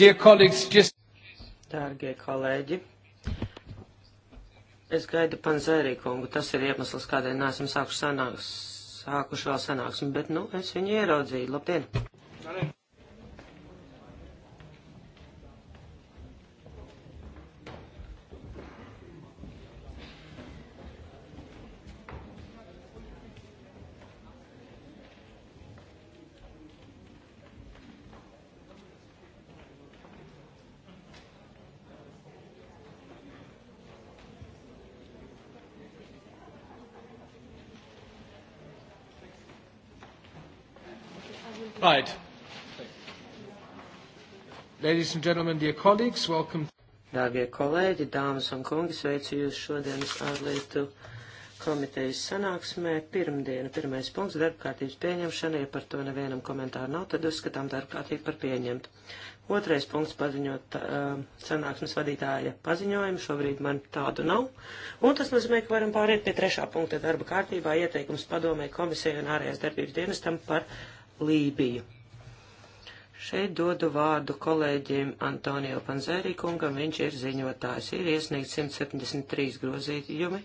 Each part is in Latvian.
Just... Dārgie kolēģi, es gaidu Panzērī kungu. Tas ir iemesls, kādēļ neesam sākuši sanāks, sākuši vēl sanāksmi, bet, nu, es viņu ieraudzīju. Labdien! Ladies and gentlemen, dear colleagues, welcome. Dārgie kolēģi, dāmas un kungi, sveicu jūs šodienas ārlietu komitejas sanāksmē. Pirmdiena, pirmais punkts, darbkārtības pieņemšana, ja par to nevienam komentāru nav, tad uzskatām darbkārtību par pieņemtu. Otrais punkts paziņot uh, sanāksmes vadītāja paziņojumu, šobrīd man tādu nav. Un tas nozīmē, ka varam pāriet pie trešā punkta darba kārtībā ieteikums padomē komisijai un ārējās darbības dienestam par Lībiju. Šeit dodu vārdu kolēģiem Antonio Panzērī kungam, viņš ir ziņotājs. Ir iesniegts 173 grozījumi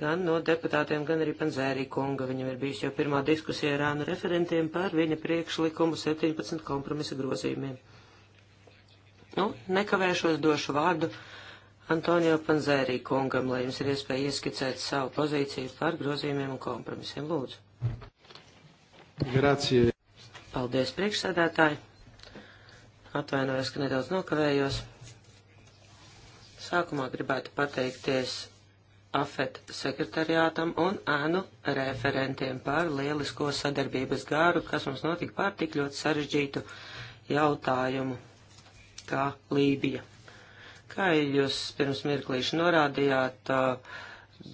gan no deputātiem, gan arī Panzērī kunga. Viņam ir bijusi jau pirmā diskusija ar ānu referentiem par viņa priekšlikumu 17 kompromisa grozījumiem. Nu, nekavēšos došu vārdu Antonio Panzērī kungam, lai jums ir iespēja ieskicēt savu pozīciju par grozījumiem un kompromisiem. Lūdzu. Grazie. Paldies, priekšsēdētāji. Atvainojos, ka nedaudz nokavējos. Sākumā gribētu pateikties AFET sekretariātam un ēnu referentiem par lielisko sadarbības gāru, kas mums notika pār tik ļoti sarežģītu jautājumu, kā Lībija. Kā jūs pirms mirklīši norādījāt,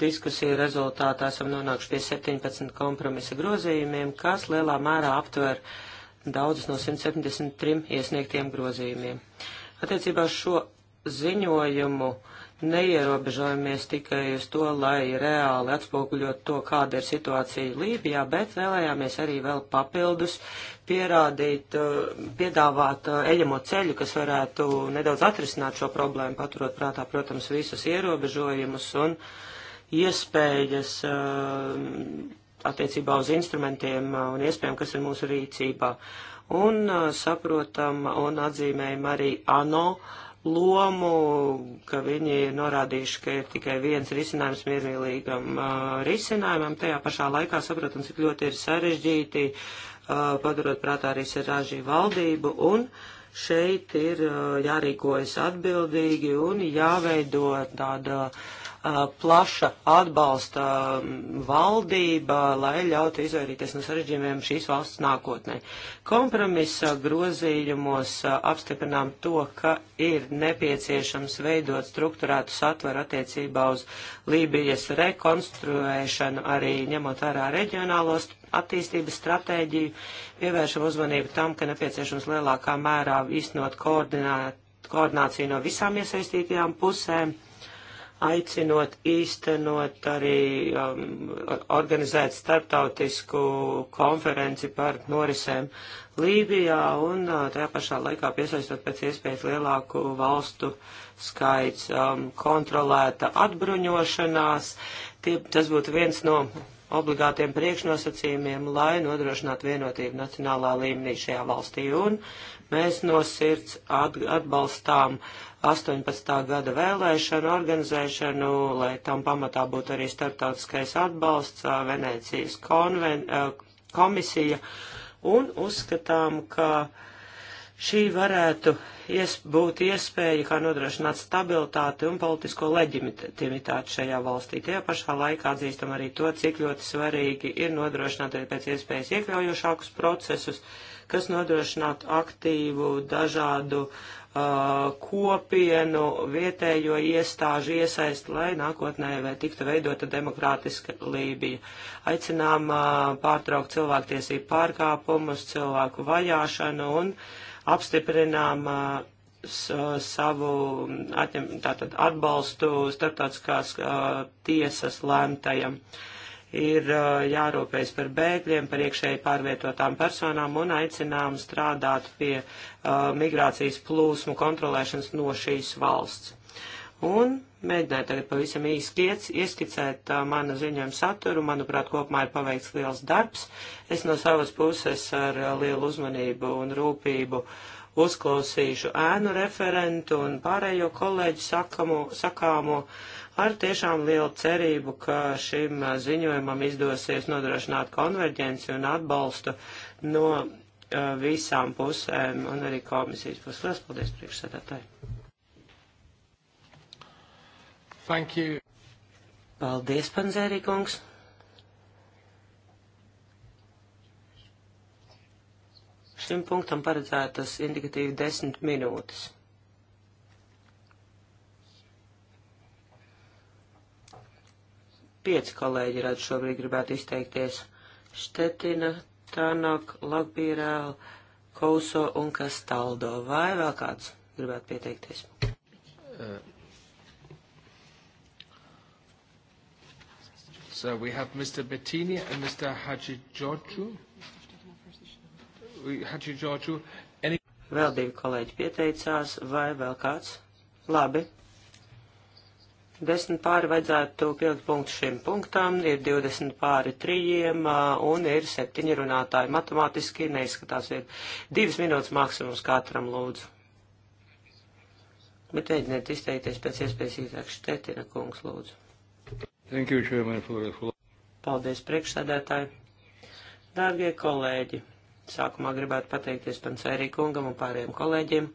diskusiju rezultātā esam nonākuši pie 17 kompromisa grozījumiem, kas lielā mērā aptver uh, daudzus no 173 iesniegtiem grozījumiem. Attiecībā uz šo ziņojumu neierobežojamies tikai uz to, lai reāli atspoguļot to, kāda ir situācija Lībijā, bet vēlējāmies arī vēl papildus pierādīt, eh, piedāvāt eh, eļamo ceļu, kas varētu nedaudz atrisināt šo problēmu, paturot prātā, protams, visus ierobežojumus un iespējas uh, attiecībā uz instrumentiem uh, un iespējām, kas ir mūsu rīcībā. Un uh, saprotam un atzīmējam arī ANO lomu, ka viņi ir norādījuši, ka ir tikai viens risinājums miermīlīgam uh, risinājumam. Tajā pašā laikā saprotam, cik ļoti ir sarežģīti, uh, padarot prātā arī sarāžī valdību, un šeit ir uh, jārīkojas atbildīgi un jāveido tāda uh, plaša atbalsta valdība, lai ļautu izvairīties no sarežģījumiem šīs valsts nākotnē. Kompromisa grozījumos apstiprinām to, ka ir nepieciešams veidot struktūrētu satveru attiecībā uz Lībijas rekonstruēšanu, arī ņemot vērā reģionālos attīstības stratēģiju, pievēršam uzmanību tam, ka nepieciešams lielākā mērā iznot koordināt, koordināciju no visām iesaistītajām pusēm aicinot īstenot arī um, organizēt starptautisku konferenci par norisēm Lībijā un uh, tajā pašā laikā piesaistot pēc iespējas lielāku valstu skaits um, kontrolēta atbruņošanās. Tie, tas būtu viens no obligātiem priekšnosacījumiem, lai nodrošinātu vienotību nacionālā līmenī šajā valstī. Un mēs no sirds at, atbalstām uh, 18. gada vēlēšanu organizēšanu, lai tam pamatā būtu arī starptautiskais atbalsts, Venēcijas konven, komisija, un uzskatām, ka šī varētu ies, būt iespēja, kā nodrošināt stabilitāti un politisko leģitimitāti šajā valstī. Tajā pašā laikā atzīstam arī to, cik ļoti svarīgi ir nodrošināt arī pēc iespējas iekļaujošākus procesus, kas nodrošinātu aktīvu dažādu kopienu, vietējo iestāžu iesaisti, lai nākotnē vai tiktu veidota demokrātiska Lībija. Aicinām pārtraukt cilvēktiesību pārkāpumus, cilvēku vajāšanu un apstiprinām savu atņem, tātad, atbalstu starptautiskās tiesas lēmtajam. Uh, ir jārūpējas par bēgļiem, par iekšēji pārvietotām personām un aicinām strādāt pie uh, migrācijas plūsmu kontrolēšanas no šīs valsts. Un mēģināju tagad pavisam īsti ieskicēt uh, mana ziņojuma saturu. Manuprāt, kopumā ir paveikts liels darbs. Es no savas puses ar uh, lielu uzmanību un rūpību uzklausīšu ēnu referentu un pārējo kolēģu sakamo, sakāmo. sakāmo ar tiešām lielu cerību, ka šim uh, ziņojumam izdosies nodrošināt konverģenci un atbalstu no uh, visām pusēm un arī komisijas puses. Lielas paldies priekšsēdētāji! Thank you. Paldies, Panzērī kungs! Šim punktam paredzētas indikatīvi desmit minūtes. Pieci kolēģi redz šobrīd gribētu izteikties. Štetina, Tanok, Lagbīrēl, Kouso un Kastaldo. Vai vēl kāds gribētu pieteikties? Uh. So we have Mr. Bettini and Mr. Haji Georgiou. Haji Georgiou. Any... Vēl divi kolēģi pieteicās, vai vēl kāds? Labi, 10 pāri vajadzētu pielikt punktu šim punktam, ir 20 pāri trījiem un ir 7 runātāji. Matemātiski neizskatās, ir 2 minūtes maksimums katram lūdzu. Bet mēģiniet izteikties pēc iespējas īsāk štetina kungs lūdzu. Thank you, Chairman, for... Paldies priekšsēdētāji. Dārgie kolēģi, sākumā gribētu pateikties Pansērī kungam un pārējiem kolēģiem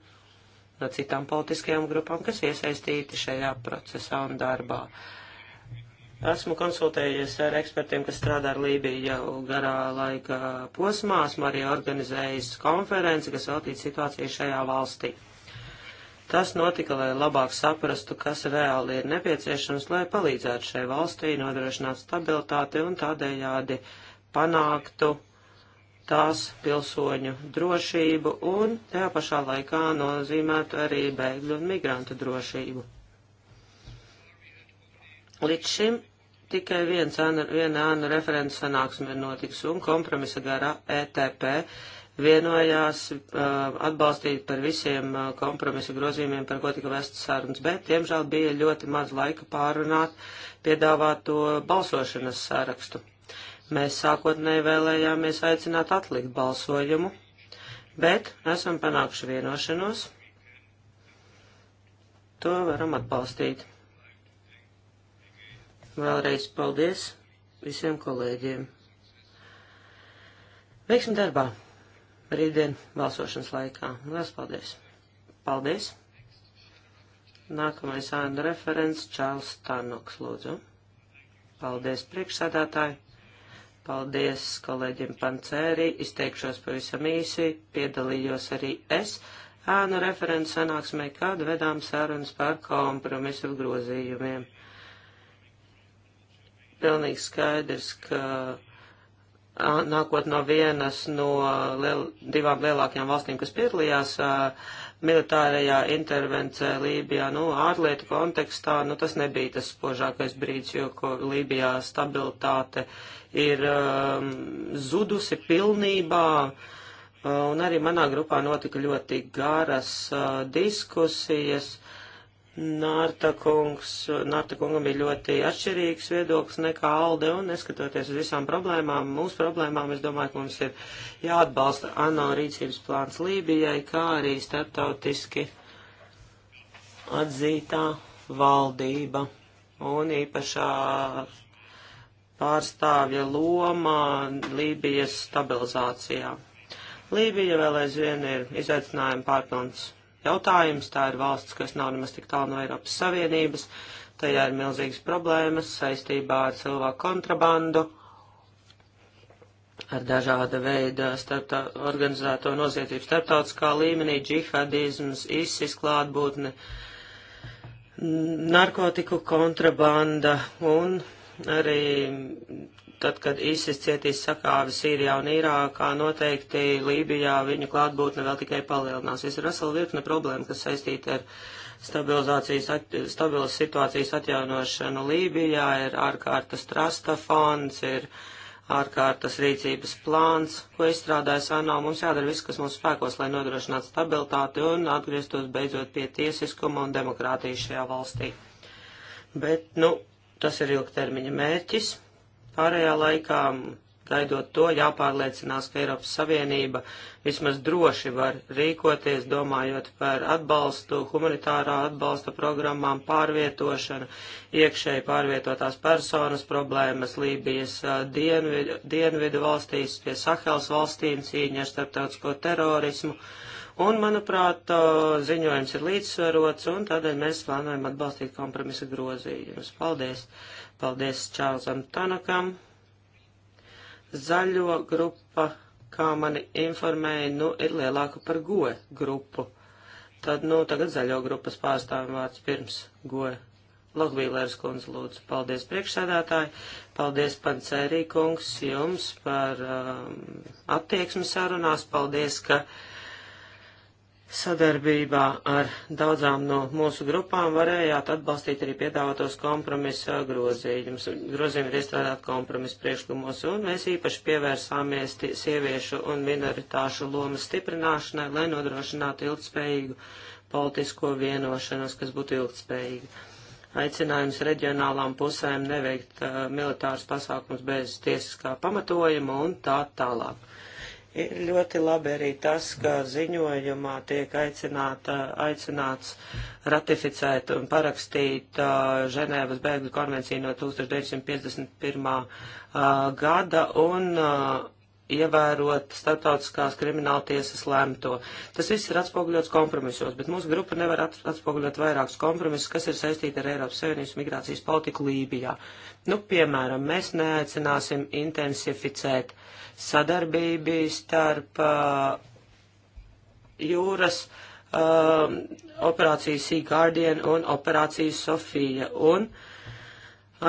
no citām politiskajām grupām, kas iesaistīti šajā procesā un darbā. Esmu konsultējies ar ekspertiem, kas strādā ar Lībiju jau garā laika posmā. Esmu arī organizējis konferenci, kas veltīta situācijai šajā valstī. Tas notika, lai labāk saprastu, kas reāli ir nepieciešams, lai palīdzētu šai valstī nodrošināt stabilitāti un tādējādi panāktu uh, tās pilsoņu drošību un tajā pašā laikā nozīmētu arī bēgļu un migrantu drošību. Līdz šim tikai viens ānu, viena ānu referents sanāksme ir notiks un kompromisa garā ETP vienojās uh, atbalstīt par visiem uh, kompromisa grozījumiem, par ko tika vestas sarunas, bet, diemžēl, bija ļoti maz laika pārunāt piedāvāto balsošanas sarakstu. Mēs sākotnēji vēlējāmies aicināt atlikt balsojumu, bet esam panākuši vienošanos. To varam atbalstīt. Vēlreiz paldies visiem kolēģiem. Veiksim darbā! rītdien balsošanas laikā. Lielas paldies! Paldies! Nākamais ēnu referents Čārls Tarnoks, lūdzu. Paldies, priekšsādātāji! Paldies kolēģim Pancēri, izteikšos pavisam īsi, piedalījos arī es ēnu referents sanāksmē, kad vedām sarunas par kompromisu grozījumiem. Pilnīgi skaidrs, ka nākot no vienas no liel, divām lielākajām valstīm, kas piedalījās militārajā intervencē Lībijā, nu, ārlietu kontekstā, nu, tas nebija tas spožākais brīdis, jo Lībijā stabilitāte ir um, zudusi pilnībā. Uh, un arī manā grupā notika ļoti garas uh, diskusijas. Nārta, kungs, Nārta kungam bija ļoti atšķirīgs viedoklis nekā Alde, un neskatoties uz visām problēmām, mūsu problēmām, es domāju, ka mums ir jāatbalsta ANO rīcības plāns Lībijai, kā arī starptautiski atzītā valdība un īpašā pārstāvja loma Lībijas stabilizācijā. Lībija vēl aizvien ir izaicinājuma pārpilns jautājums. Tā ir valsts, kas nav nemaz tik tālu no Eiropas Savienības. Tajā ir milzīgas problēmas saistībā ar cilvēku kontrabandu, ar dažāda veida starptā, organizēto noziedzību starptautiskā līmenī, džihadisms, ISIS klātbūtne, narkotiku kontrabanda un arī tad, kad ISIS cietīs sakāvi Sīrijā un Irākā, noteikti Lībijā viņa klātbūtne vēl tikai palielināsies. Ir vesela virkne problēma, kas saistīta ar stabilizācijas, at, stabilas situācijas atjaunošanu Lībijā, ir ārkārtas trasta fonds, ir ārkārtas rīcības plāns, ko izstrādājas ANO. Mums jādara viss, kas mums spēkos, lai nodrošinātu stabilitāti un atgrieztos beidzot pie tiesiskuma un demokrātijas šajā valstī. Bet, nu, Tas ir ilgtermiņa mērķis. Pārējā laikā, gaidot to, jāpārliecinās, ka Eiropas Savienība vismaz droši var rīkoties, domājot par atbalstu, humanitārā atbalsta programmām, pārvietošanu, iekšēji pārvietotās personas problēmas Lībijas dienvidu, dienvidu valstīs, pie Sahels valstīm cīņa ar starptautisko terorismu. Uh, Un, manuprāt, ziņojums ir līdzsvarots, un tādēļ mēs plānojam atbalstīt kompromisa grozījumus. Paldies! Paldies Čārlzam Tanakam! Zaļo grupa, kā mani informēja, nu ir lielāka par goe grupu. Tad, nu, tagad zaļo grupas pārstāvim vārds pirms goe Lokbīlērs kundze, lūdzu, paldies priekšsēdētāji, paldies pancērī kungs jums par um, attieksmi sarunās, paldies, ka Sadarbībā ar daudzām no mūsu grupām varējāt atbalstīt arī piedāvātos kompromisa grozījumus. Grozījumi ir iestrādāt kompromisa priekšlikumos, un mēs īpaši pievērsāmies sieviešu un minoritāšu lomas stiprināšanai, lai nodrošinātu ilgspējīgu politisko vienošanos, kas būtu ilgspējīga. Aicinājums reģionālām pusēm neveikt uh, militārus pasākums bez tiesiskā pamatojuma un tā tālāk. Ir ļoti labi arī tas, ka ziņojumā tiek aicināta, aicināts ratificēt un parakstīt uh, Ženēvas bēgļu konvenciju no 1951. Uh, gada un uh, ievērot starptautiskās krimināla tiesas lēmto. Tas viss ir atspoguļots kompromisos, bet mūsu grupa nevar atspoguļot vairākus kompromisus, kas ir saistīti ar Eiropas Savienības migrācijas politiku Lībijā. Nu, piemēram, mēs neaicināsim intensificēt uh, sadarbību starp uh, jūras uh, operāciju Sea Guardian un operāciju Sofija un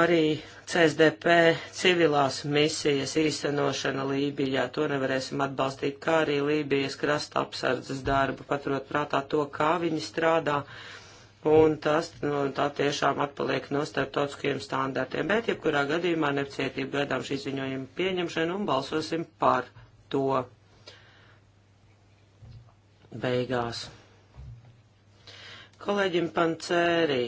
arī CSDP civilās misijas īstenošana Lībijā. To nevarēsim atbalstīt, kā arī Lībijas krasta apsardzes darbu, paturot prātā to, kā viņi strādā. Uh, un tas nu, tā tiešām atpaliek no starptautiskajiem standartiem. Bet, jebkurā gadījumā, nepacietību gaidām šī ziņojuma pieņemšanu un balsosim par to beigās. Kolēģim Pancērī,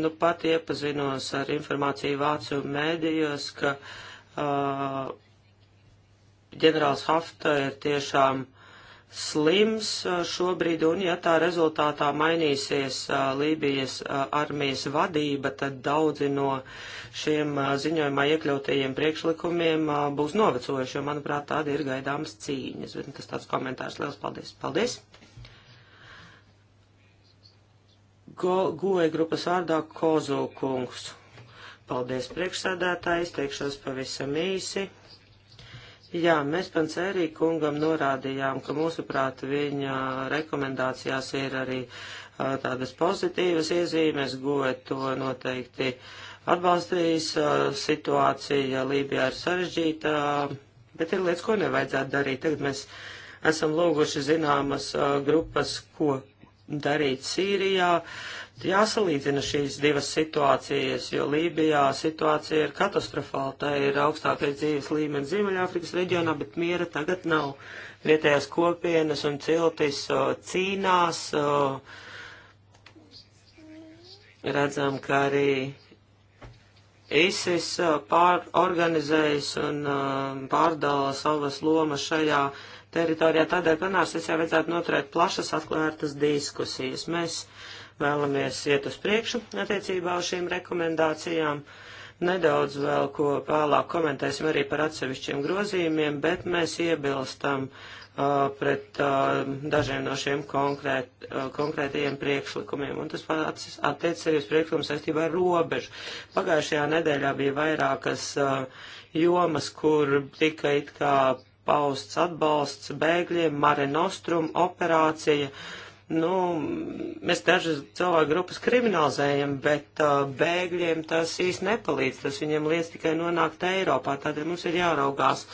nu pat iepazinos ar informāciju Vācu mēdījos, ka uh, ģenerāls Hafta ir tiešām uh, slims uh, šobrīd, un ja tā rezultātā mainīsies uh, Lībijas uh, armijas vadība, tad daudzi no šiem ziņojumā iekļautajiem priekšlikumiem būs novecojuši, jo, manuprāt, tāda ir gaidāmas cīņas. Bet tas tāds komentārs. Liels paldies! Paldies! Go, goja grupas vārdā Kozo kungs. Paldies priekšsēdētājs, teikšos pavisam īsi Jā, mēs Pancērī kungam norādījām, ka mūsuprāt viņa rekomendācijās ir arī uh, tādas pozitīvas iezīmes, goet to noteikti atbalstījis, uh, situācija Lībijā ir sarežģīta, bet ir lietas, ko nevajadzētu darīt. Tagad mēs esam lūguši zināmas uh, grupas, ko darīt Sīrijā. Uh, jāsalīdzina šīs divas situācijas, jo Lībijā situācija ir katastrofāla. Tā ir augstākais dzīves līmenis Ziemeļāfrikas reģionā, bet miera tagad nav. Vietējās kopienas un ciltis o, cīnās. O, redzam, ka arī ISIS pārorganizējas un o, pārdala savas lomas šajā teritorijā. Tādēļ plenārsesijā vajadzētu noturēt plašas atklērtas diskusijas. Mēs vēlamies iet uz priekšu attiecībā uz šīm rekomendācijām. Nedaudz vēl ko vēlāk komentēsim arī par atsevišķiem grozījumiem, bet mēs iebilstam uh, pret uh, dažiem no šiem konkrēt, uh, konkrētajiem priekšlikumiem. Un tas pats attiec arī uz priekšlikumu saistībā ar robežu. Pagājušajā nedēļā bija vairākas uh, jomas, kur tika it kā pausts atbalsts bēgļiem, Mare Nostrum operācija. Uh, nu, mēs dažas cilvēku grupas kriminalizējam, bet uh, bēgļiem tas īsti nepalīdz, tas viņiem liec tikai nonākt Eiropā, tādēļ mums ir jāraugās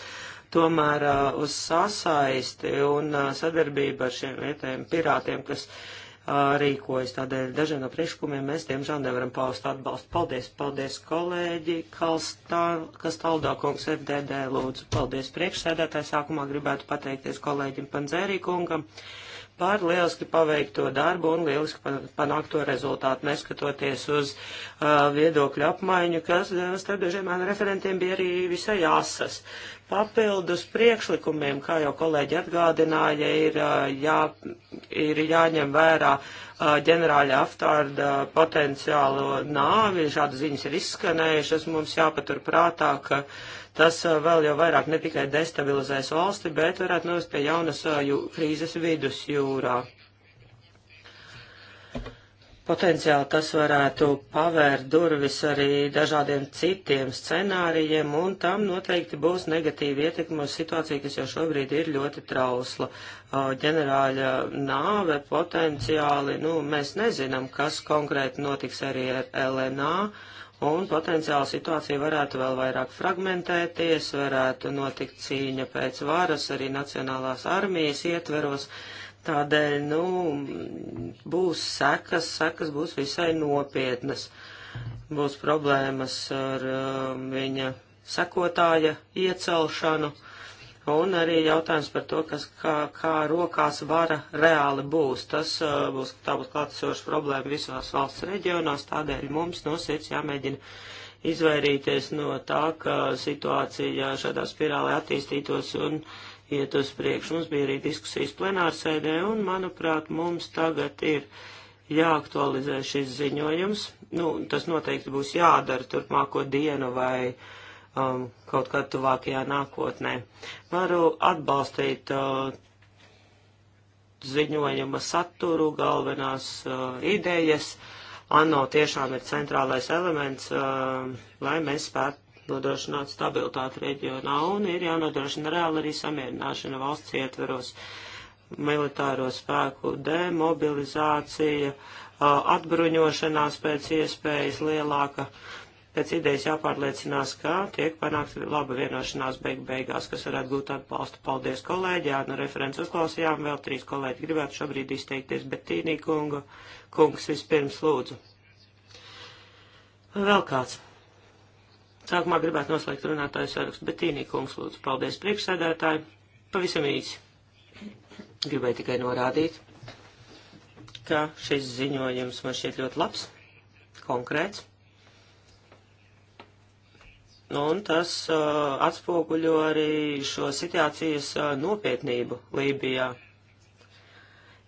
tomēr uh, uz sasaisti un uh, sadarbību ar šiem vietējiem pirātiem, kas uh, rīkojas. Tādēļ dažiem no priekšlikumiem mēs, diemžēl, nevaram paust atbalstu. Paldies, paldies, kolēģi, Kastaldo kungs, FDD, lūdzu. Paldies, priekšsēdētāji. Sākumā gribētu pateikties kolēģim Panzērī kungam. Uh, par lieliski paveikto darbu un lieliski panākto rezultātu, neskatoties uz uh, viedokļu apmaiņu, kas uh, starp dažiem referentiem bija arī visai asas. Papildus priekšlikumiem, kā jau kolēģi atgādināja, ir, uh, jā, ir jāņem vērā uh, ģenerāļa aftārda potenciālo nāvi. Šādas ziņas ir izskanējušas. Mums jāpatur prātā, ka uh, Tas vēl jau vairāk ne tikai destabilizēs valsti, bet varētu novest pie jaunas jū, krīzes vidusjūrā. Potenciāli tas varētu pavērt durvis arī dažādiem citiem scenārijiem, un tam noteikti būs negatīva ietekme uz situāciju, kas jau šobrīd ir ļoti trausla. Ģenerāļa nāve potenciāli, nu, mēs nezinām, kas konkrēti notiks arī ar LNA un potenciāli situācija varētu vēl vairāk fragmentēties, varētu notikt cīņa pēc varas arī Nacionālās armijas ietveros. Tādēļ, nu, būs sekas, sekas būs visai nopietnas. Būs problēmas ar uh, viņa sekotāja iecelšanu. Uh, Un arī jautājums par to, kas, kā, kā rokās vara reāli būs. Tas uh, būs, tā būs klātesoša problēma visās valsts reģionās, tādēļ mums no sirds jāmēģina izvairīties no tā, ka situācija šādā spirālē attīstītos un iet uz priekšu. Mums bija arī diskusijas plenārsēdē, un, manuprāt, mums tagad ir jāaktualizē šis ziņojums. Nu, tas noteikti būs jādara turpmāko dienu vai um, kaut kad tuvākajā nākotnē. Varu atbalstīt uh, ziņojuma saturu, galvenās uh, idejas. ANO tiešām ir centrālais elements, uh, lai mēs spētu nodrošināt stabilitāti reģionā un ir jānodrošina reāli arī samierināšana valsts ietveros, militāro spēku demobilizācija, uh, atbruņošanās pēc iespējas lielāka. Uh, pēc idejas jāpārliecinās, ka tiek panākta laba vienošanās beig beigās, kas varētu būt atbalstu. Paldies kolēģi, jā, no referents uzklausījām, vēl trīs kolēģi gribētu šobrīd izteikties, bet Tīnī kunga, kungs vispirms lūdzu. Vēl kāds. Sākumā gribētu noslēgt runātāju sarakstu, bet Tīnī kungs lūdzu. Paldies priekšsēdētāji. Pavisam īsi. Gribēju tikai norādīt, ka šis ziņojums man šķiet ļoti labs, konkrēts Un tas uh, atspoguļo arī šo situācijas uh, nopietnību Lībijā.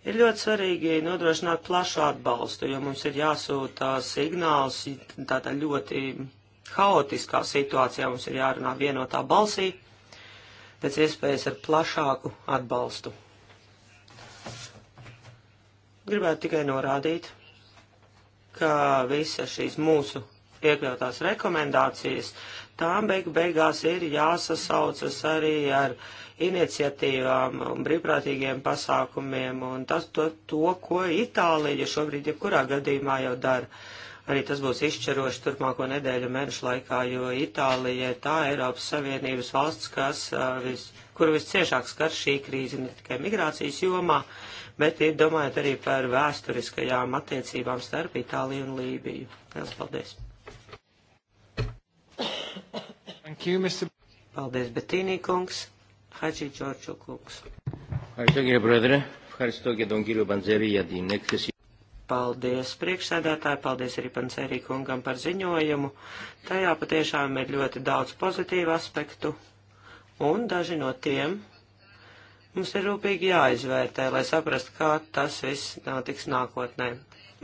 Ir ļoti svarīgi nodrošināt plašu atbalstu, jo mums ir jāsūta signāls tādā ļoti haotiskā situācijā. Mums ir jārunā vienotā balsī, pēc iespējas ar plašāku atbalstu. Gribētu tikai norādīt, ka visas šīs mūsu iekļautās rekomendācijas tām beigu beigās ir jāsasaucas arī ar iniciatīvām un brīvprātīgiem pasākumiem un tas to, to ko Itālija šobrīd jebkurā gadījumā jau dara. Arī tas būs izšķiroši turpmāko nedēļu mēnešu laikā, jo Itālija ir tā Eiropas Savienības valsts, kas, vis, kuru visciešāk skar šī krīze ne tikai migrācijas jomā, bet ir domājot arī par vēsturiskajām attiecībām starp Itāliju un Lībiju. Lielas paldies! Thank you, Mr. Paldies, Betīnī kungs. Χατζη Τζόρτσο Κούξ. Ευχαριστώ κύριε Πρόεδρε. Ευχαριστώ και τον κύριο Παντζέρη για την έκθεση. Paldies priekšsēdētāji, paldies arī Pancerī kungam par ziņojumu. Tajā patiešām ir ļoti daudz pozitīvu aspektu, un daži no tiem mums ir rūpīgi jāizvērtē, lai saprastu, kā tas viss notiks nākotnē.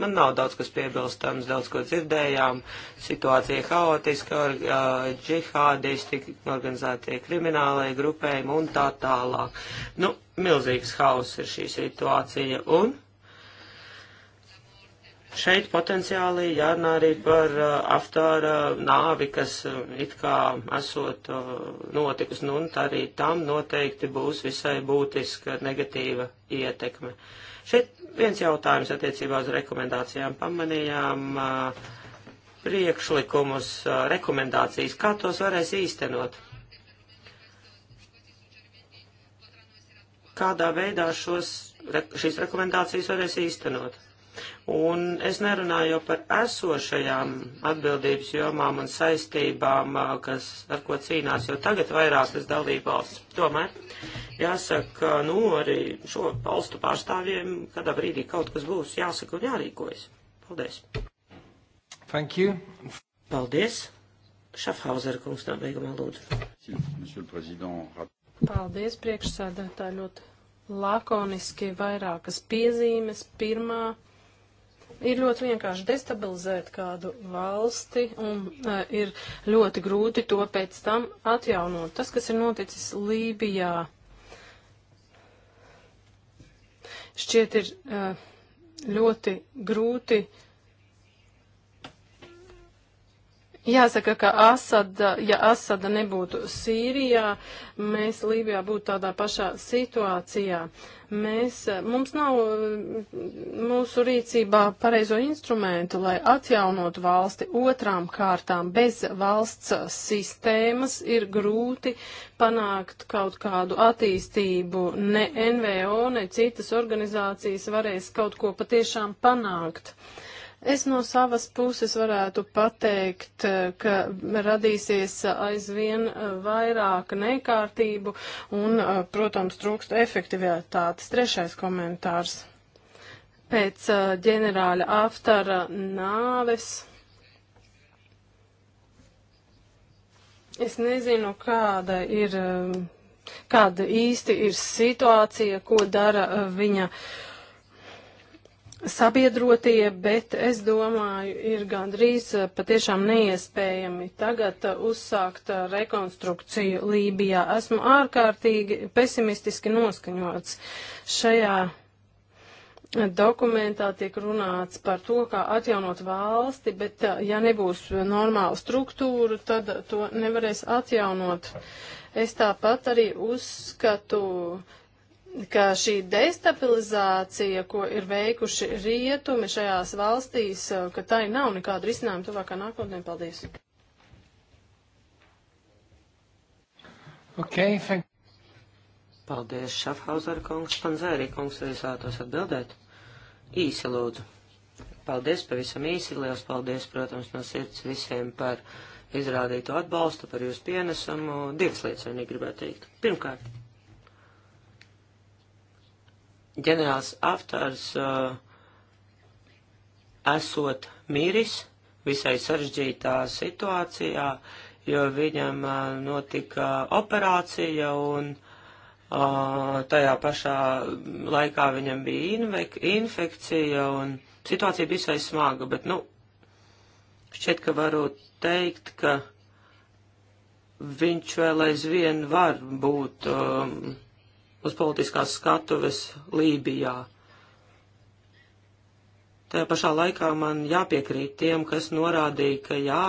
Man nav daudz, kas piebilstams, daudz ko dzirdējām. Situācija haotiska, or, uh, džihādisti, organizētie kriminālai grupējumi un tā tālāk. Nu, milzīgs haoss ir šī situācija un šeit potenciāli jārunā arī par uh, aftāra nāvi, kas uh, it kā esot uh, notikusi, nu un arī tam noteikti būs visai būtiska negatīva ietekme. Uh, Šeit viens jautājums attiecībā uz rekomendācijām. Pamanījām priekšlikumus, rekomendācijas, kā tos varēs īstenot. Kādā veidā šos, šīs rekomendācijas varēs īstenot? Un es nerunāju jau par esošajām atbildības jomām un saistībām, kas, ar ko cīnās jau tagad vairākas dalībvalsts. Tomēr jāsaka, nu, arī šo valstu pārstāvjiem kādā brīdī kaut kas būs jāsaka un jārīkojas. Paldies! Thank you. Paldies! Šafhauser kungs nobeigumā lūdzu. Paldies, priekšsēdētāji, ļoti lakoniski vairākas piezīmes. Pirmā Ir ļoti vienkārši destabilizēt kādu valsti un uh, ir ļoti grūti to pēc tam atjaunot. Tas, kas ir noticis Lībijā, šķiet ir uh, ļoti grūti uh, Jāsaka, ka Asada, ja Asada nebūtu Sīrijā, mēs Lībijā būtu tādā pašā situācijā. Mēs, mums nav mūsu rīcībā pareizo instrumentu, lai atjaunot valsti otrām kārtām. Bez valsts sistēmas ir grūti panākt kaut kādu attīstību. Ne NVO, ne citas organizācijas varēs kaut ko patiešām panākt. Uh, Es no savas puses varētu pateikt, ka radīsies aizvien e, vairāk nekārtību un, e, protams, trūkst efektivitātes. Trešais komentārs. Pēc e, ģenerāļa aftara nāves. Es nezinu, kāda ir, kāda īsti ir situācija, ko dara viņa uh, sabiedrotie, bet es domāju, ir gandrīz eh, patiešām neiespējami tagad eh, uzsākt eh, rekonstrukciju Lībijā. Esmu ārkārtīgi pesimistiski noskaņots šajā dokumentā tiek runāts par to, kā atjaunot valsti, bet ja nebūs normāla struktūra, tad to nevarēs atjaunot. Es tāpat arī uzskatu, ka šī destabilizācija, ko ir veikuši rietumi šajās valstīs, ka tai nav nekāda risinājuma tuvākā nākotnē. Paldies! Okay, thank... Paldies, Šafhauser kungs, Panzēri kungs, vai jūs vēlētos atbildēt? Īsi lūdzu. Paldies, pavisam īsi, liels paldies, protams, no sirds visiem par izrādītu atbalstu, par jūsu pienesumu. Divas lietas vienīgi gribētu teikt. Pirmkārt ģenerālis Aftārs uh, esot miris visai sarežģītā situācijā, jo viņam uh, notika operācija un uh, tajā pašā laikā viņam bija infekcija un situācija bija visai smaga, bet, nu, šķiet, ka varu teikt, ka viņš vēl aizvien var būt. Um, uz politiskās skatuves Lībijā. Tajā pašā laikā man jāpiekrīt tiem, kas norādīja, ka jā,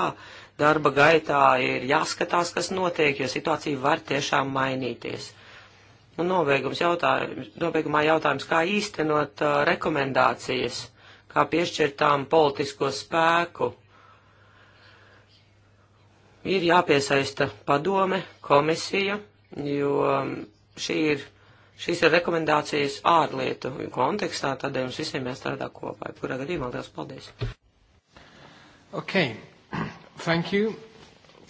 darba gaitā ir jāskatās, kas notiek, jo situācija var tiešām mainīties. Un nu, jautājums, nobeigumā jautājums, kā īstenot uh, rekomendācijas, kā piešķirt tām politisko spēku. Ir jāpiesaista padome, komisija, jo um, šī ir Šīs ir rekomendācijas ārlietu kontekstā, tādēļ mums visiem jāstrādā kopā. Kurā gadījumā liels paldies! Okay. Thank you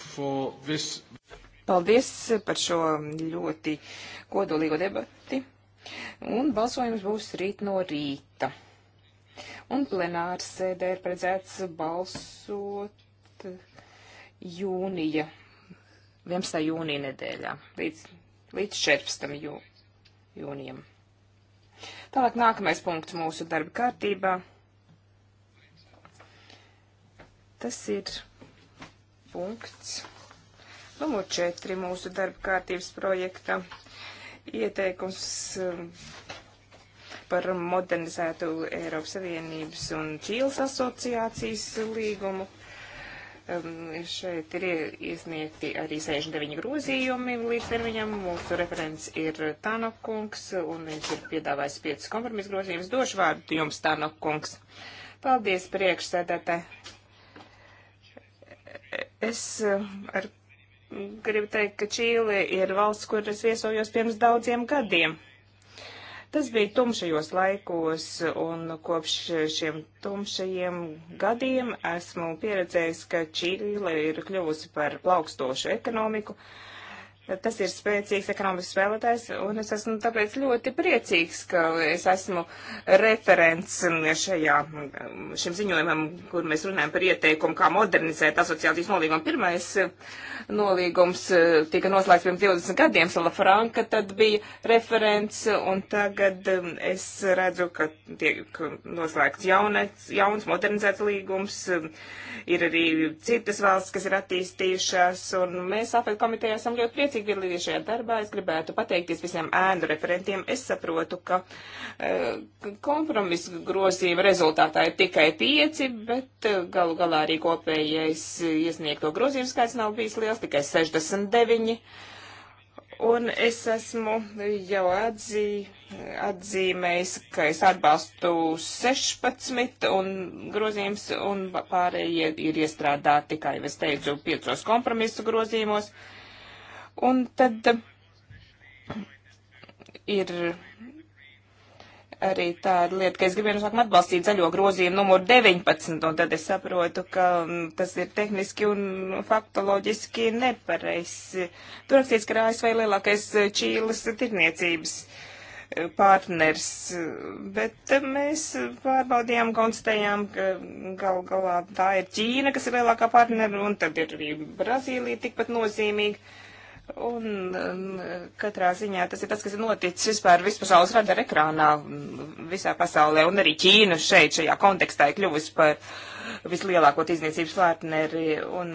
for this. Paldies par šo ļoti kodolīgo debati. Un balsojums būs rīt no rīta. Un plenārs sēdē ir paredzēts balsot jūnija, 11. jūnija nedēļā, līdz, līdz 14. jūnija jūnijam. Tālāk nākamais punkts mūsu darba kārtībā. Tas ir punkts numur 4 mūsu darba kārtības projekta ieteikums um, par modernizētu Eiropas Savienības un Čīles asociācijas līgumu. Šeit ir iesniegti arī 69 grozījumi līdz termiņam. Mūsu referents ir Tanokungs, un viņš ir piedāvājis 5 kompromisu grozījumus. Došu vārdu jums, Tanokungs. Paldies, priekšsēdētē. Es ar, gribu teikt, ka Čīle ir valsts, kur es viesojos pirms daudziem gadiem. Tas bija tumšajos laikos, un kopš šiem tumšajiem gadiem esmu pieredzējis, ka Čīle ir kļuvusi par plaukstošu ekonomiku. Uh, Tas ir spēcīgs ekonomisks spēlētājs, un es esmu tāpēc ļoti priecīgs, ka es esmu referents šajā, šim ziņojumam, kur mēs runājam par ieteikumu, kā modernizēt asociācijas nolīgumu. Pirmais eh, nolīgums eh, tika noslēgts pirms 20 gadiem, Sala Franka tad bija referents, un tagad eh, es redzu, ka tiek noslēgts jaunets, jauns, modernizēts līgums. Ir arī citas valsts, kas ir attīstījušās, un mēs apēt komiteja esam ļoti priecīgi spēcīgi piedalīties šajā darbā. Es gribētu pateikties visiem ēnu referentiem. Es saprotu, ka eh, kompromisu grozījuma rezultātā ir tikai pieci, bet eh, galu galā arī kopējais iesniegto grozījumu skaits nav bijis liels, tikai 69. Un es esmu jau atzī, atzīmējis, ka es atbalstu 16 un grozījums, un pārējie ir iestrādāti, kā jau es teicu, piecos kompromisu grozījumos. Uh, Un tad ir arī tāda lieta, ka es gribēju sākumā atbalstīt zaļo grozījumu numuru 19, un tad es saprotu, ka mm, tas ir tehniski un faktoloģiski nepareizi. Tur rakstīts, ka ASV lielākais e, Čīles tirniecības e, partners, bet e, mēs pārbaudījām, konstatējām, ka gal galā tā ir Ķīna, kas ir lielākā partnera, un tad ir arī Brazīlija tikpat nozīmīga Un, un katrā ziņā tas ir tas, kas ir noticis vispār vispasaules radar ekrānā visā pasaulē, un arī Ķīna šeit šajā kontekstā ir kļuvusi par vislielāko tīzniecības partneri, un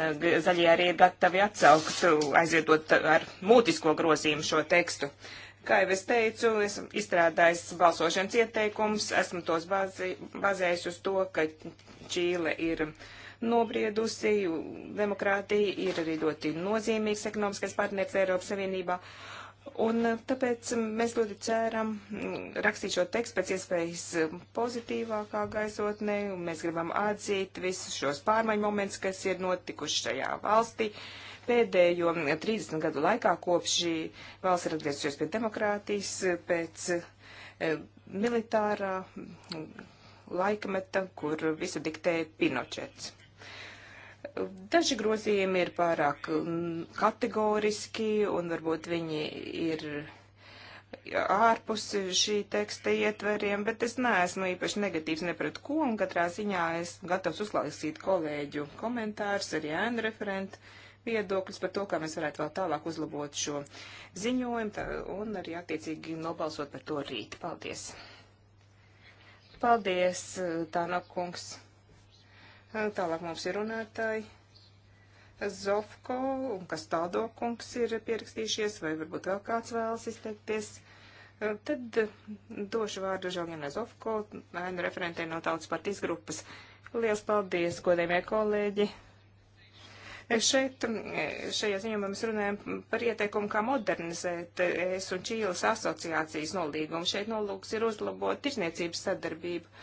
zaļie arī ir gatavi atsaukt, aizvietot ar mūtisko grozījumu šo tekstu. Kā jau es teicu, esmu izstrādājis balsošanas ieteikums, esmu tos bazējis uz to, ka Čīle ir. Uh, nobriedusi. Demokrātija ir arī ļoti nozīmīgs ekonomiskais partners Eiropas Savienībā. Un tāpēc mēs ļoti ceram rakstīt šo tekstu pēc iespējas pozitīvākā gaisotnē, un mēs gribam atzīt visus šos pārmaiņu momentus, kas ir notikuši šajā valstī pēdējo 30 gadu laikā, kopš šī valsts ir atgriezusies pie demokrātijas, pēc e, militārā laikmeta, kur visu diktēja Pinochets. Daži grozījumi ir pārāk mm, kategoriski un varbūt viņi ir ārpus šī teksta ietveriem, bet es neesmu īpaši negatīvs ne pret ko un katrā ziņā es gatavs uzklausīt kolēģu komentārus, arī ēnu referentu viedokļus par to, kā mēs varētu vēl tālāk uzlabot šo ziņojumu tā, un arī attiecīgi nobalsot par to rīt. Paldies! Paldies, Tāna kungs! Tālāk mums ir runātāji. Zofko un kas tādo kungs ir pierakstījušies, vai varbūt vēl kāds vēlas izteikties. Tad došu vārdu Žalgienai Zofko, ainu referentē no tautas partijas grupas. Liels paldies, godējumie kolēģi! Šeit, šajā ziņojumā mēs runājam par ieteikumu, kā modernizēt ES un Čīles asociācijas nolīgumu. Šeit nolūks ir uzlabot tirzniecības sadarbību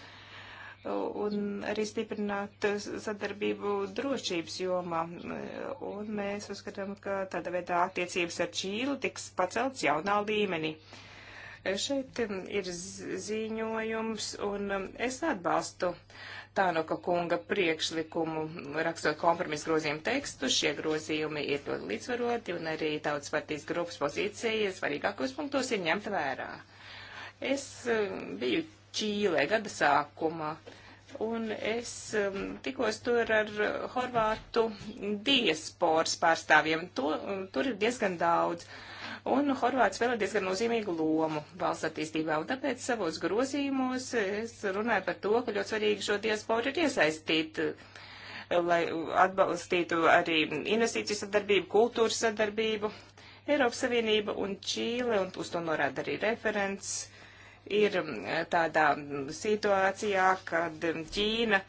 un arī stiprināt sadarbību drošības jomā. Un mēs uzskatām, ka tādā veidā attiecības ar Čīli tiks pacelts jaunā līmenī. Šeit ir ziņojums, un es atbalstu Tānoka kunga priekšlikumu, rakstot kompromisu grozījumu tekstu. Šie grozījumi ir ļoti līdzvaroti, un arī tautas partijas grupas pozīcijas svarīgākos punktos ir ņemta vērā. Es eh, biju Čīlē gada sākumā. Un es um, tikos tur ar horvātu diasporas pārstāvjiem. To, um, tur ir diezgan daudz. Un Horvāts vēl ir diezgan nozīmīgu lomu valsts attīstībā, un tāpēc savos grozījumos es runāju par to, ka ļoti svarīgi šo diasporu ir iesaistīt lai atbalstītu arī investīciju sadarbību, kultūras sadarbību. Eiropas Savienība un Čīle, un uz to norāda arī referents, ir mm, tādā situācijā, kad mm, Ķīna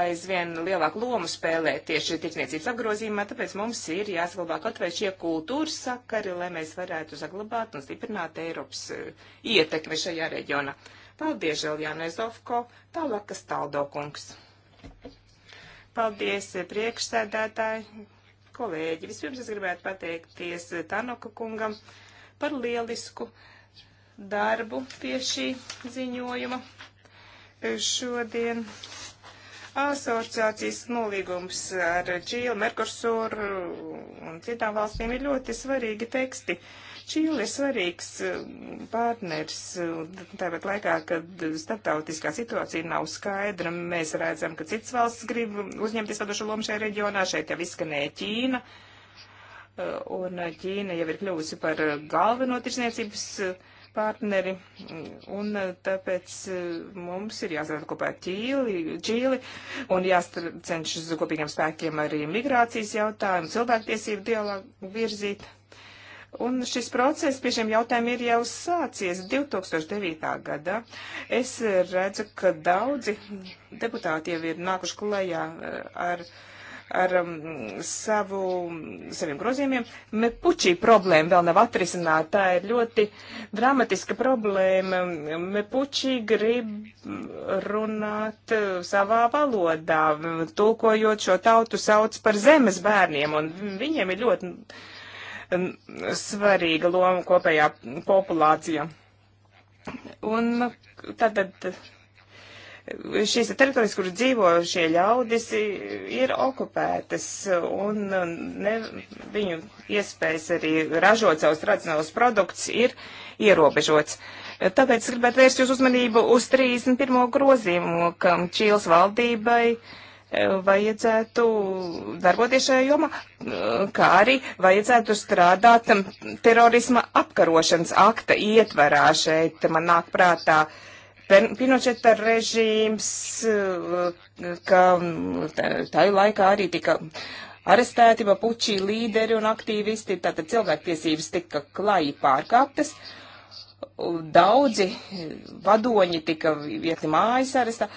aizvien lielāku lomu spēlē tieši tirsniecības apgrozījumā, tāpēc mums ir jāsaglabā kaut vai šie kultūras sakari, lai mēs varētu saglabāt un stiprināt Eiropas eh, ietekmi šajā reģionā. Paldies, Žēljāna Ezovko, tālāk, kas taldokungs. Paldies, eh, priekšsēdētāji, kolēģi. Vispirms es gribētu pateikties eh, Tanoka kungam par lielisku darbu pie šī ziņojuma. Šodien asociācijas nolīgums ar Čīlu, Merkursuru un citām valstīm ir ļoti svarīgi teksti. Čīla ir svarīgs mm, partners, tāpat laikā, kad starptautiskā situācija nav skaidra, mēs redzam, ka citas valsts grib uzņemties vadošu lomu šajā reģionā, šeit jau izskanēja Ķīna, un Ķīna jau ir kļuvusi par galveno tirsniecības partneri, un eh, tāpēc eh, mums ir jāstrādā kopā ar Ķīli, Čīli, un jācenšas kopīgiem spēkiem arī migrācijas jautājumu, cilvēktiesību dialogu virzīt. Un šis process pie šiem jautājumiem ir jau sācies 2009. gadā. Es redzu, ka daudzi deputāti jau ir nākuši klajā eh, ar. Uh, ar um, savu, saviem grozījumiem. Mepučī problēma vēl nav atrisināta. Tā ir ļoti dramatiska problēma. Mepučī grib runāt uh, savā valodā, tulkojot šo tautu sauc par zemes bērniem, un viņiem ir ļoti um, svarīga loma kopējā populācijā. Un tātad. Tad, šīs teritorijas, kur dzīvo šie ļaudis, ir okupētas, un uh, ne, viņu iespējas arī ražot savus tradicionālus produktus ir ierobežots. Tāpēc es gribētu vērst jūs uzmanību uz 31. grozījumu, kam Čīles valdībai uh, vajadzētu darboties šajā jomā, uh, kā arī vajadzētu strādāt um, terorisma apkarošanas akta ietverā šeit. Man nāk prātā uh, Pinočeta režīms, eh, ka mm, tajā laikā arī tika arestēti papuči līderi un aktīvisti, tātad cilvēktiesības tika klāji pārkāptas. Daudzi vadoņi tika vietni mājas arestā.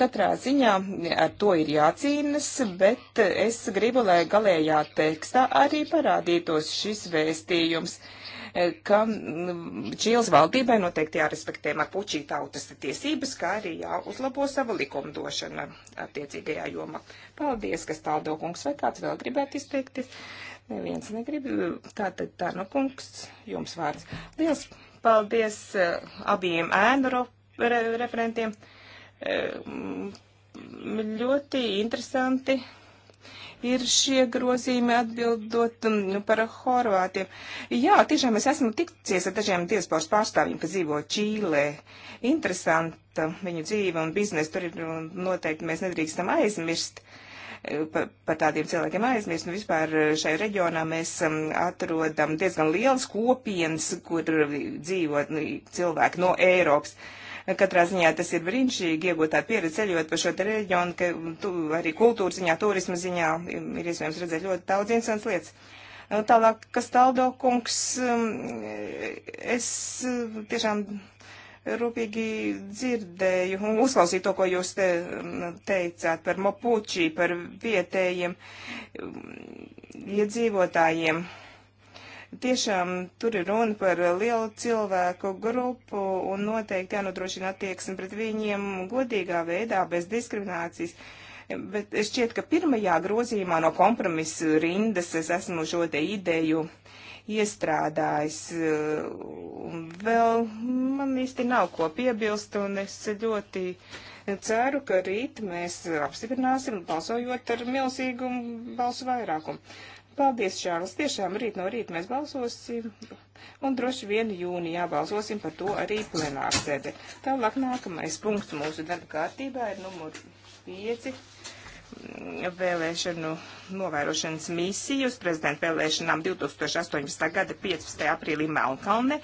Katrā ziņā ar to ir jācīnas, bet es gribu, lai galējā tekstā arī parādītos šis vēstījums. Uh, ka mm, Čīles valdībai noteikti jārespektē mapučī tautas tiesības, kā arī jāuzlabo sava likumdošana attiecīgajā jomā. Paldies, kas tāldo kungs, vai kāds vēl gribētu izteikties? Neviens negrib. Tātad tā nu kungs, jums vārds. Liels paldies eh, abiem ēnu re referentiem. Eh, ļoti interesanti ir šie grozījumi atbildot um, nu, par Horvātiem. Jā, tiešām es esmu ticies ar dažiem diasporas pārstāvjiem, kas dzīvo Čīlē. Interesanta viņu dzīve un biznesa tur ir noteikti mēs nedrīkstam aizmirst. Par, eh, par tādiem cilvēkiem aizmirst. Nu, vispār eh, šajā reģionā mēs um, atrodam diezgan liels kopienas, kur eh, dzīvo nu, cilvēki no Eiropas. Uh, Katrā ziņā tas ir brīnišķīgi iegūtā pieredze ceļot pa šo te reģionu, ka tu, arī kultūras ziņā, turisma ziņā um, ir iespējams redzēt ļoti daudz interesantas lietas. Nu, tālāk, kas taldo kungs, um, es um, tiešām rūpīgi dzirdēju un uzklausīju to, ko jūs te, teicāt par mopučī, par vietējiem iedzīvotājiem. Ja Tiešām tur ir runa par lielu cilvēku grupu un noteikti jānodrošina attieksme pret viņiem godīgā veidā, bez diskriminācijas. Bet šķiet, ka pirmajā grozījumā no kompromisa rindas es esmu šo te ideju iestrādājis. Un vēl man īsti nav ko piebilst, un es ļoti ceru, ka rīt mēs apstiprināsim balsojot ar milzīgu balsu vairākumu. Paldies, Čārlis. Tiešām rīt no rīta mēs balsosim, un droši vien jūnijā balsosim par to arī plenārsēdē. Tālāk nākamais punkts mūsu darba kārtībā ir numur 5 vēlēšanu novērošanas misiju uz prezidenta vēlēšanām 2018. gada 15. aprīlī Melnkalne.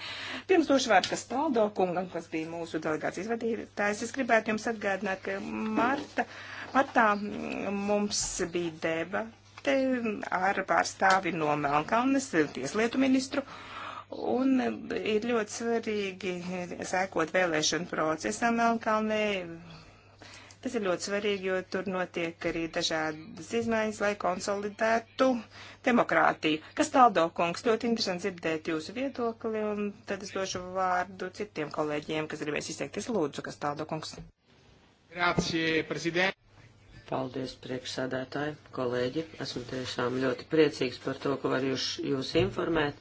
Pirms došu vārdu Kastaldo kungam, kas bija mūsu delegācijas vadītājs, es gribētu jums atgādināt, ka Marta, martā mm, mums bija debata debate ar pārstāvi no Melnkalnes tieslietu ministru. Un ir ļoti svarīgi sekot vēlēšanu procesam Melnkalnē. Tas ir ļoti svarīgi, jo tur notiek arī dažādas izmaiņas, lai konsolidētu demokrātiju. Kas taldo, kungs, ļoti interesanti dzirdēt jūsu viedokli, un tad es došu vārdu citiem kolēģiem, kas gribēs izteikties. Lūdzu, kas taldo, kungs. Grācie, prezident. Paldies, priekšsādātāji, kolēģi. Esmu tiešām ļoti priecīgs par to, ka varu jūs, jūs informēt.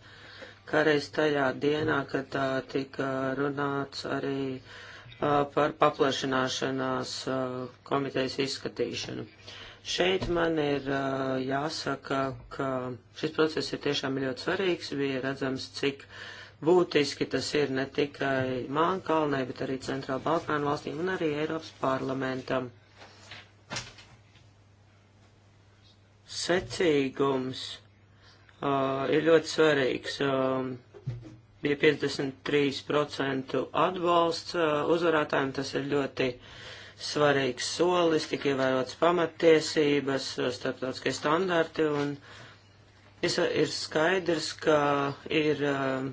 Kāreiz tajā dienā, kad tā tika runāts arī uh, par paplašināšanās uh, komitejas izskatīšanu. Šeit man ir uh, jāsaka, ka šis process ir tiešām ļoti svarīgs. Bija redzams, cik būtiski tas ir ne tikai Mānkalnai, bet arī Centrāla Balkāna valstīm un arī Eiropas parlamentam secīgums uh, ir ļoti svarīgs. Um, bija 53% atbalsts uh, uzvarētājiem, tas ir ļoti svarīgs solis, tik ievērots pamattiesības, uh, starptautiskie standarti, un es, ir skaidrs, ka ir um,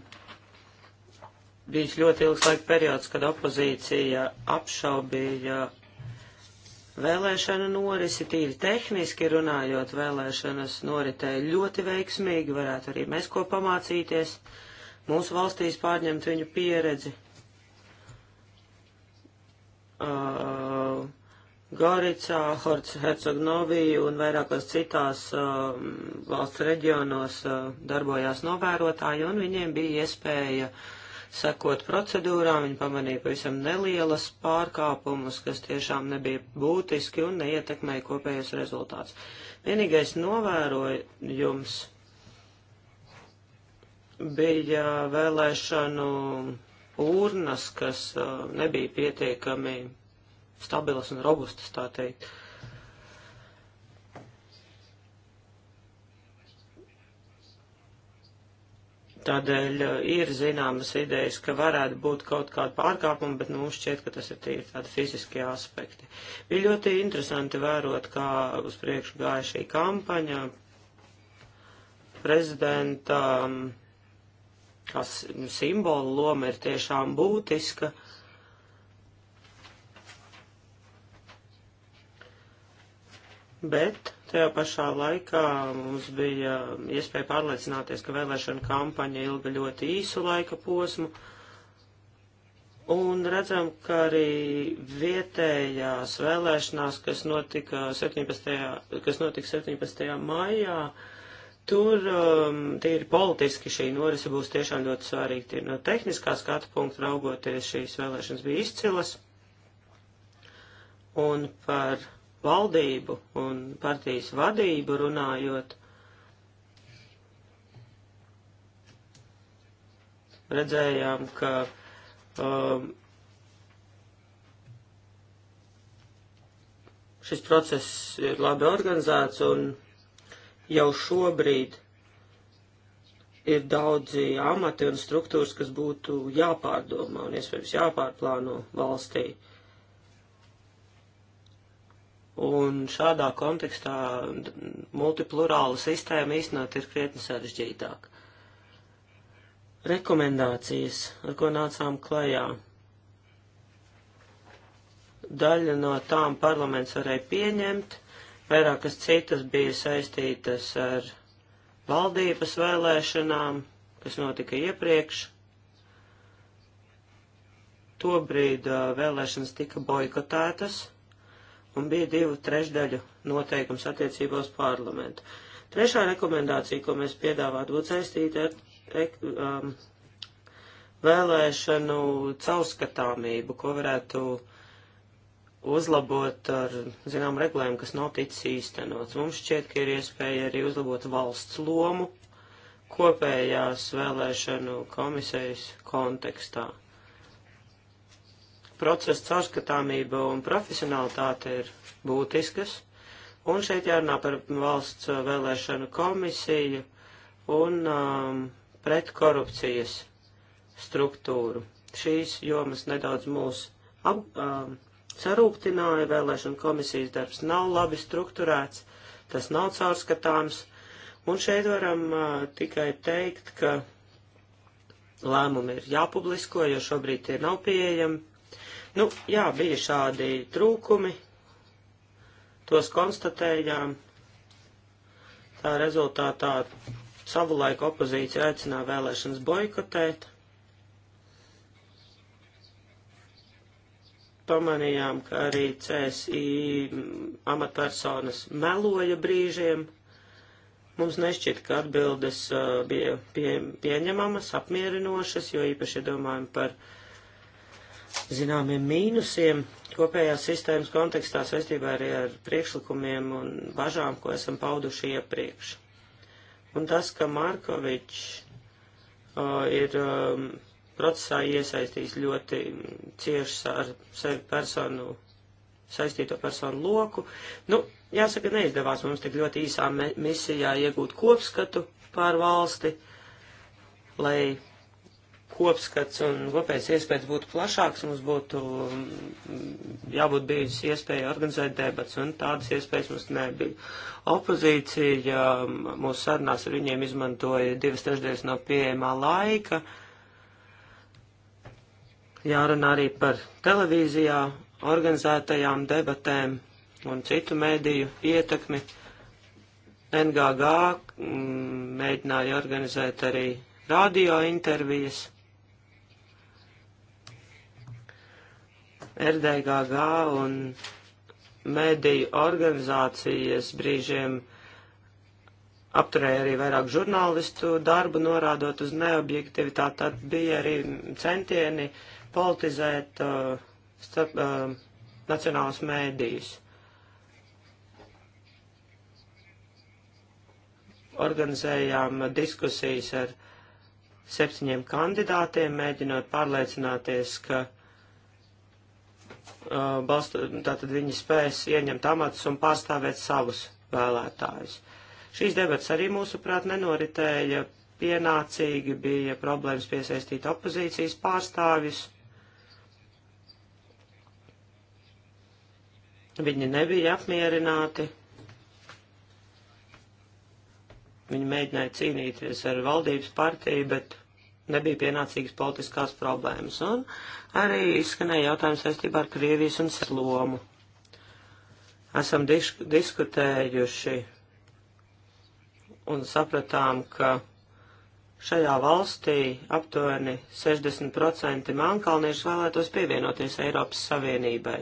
bijis ļoti ilgs laika periods, kad opozīcija apšaubīja Vēlēšana norisi tīri tehniski runājot, vēlēšanas noritēja ļoti veiksmīgi, varētu arī mēs ko pamācīties, mūsu valstīs pārņemt viņu pieredzi. Uh, Goricā, Hercegnovija un vairākos citās uh, valsts reģionos uh, darbojās novērotāji, un viņiem bija iespēja uh, sekot procedūrām, viņi pamanīja pavisam nelielas pārkāpumus, kas tiešām nebija būtiski un neietekmēja kopējos rezultāts. Vienīgais novērojums bija vēlēšanu urnas, kas uh, nebija pietiekami stabilas un robustas, tā teikt. Tādēļ eh, ir zināmas idejas, ka varētu būt kaut kāda pārkāpuma, bet nu šķiet, ka tas ir tīri tādi fiziskie aspekti. Bija ļoti interesanti vērot, kā uz priekšu gāja šī kampaņa prezidenta, kas simbola loma ir tiešām būtiska. Uh, bet tajā pašā laikā mums bija iespēja pārliecināties, ka vēlēšana kampaņa ilga ļoti īsu laika posmu, un redzam, ka arī vietējās vēlēšanās, kas notika 17. Kas notika 17. maijā, Tur um, tīri politiski šī norise būs tiešām ļoti svarīga. Tīri no tehniskā skatu punkta raugoties šīs vēlēšanas bija izcilas. Un par valdību un partijas vadību runājot, redzējām, ka um, šis process ir labi organizēts un jau šobrīd ir daudzi amati un struktūras, kas būtu jāpārdomā un iespējams jāpārplāno valstī. Uh, Un šādā kontekstā multiplurāla sistēma īstenot ir krietni sarežģītāk. Rekomendācijas, ar ko nācām klajā. Daļa no tām parlaments varēja pieņemt, vairākas citas bija saistītas ar valdības vēlēšanām, kas notika iepriekš. Tobrīd vēlēšanas tika boikotētas un bija divu trešdaļu noteikums attiecībā uz parlamentu. Trešā rekomendācija, ko mēs piedāvātu, būtu saistīta ar ek, um, vēlēšanu caurskatāmību, ko varētu uzlabot ar, zinām, regulējumu, kas nav ticis īstenots. Mums šķiet, ka ir iespēja arī uzlabot valsts lomu kopējās vēlēšanu komisijas kontekstā procesa caurskatāmība un profesionalitāte ir būtiskas. Un šeit jārunā par valsts uh, vēlēšanu komisiju un um, pretkorupcijas struktūru. Šīs jomas nedaudz mūs ap, um, sarūktināja, vēlēšana komisijas darbs nav labi strukturēts, tas nav caurskatāms. Un šeit varam uh, tikai teikt, ka lēmumi ir jāpublisko, jo šobrīd tie nav pieejami. Nu, jā, bija šādi trūkumi, tos konstatējām. Tā rezultātā savulaik opozīcija aicināja vēlēšanas boikotēt. Pamanījām, ka arī CSI amatpersonas meloja brīžiem. Mums nešķiet, ka atbildes uh, bija pie, pieņemamas, apmierinošas, jo īpaši domājam par uh, zināmiem mīnusiem kopējās sistēmas kontekstā saistībā arī ar priekšlikumiem un bažām, ko esam pauduši iepriekš. Un tas, ka Markovičs uh, ir um, procesā iesaistījis ļoti cieši ar sevi personu, saistīto personu loku, nu, jāsaka, neizdevās mums tik ļoti īsā misijā iegūt kopskatu pār valsti, lai kopskats un kopējas iespējas būtu plašāks, mums būtu mm, jābūt bijusi iespēja organizēt debats, un tādas iespējas mums nebija. Opozīcija mm, mūsu sarunās ar viņiem izmantoja divas trešdaļas no pieejamā laika. Jārunā arī par televīzijā organizētajām debatēm un citu mēdīju ietekmi. NGG mm, mēģināja organizēt arī radio intervijas. RDGG un mediju organizācijas brīžiem apturēja arī vairāk žurnālistu darbu, norādot uz neobjektivitāti. Tad bija arī centieni politizēt uh, starp, uh, nacionālas mēdījus. Organizējām diskusijas ar septiņiem kandidātiem, mēģinot pārliecināties, ka Uh, balstu, tātad viņi spēs ieņemt amatus un pārstāvēt savus vēlētājus. Šīs debats arī, mūsuprāt, nenoritēja pienācīgi, bija problēmas piesaistīt opozīcijas pārstāvjus. Viņi nebija apmierināti. Viņi mēģināja cīnīties ar valdības partiju, bet nebija pienācīgas politiskās problēmas. Un arī izskanēja jautājums saistībā ar Krievijas un Slomu. Esam disk diskutējuši un sapratām, ka šajā valstī aptuveni 60% mankalniešu vēlētos pievienoties Eiropas Savienībai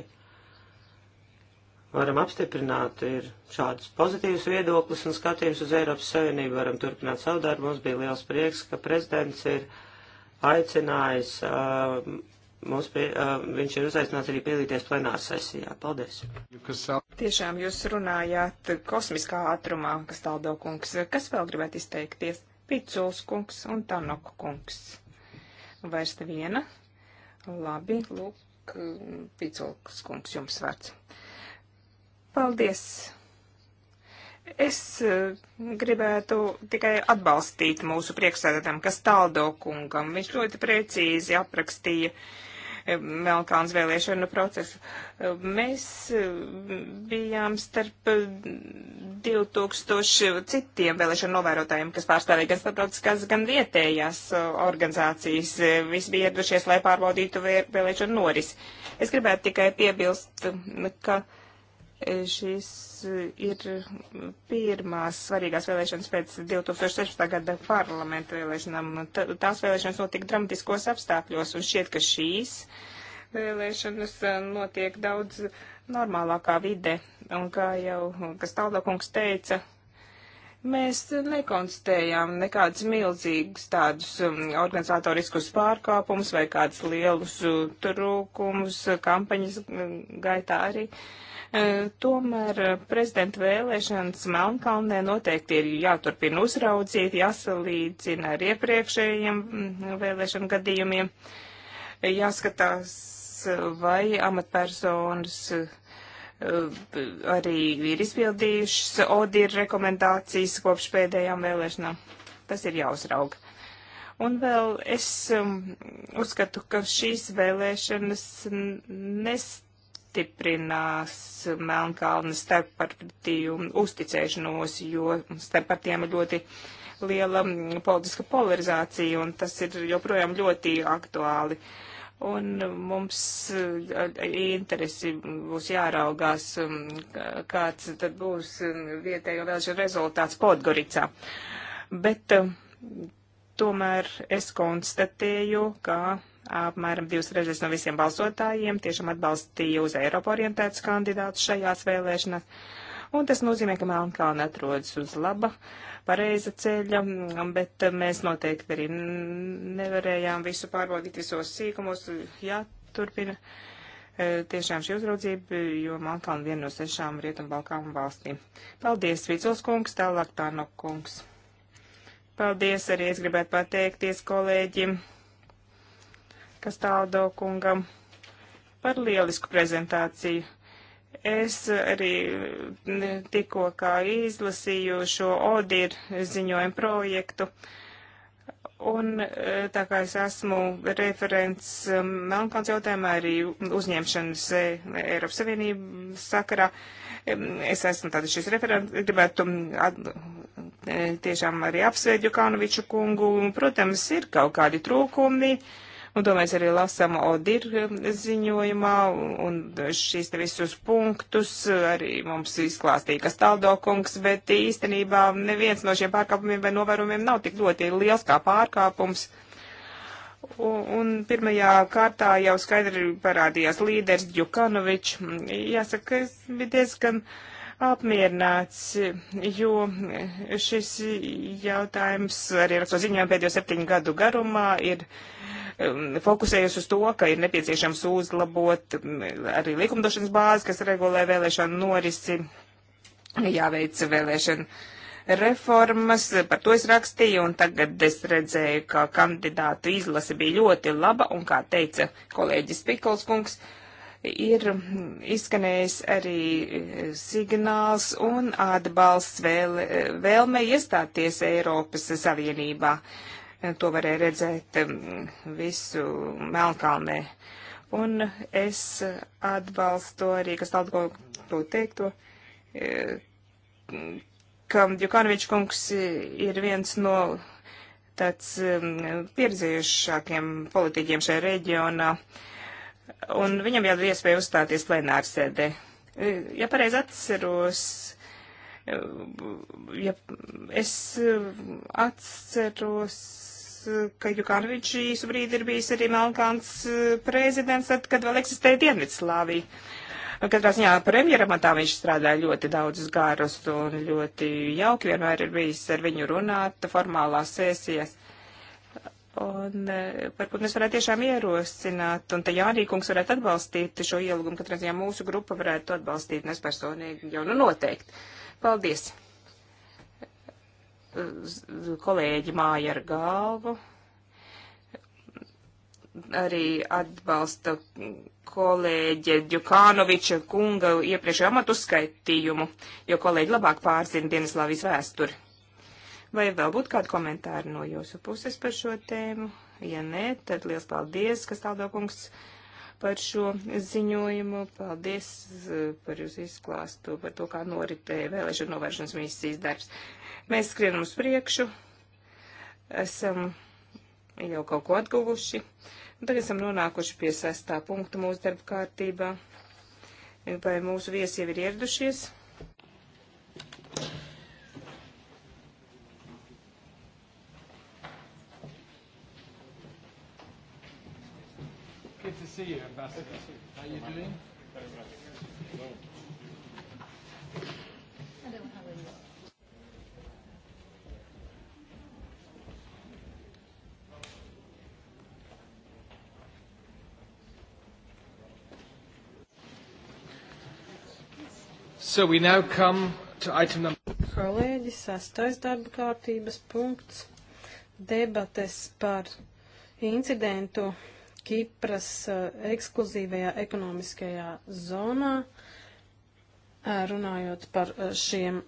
varam apstiprināt, ir šāds pozitīvs viedoklis un skatījums uz Eiropas Savienību, varam turpināt savu darbu. Mums bija liels prieks, ka prezidents ir aicinājis, mums, pie, viņš ir uzaicināts arī piedalīties plenāra sesijā. Paldies! Tiešām jūs runājāt kosmiskā ātrumā, kas tāldo kungs. Kas vēl gribētu izteikties? Piculs kungs un Tanoku kungs. Vairs neviena. Labi, lūk, Piculks kungs jums vārds. Paldies! Es eh, gribētu tikai atbalstīt mūsu priekšsēdētājam, kas taldo kungam. Viņš ļoti precīzi aprakstīja eh, Melkāns vēlēšanu procesu. Eh, mēs bijām starp 2000 citiem vēlēšanu novērotājiem, kas pārstāvēja gan starptautiskās, gan vietējās organizācijas. Visi bija ieradušies, lai pārbaudītu vēlēšanu noris. Es gribētu tikai piebilst, ka. Šīs ir pirmās svarīgās vēlēšanas pēc 2016. gada parlamenta vēlēšanām. Tās vēlēšanas notika dramatiskos apstākļos, un šķiet, ka šīs vēlēšanas e, notiek daudz normālākā vide. Un kā jau Kastaldokungs teica, mēs nekonstatējām nekādus milzīgus tādus organizatoriskus pārkāpumus vai kādus lielus trūkumus kampaņas gaitā arī. Uh, Eh, tomēr eh, prezidenta vēlēšanas Melnkalnē noteikti ir jāturpina uzraudzīt, jāsalīdzina ar iepriekšējiem mm, vēlēšanu gadījumiem, jāskatās, eh, vai amatpersonas arī ir izpildījušas ODIR rekomendācijas kopš pēdējām vēlēšanām. Tas ir jāuzrauga. Un vēl es um, uzskatu, ka šīs vēlēšanas nes, pastiprinās Melnkalnes starppartiju uzticēšanos, jo starppartijām ir ļoti liela politiska polarizācija, un tas ir joprojām ļoti aktuāli. Un mums interesi būs jāraugās, um, kāds tad būs um, vietējo vēlēšanu rezultāts Podgoricā. Bet um, tomēr es konstatēju, ka apmēram divas reizes no visiem balsotājiem tiešām atbalstīja uz Eiropu orientētus kandidātus šajās vēlēšanās. Un tas nozīmē, ka Melnkalna atrodas uz laba, pareiza ceļa, mm, bet mēs noteikti arī nevarējām visu pārbaudīt visos sīkumos. Jā, turpina e, tiešām šī uzraudzība, jo Melnkalna viena no sešām Rietumbalkānu valstīm. Paldies, Vicels kungs, tālāk Tāno kungs. Paldies, arī es gribētu pateikties kolēģim kas tāldo kungam par lielisku prezentāciju. Es arī mm, tikko kā izlasīju šo ODIR ziņojumu projektu. Un eh, tā kā es esmu referents mm, Melnkons jautājumā arī uzņemšanas eh, Eiropas Savienības sakarā, mm, es esmu tāda šis referents, gribētu at, eh, tiešām arī apsveikt Jukanoviču kungu. Protams, ir kaut kādi trūkumi. Uh, Un to mēs arī lasām Odir eh, ziņojumā, un šīs te visus punktus eh, arī mums izklāstīja Kastaldo kungs, bet īstenībā neviens no šiem pārkāpumiem vai novērumiem nav tik ļoti liels kā pārkāpums. Un, un pirmajā kārtā jau skaidri parādījās līderis Djukanovičs. Jāsaka, es biju diezgan apmierināts, jo šis jautājums arī raksto ziņojumu pēdējo septiņu gadu garumā ir Um, fokusējas uz to, ka ir nepieciešams uzlabot um, arī likumdošanas bāzi, kas regulē vēlēšanu norisi, jāveic vēlēšanu reformas, par to es rakstīju, un tagad es redzēju, ka kandidātu izlase bija ļoti laba, un kā teica kolēģis Pikolskungs, ir izskanējis arī eh, signāls un atbalsts vēl, eh, vēlme iestāties Eiropas Savienībā. Uh, To varēja redzēt visu Melnkalnē. Un es atbalstu arī, kas tādu ko teikto, e, ka Jukanovičs kungs ir viens no tāds pieredzējušākiem politiķiem šajā reģionā, un viņam jau bija iespēja uzstāties plenārsēdē. E, ja pareizi atceros, ja es eh, atceros, eh, ka Jukanovičs īsu brīdi ir bijis arī Melnkāns eh, prezidents, tad, kad vēl eksistēja Dienvidslāvija. Nu, katrā ziņā premjeramatā viņš strādāja ļoti daudzus garus un ļoti jauki vienmēr ir bijis ar viņu runāt formālās sēsijas. Un varbūt mēs varētu tiešām ierosināt, un te Jānīkungs varētu atbalstīt šo ielūgumu, katrā ziņā mūsu grupa varētu atbalstīt, un es personīgi jau nu noteikti. Paldies! Kolēģi māja ar galvu arī atbalsta kolēģe Djukānoviča kunga iepriekšējo amatu skaitījumu, jo kolēģi labāk pārzina Dienaslāvijas vēsturi. Vai vēl būtu kādi komentāri no jūsu puses par šo tēmu? Ja nē, tad liels paldies, kas tālāk kungs par šo ziņojumu. Paldies eh, par jūsu izklāstu, par to, kā noritēja vēlēšana novēršanas misijas darbs. Mēs skrienam uz priekšu, esam jau kaut ko atguvuši. Tagad esam nonākuši pie sestā punkta mūsu darba kārtībā. Vai mūsu viesi jau ir ieradušies? So we now come to item number. Kolēģi, sastais darba kārtības punkts - debates par incidentu Kipras uh, ekskluzīvajā ekonomiskajā zonā, uh, runājot par uh, šiem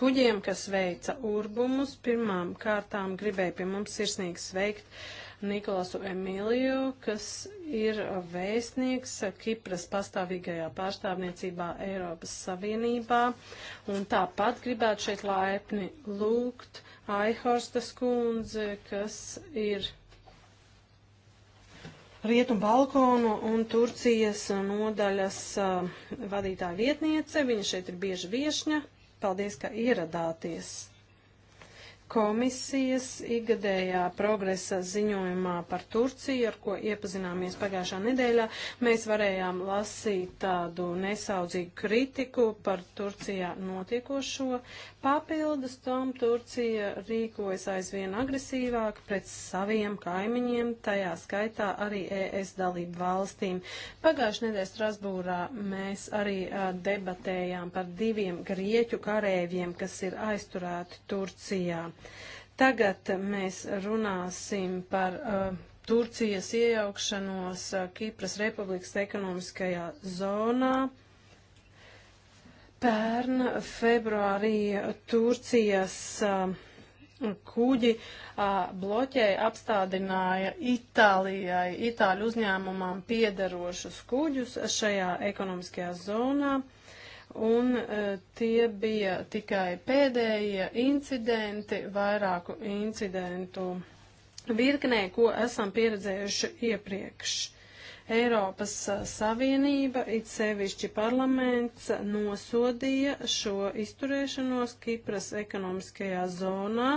kuģiem, kas veica urbumus. Pirmām kārtām gribēju pie mums sirsnīgi sveikt uh, Nikolasu Emīliju, kas ir vēstnieks Kipras pastāvīgajā pārstāvniecībā Eiropas Savienībā. Un tāpat gribētu šeit laipni lūgt Aihorstas kundze, kas ir Rietu Balkonu un Turcijas nodaļas uh, vadītāja vietniece. Viņa šeit ir bieži viešņa. Paldies, ka ieradāties komisijas igadējā progresa ziņojumā par Turciju, ar ko iepazināmies pagājušā nedēļā, mēs varējām lasīt tādu nesaudzīgu kritiku par Turcijā notiekošo. Papildus tam Turcija rīkojas aizvien agresīvāk pret saviem kaimiņiem, tajā skaitā arī ES dalību valstīm. Pagājušā nedēļa Strasbūrā mēs arī a, debatējām par diviem grieķu karēviem, kas ir aizturēti Turcijā. Tagad mēs runāsim par uh, Turcijas iejaukšanos uh, Kipras republikas ekonomiskajā zonā. Pērn februārī uh, Turcijas uh, kuģi uh, bloķēja, apstādināja Itālijai, Itāļu uzņēmumam piedarošus kuģus šajā ekonomiskajā zonā un e, tie bija tikai pēdējie incidenti, vairāku incidentu virknē, ko esam pieredzējuši iepriekš. Eiropas Savienība, it sevišķi parlaments, nosodīja šo izturēšanos Kipras ekonomiskajā zonā.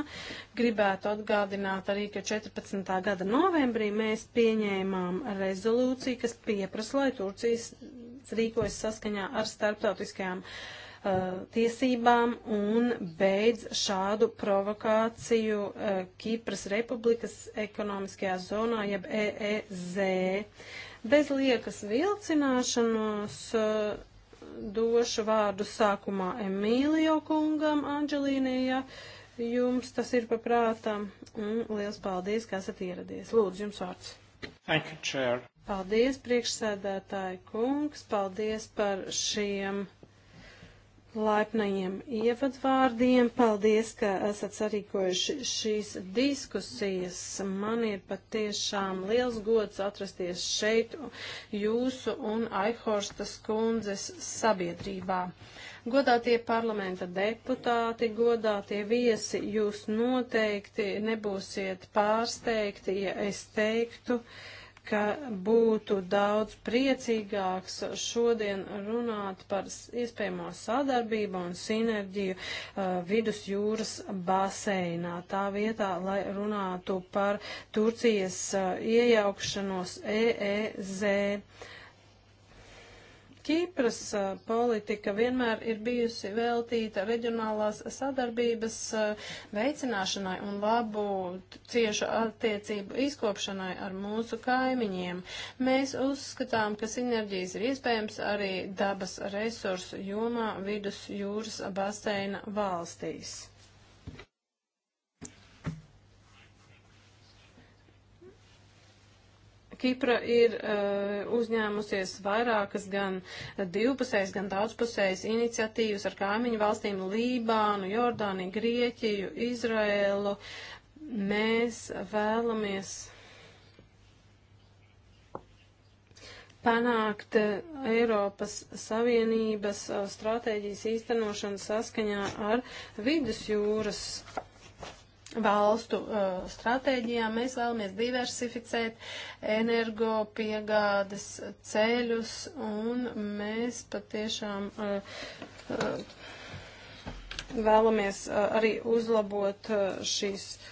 Gribētu atgādināt arī, ka 14. gada novembrī mēs pieņēmām rezolūciju, kas pieprasa, lai Turcijas rīkojas saskaņā ar starptautiskajām tiesībām un beidz šādu provokāciju uh, Kipras Republikas ekonomiskajā zonā, jeb EEZ. Bez liekas vilcināšanos eh, došu vārdu sākumā Emīlio kungam, Anģelīnija, ja jums tas ir paprātām. Un liels paldies, ka esat ieradies. Lūdzu, jums vārds. Thank you, Chair. Paldies, priekšsēdētāji kungs, paldies par šiem laipnajiem ievadvārdiem. Paldies, ka esat sarīkojuši šīs diskusijas. Man ir patiešām liels gods atrasties šeit jūsu un Aihorstas kundzes sabiedrībā. Godātie parlamenta deputāti, godātie viesi, jūs noteikti nebūsiet pārsteigti, ja es teiktu, uh, ka būtu daudz priecīgāks šodien runāt par iespējamo sadarbību un sinerģiju uh, vidusjūras baseinā. Tā vietā, lai runātu par Turcijas uh, iejaukšanos EEZ. Kipras politika vienmēr ir bijusi veltīta reģionālās sadarbības veicināšanai un labu ciešu attiecību izkopšanai ar mūsu kaimiņiem. Mēs uzskatām, ka sinerģijas ir iespējams arī dabas resursu jomā vidus jūras baseina valstīs. Kipra ir uh, uzņēmusies vairākas gan divpusējas, gan daudzpusējas iniciatīvas ar kaimiņu valstīm Lībānu, Jordāniju, Grieķiju, Izraēlu. Mēs vēlamies panākt eh, Eiropas Savienības eh, stratēģijas īstenošanu saskaņā ar vidusjūras valstu uh, stratēģijām mēs vēlamies diversificēt energo piegādes ceļus un mēs patiešām uh, uh, vēlamies uh, arī uzlabot uh, šīs uh,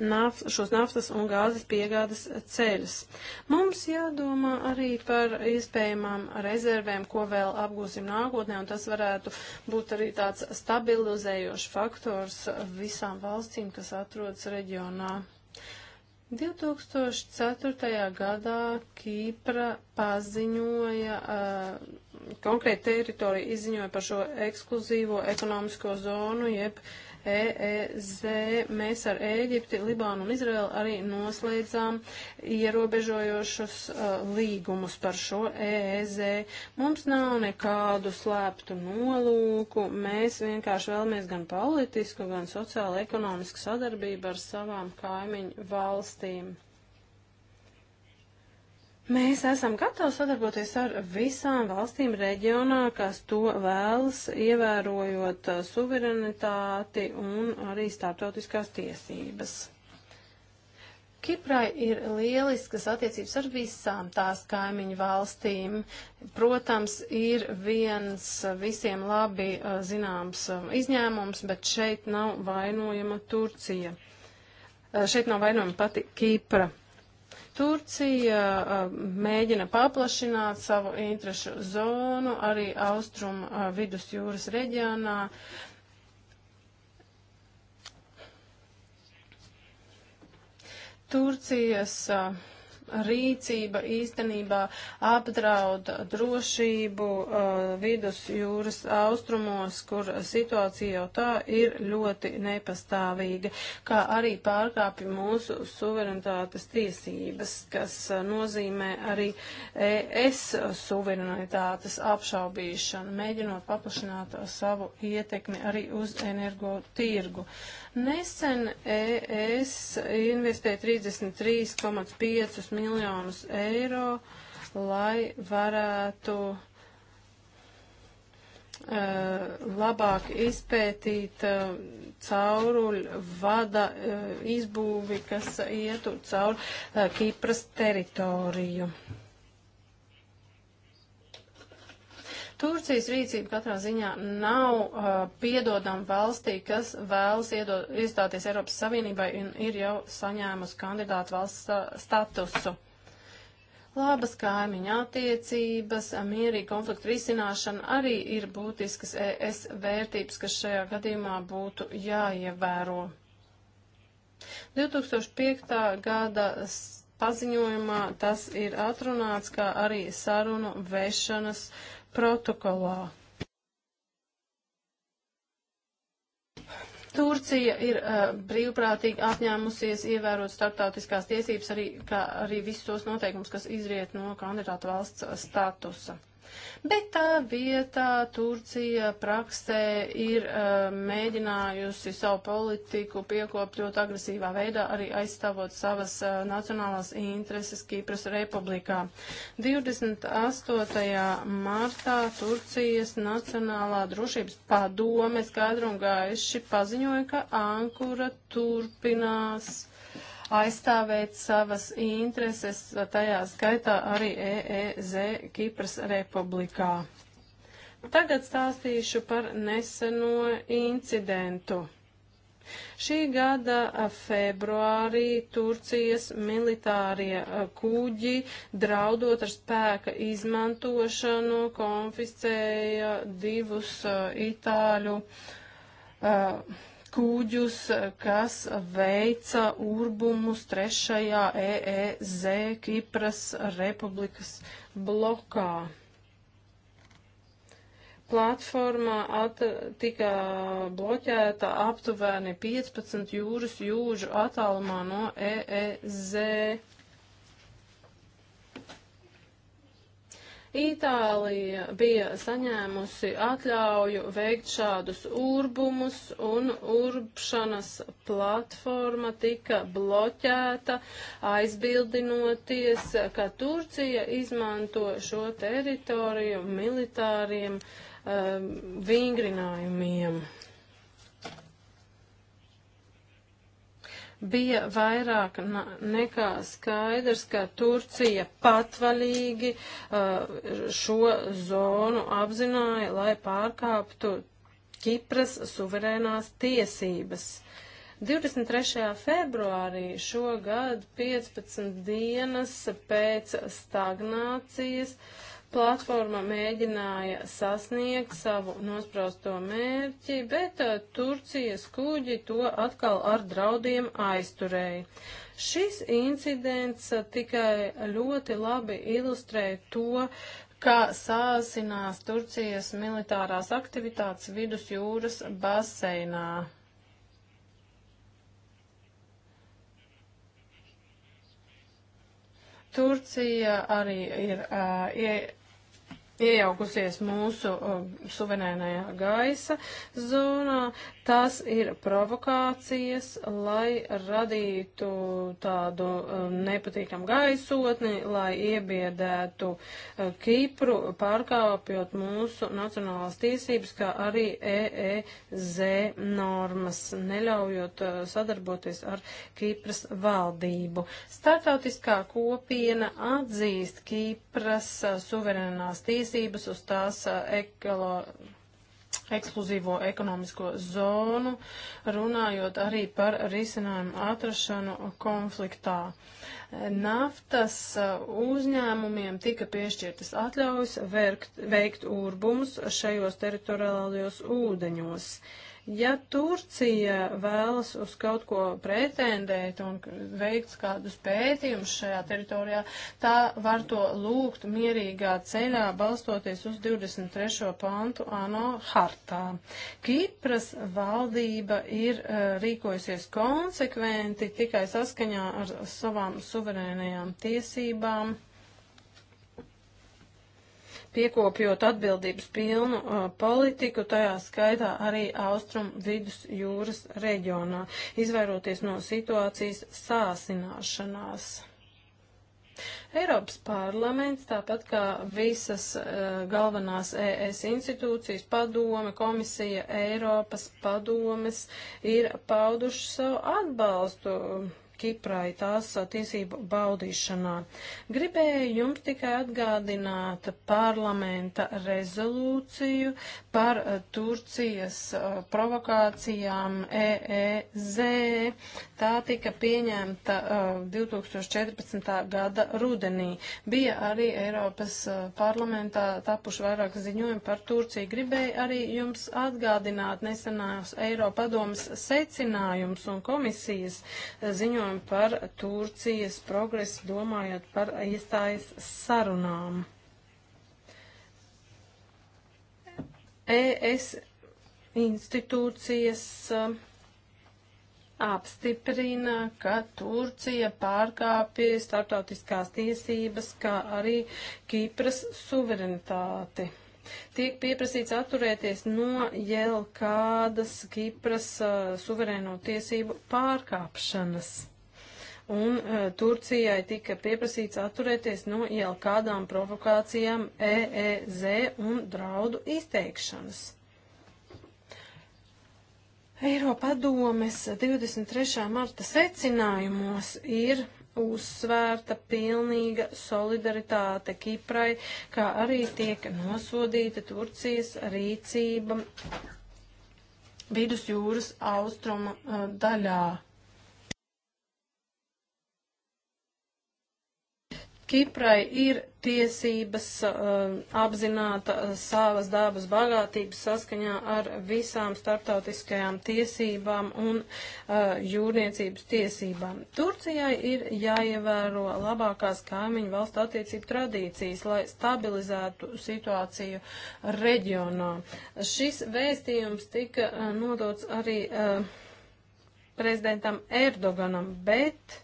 naf, šos naftas un gāzes piegādes ceļus. Mums jādomā arī par iespējamām rezervēm, ko vēl apgūsim nākotnē, un tas varētu būt arī tāds stabilizējošs faktors visām valstīm, kas atrodas reģionā. 2004. gadā Kīpra paziņoja, uh, konkrēti teritorija izziņoja par šo ekskluzīvo ekonomisko zonu, jeb uh, EEZ, mēs ar Ēģipti, Libānu un Izraelu arī noslēdzām ierobežojošus uh, līgumus par šo EEZ. Mums nav nekādu slēptu nolūku, mēs vienkārši vēlamies gan politisku, gan sociālo ekonomisku sadarbību ar savām kaimiņu valstīm. Mēs esam gatavi sadarboties ar visām valstīm reģionā, kas to vēlas, ievērojot uh, suverenitāti un arī starptautiskās tiesības. Kiprai ir lieliskas attiecības ar visām tās kaimiņu valstīm. Protams, ir viens visiem labi uh, zināms uh, izņēmums, bet šeit nav vainojama Turcija. Šeit nav vainojama pati Kipra. Turcija mēģina paplašināt savu interešu zonu arī austrum vidusjūras reģionā. Turcijas uh, rīcība īstenībā apdraud drošību uh, vidus jūras austrumos, kur situācija jau tā ir ļoti nepastāvīga, kā arī pārkāpja mūsu suverenitātes tiesības, kas uh, nozīmē arī ES suverenitātes apšaubīšanu, mēģinot paplašināt savu ietekmi arī uz energo tirgu. Nesen ES investē 33,5 miljonus miljonus eiro, lai varētu uh, labāk izpētīt uh, eh, cauruļu vada uh, izbūvi, kas ietu caur Kipras teritoriju. Turcijas rīcība katrā ziņā nav uh, piedodama valstī, kas vēlas iedod, iestāties Eiropas Savienībai un ir jau saņēmusi kandidātu valsts uh, statusu. Labas kaimiņa attiecības, mierīga konflikta risināšana arī ir būtiskas ES vērtības, kas šajā gadījumā būtu jāievēro. 2005. gada paziņojumā tas ir atrunāts kā arī sarunu vešanas uh, protokolā. Turcija ir uh, brīvprātīgi apņēmusies ievērot starptautiskās tiesības, arī, kā arī visus tos noteikumus, kas izriet no kandidāta valsts statusa. Bet tā vietā Turcija praksē ir uh, mēģinājusi savu politiku piekopt ļoti agresīvā veidā, arī aizstāvot savas uh, nacionālās intereses Kīpras republikā. 28. martā Turcijas Nacionālā drošības padome skaidru un gaiši paziņoja, ka Ankura turpinās aizstāvēt savas intereses, tajā skaitā arī EEZ Kipras republikā. Tagad stāstīšu par neseno incidentu. Šī gada februārī Turcijas militārie kuģi, draudot ar spēka izmantošanu, konfiscēja divus itāļu uh, kuģus, kas veica urbumus trešajā EEZ Kipras republikas blokā. Platformā at, tika bloķēta aptuveni 15 jūras jūžu attālumā no EEZ. Itālija bija saņēmusi atļauju veikt šādus urbumus, un urbšanas platforma tika bloķēta, aizbildinoties, ka Turcija izmanto šo teritoriju militāriem um, vingrinājumiem. bija vairāk nekā skaidrs, ka Turcija patvaļīgi uh, šo zonu apzināja, lai pārkāptu Kipras suverēnās tiesības. 23. februārī šogad 15 dienas pēc stagnācijas uh, Platforma mēģināja sasniegt savu nospraustu mērķi, bet uh, Turcijas kuģi to atkal ar draudiem aizturēja. Šis incidents uh, tikai ļoti labi ilustrē to, kā sāsinās Turcijas militārās aktivitātes vidusjūras baseinā. Turcija arī ir uh, pieaugusies mūsu um, suverēnajā gaisa zonā. Tās ir provokācijas, lai radītu tādu um, nepatīkamu gaisotni, lai iebiedētu uh, Kipru, pārkāpjot mūsu nacionālās tiesības, kā arī EEZ normas, neļaujot uh, sadarboties ar Kipras valdību. Startautiskā kopiena atzīst Kipras uh, suverēnās tiesības uz tās ekoloģijas ekskluzīvo ekonomisko zonu, runājot arī par risinājumu atrašanu konfliktā. Naftas uzņēmumiem tika piešķirtas atļaujas veikt urbumus šajos teritoriālajos ūdeņos. Uh, Ja Turcija vēlas uz kaut ko pretendēt un veikt kādus pētījumus šajā teritorijā, tā var to lūgt mierīgā ceļā, balstoties uz 23. pantu ANO hartā. Kipras valdība ir uh, rīkojusies konsekventi tikai saskaņā ar savām suverēnajām tiesībām piekopjot atbildības pilnu uh, politiku, tajā skaitā arī Austrum vidus jūras reģionā, izvairoties no situācijas sāsināšanās. Eiropas parlaments, tāpat kā visas uh, galvenās ES institūcijas, padome, komisija, Eiropas padomes, ir pauduši savu atbalstu Kiprai tās uh, tiesību baudīšanā. Gribēju jums tikai atgādināt parlamenta rezolūciju par eh, Turcijas eh, provokācijām EEZ. Tā tika pieņemta 2014. Eh, gada rudenī. Bija arī Eiropas parlamentā tapuši vairāk ziņojumi par Turciju. Gribēju arī jums atgādināt nesenās Eiropadomas secinājums un komisijas ziņojumu par Turcijas progresu, domājot par iestājas sarunām. ES institūcijas um, apstiprina, ka Turcija pārkāpja starptautiskās tiesības, kā arī Kīpras suverenitāti. Tiek pieprasīts atturēties no jau kādas Kīpras uh, suverēno tiesību pārkāpšanas un uh, Turcijai tika pieprasīts atturēties no jau kādām provokācijām EEZ un draudu izteikšanas. Eiropadomes 23. marta secinājumos ir uzsvērta pilnīga solidaritāte Kiprai, kā arī tiek nosodīta Turcijas rīcība vidusjūras austruma e, daļā. Kiprai ir tiesības um, apzināt uh, savas dabas bagātības saskaņā ar visām starptautiskajām tiesībām un uh, jūrniecības tiesībām. Turcijai ir jāievēro labākās kaimiņu valstu attiecību tradīcijas, lai stabilizētu situāciju reģionā. Šis vēstījums tika uh, nodots arī uh, prezidentam Erdoganam, bet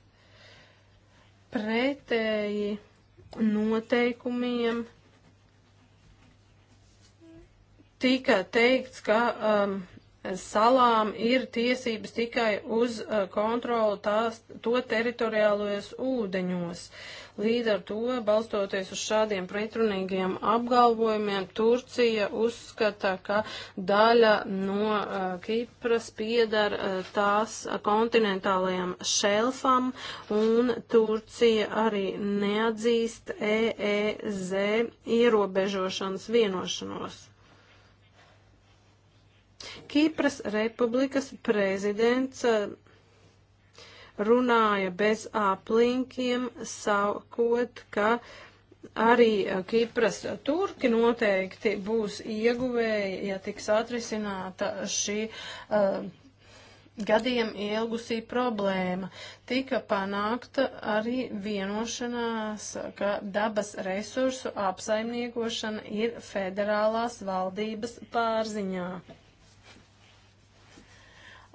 pretēji noteikumiem tika teikts, ka um, salām ir tiesības tikai uz uh, kontroli tās, to teritoriālajos ūdeņos. Līdz ar to, balstoties uz šādiem pretrunīgiem apgalvojumiem, Turcija uzskata, ka daļa no uh, Kipras piedar uh, tās kontinentālajam šelfam, un Turcija arī neatzīst EEZ ierobežošanas vienošanos. Kīpras republikas prezidents eh, runāja bez aplinkiem, sakot, ka arī eh, Kipras turki noteikti būs ieguvēji, ja tiks atrisināta šī uh, gadiem ilgusī problēma. Tika panākta arī vienošanās, ka dabas resursu apsaimniekošana ir federālās valdības pārziņā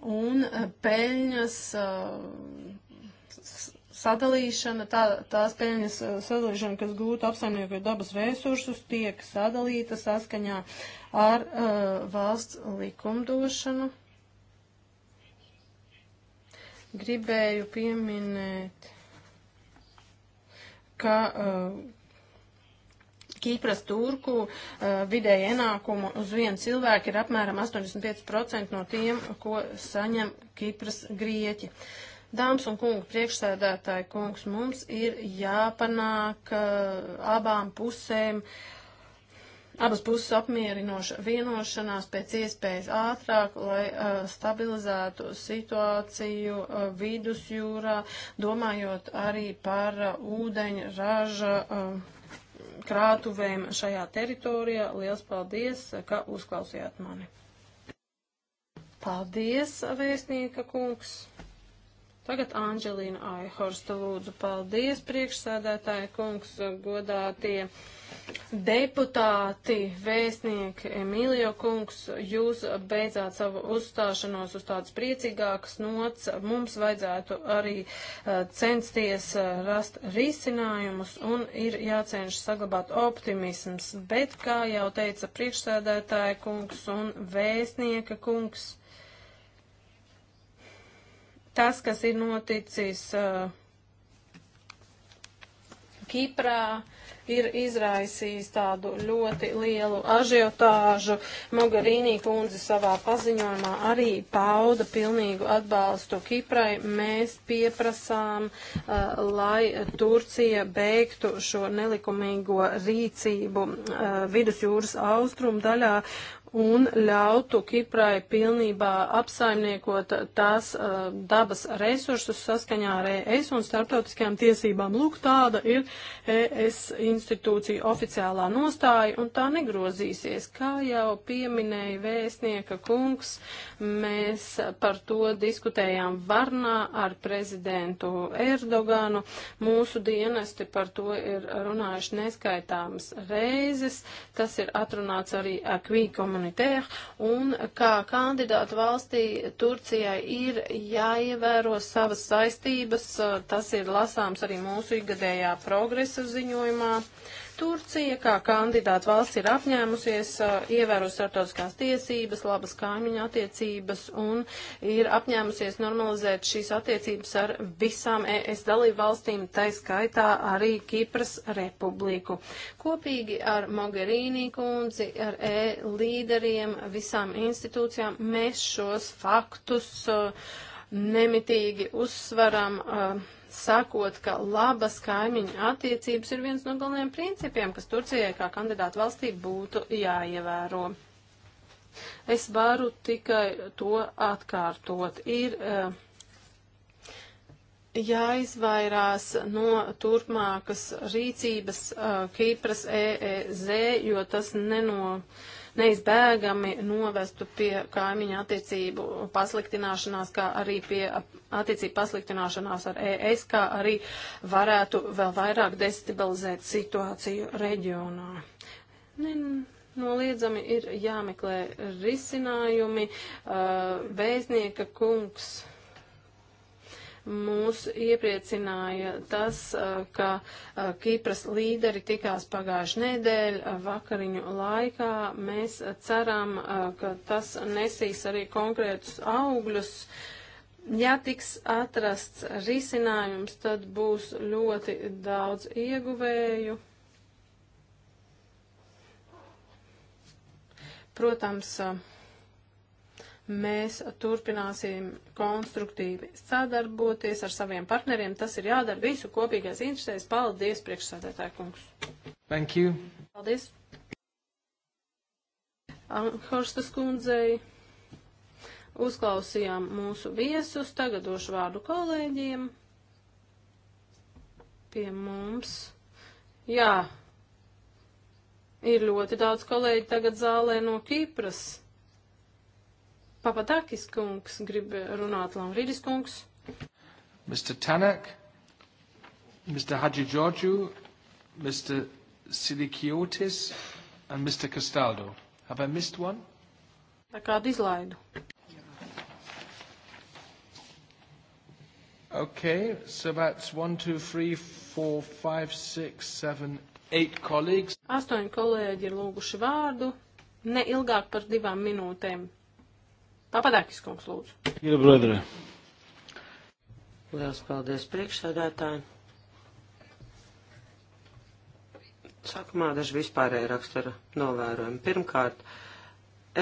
un eh, peļņas eh, sadalīšana, tā, tās peļņas eh, sadalīšana, kas gūta apsaimniekot dabas resursus, tiek sadalīta saskaņā ar uh, valsts likumdošanu. Gribēju pieminēt, ka uh, Kīpras turku uh, vidēji ienākumu uz vienu cilvēku ir apmēram 85% no tiem, ko saņem Kīpras grieķi. Dāmas un kungi, priekšsēdētāji kungs, mums ir jāpanāk uh, abām pusēm uh, abas puses apmierinoša vienošanās pēc iespējas ātrāk, lai uh, stabilizētu situāciju uh, vidusjūrā, domājot arī par uh, ūdeņraža. Uh, krātuvēm šajā teritorijā. Liels paldies, ka uzklausījāt mani. Paldies, vēstnieka kungs! Tagad Anģelīna Aihorsta lūdzu paldies priekšsēdētāja kungs godātie deputāti, vēstnieki Emīlio kungs, jūs beidzāt savu uzstāšanos uz tādas priecīgākas nots. Mums vajadzētu arī uh, censties uh, rast risinājumus un ir jācenš saglabāt optimisms. Bet, kā jau teica priekšsēdētāja kungs un vēstnieka kungs, tas, kas ir noticis uh, Kiprā, ir izraisījis tādu ļoti lielu ažiotāžu. Mogarīnī kundze savā paziņojumā arī pauda pilnīgu atbalstu Kiprai. Mēs pieprasām, uh, lai Turcija beigtu šo nelikumīgo rīcību uh, vidusjūras austrumu daļā un ļautu Kiprai pilnībā apsaimniekot tās uh, dabas resursus saskaņā ar ES un starptautiskajām tiesībām. Lūk, tāda ir ES institūcija oficiālā nostāja, un tā negrozīsies. Kā jau pieminēja vēstnieka kungs, mēs par to diskutējām Varnā ar prezidentu Erdoganu. Mūsu dienesti par to ir runājuši neskaitāmas reizes. Tas ir atrunāts arī Akvīkomunā Unitaire, un kā kandidātu valstī Turcijai ir jāievēro savas saistības, uh, tas ir lasāms arī mūsu ikgadējā progresa ziņojumā. Uh, Turcija kā kandidāta valsts ir apņēmusies ievērot starptautiskās tiesības, labas kaimiņa attiecības un ir apņēmusies normalizēt šīs attiecības ar visām ES dalību valstīm, tai skaitā arī Kipras republiku. Kopīgi ar Mogherīnī kundzi, ar E līderiem, visām institūcijām mēs šos faktus nemitīgi uzsvaram. Uh, sakot, ka labas kaimiņu attiecības ir viens no galvenajiem principiem, kas Turcijai kā kandidātu valstī būtu jāievēro. Es varu tikai to atkārtot. Ir eh, jāizvairās no turpmākas rīcības eh, Kīpras EEZ, jo tas neno. Uh, neizbēgami novestu pie kaimiņa attiecību pasliktināšanās, kā arī pie attiecību pasliktināšanās ar ES, kā arī varētu vēl vairāk destabilizēt situāciju reģionā. Ne, noliedzami ir jāmeklē risinājumi. Uh, Vēstnieka kungs Mūs iepriecināja tas, ka Kīpras līderi tikās pagājuši nedēļu vakariņu laikā. Mēs ceram, ka tas nesīs arī konkrētus augļus. Ja tiks atrasts risinājums, tad būs ļoti daudz ieguvēju. Protams, uh, Mēs turpināsim konstruktīvi sadarboties ar saviem partneriem. Tas ir jādara visu kopīgais interesēs. Paldies, priekšsādētāja kungs. Thank you. Paldies. Horstas kundzei uzklausījām mūsu viesus, tagad došu vārdu kolēģiem pie mums. Jā, ir ļoti daudz kolēģi tagad zālē no Kipras. Papadakis kungs grib runāt, Lamrīdis kungs. Mr. Tanak, Mr. Hadži Georgiou, Mr. Silikiotis and Mr. Castaldo. Have I missed one? Kādu izlaidu? Okay, so that's one, two, three, four, five, six, seven, eight colleagues. Astoņi kolēģi ir lūguši vārdu, ne ilgāk par divām minūtēm. Papadakis kungs, lūdzu. Jā, brodre. Lielas paldies priekšsēdētāji. Sākumā daži vispārēja rakstura novērojumi. Pirmkārt,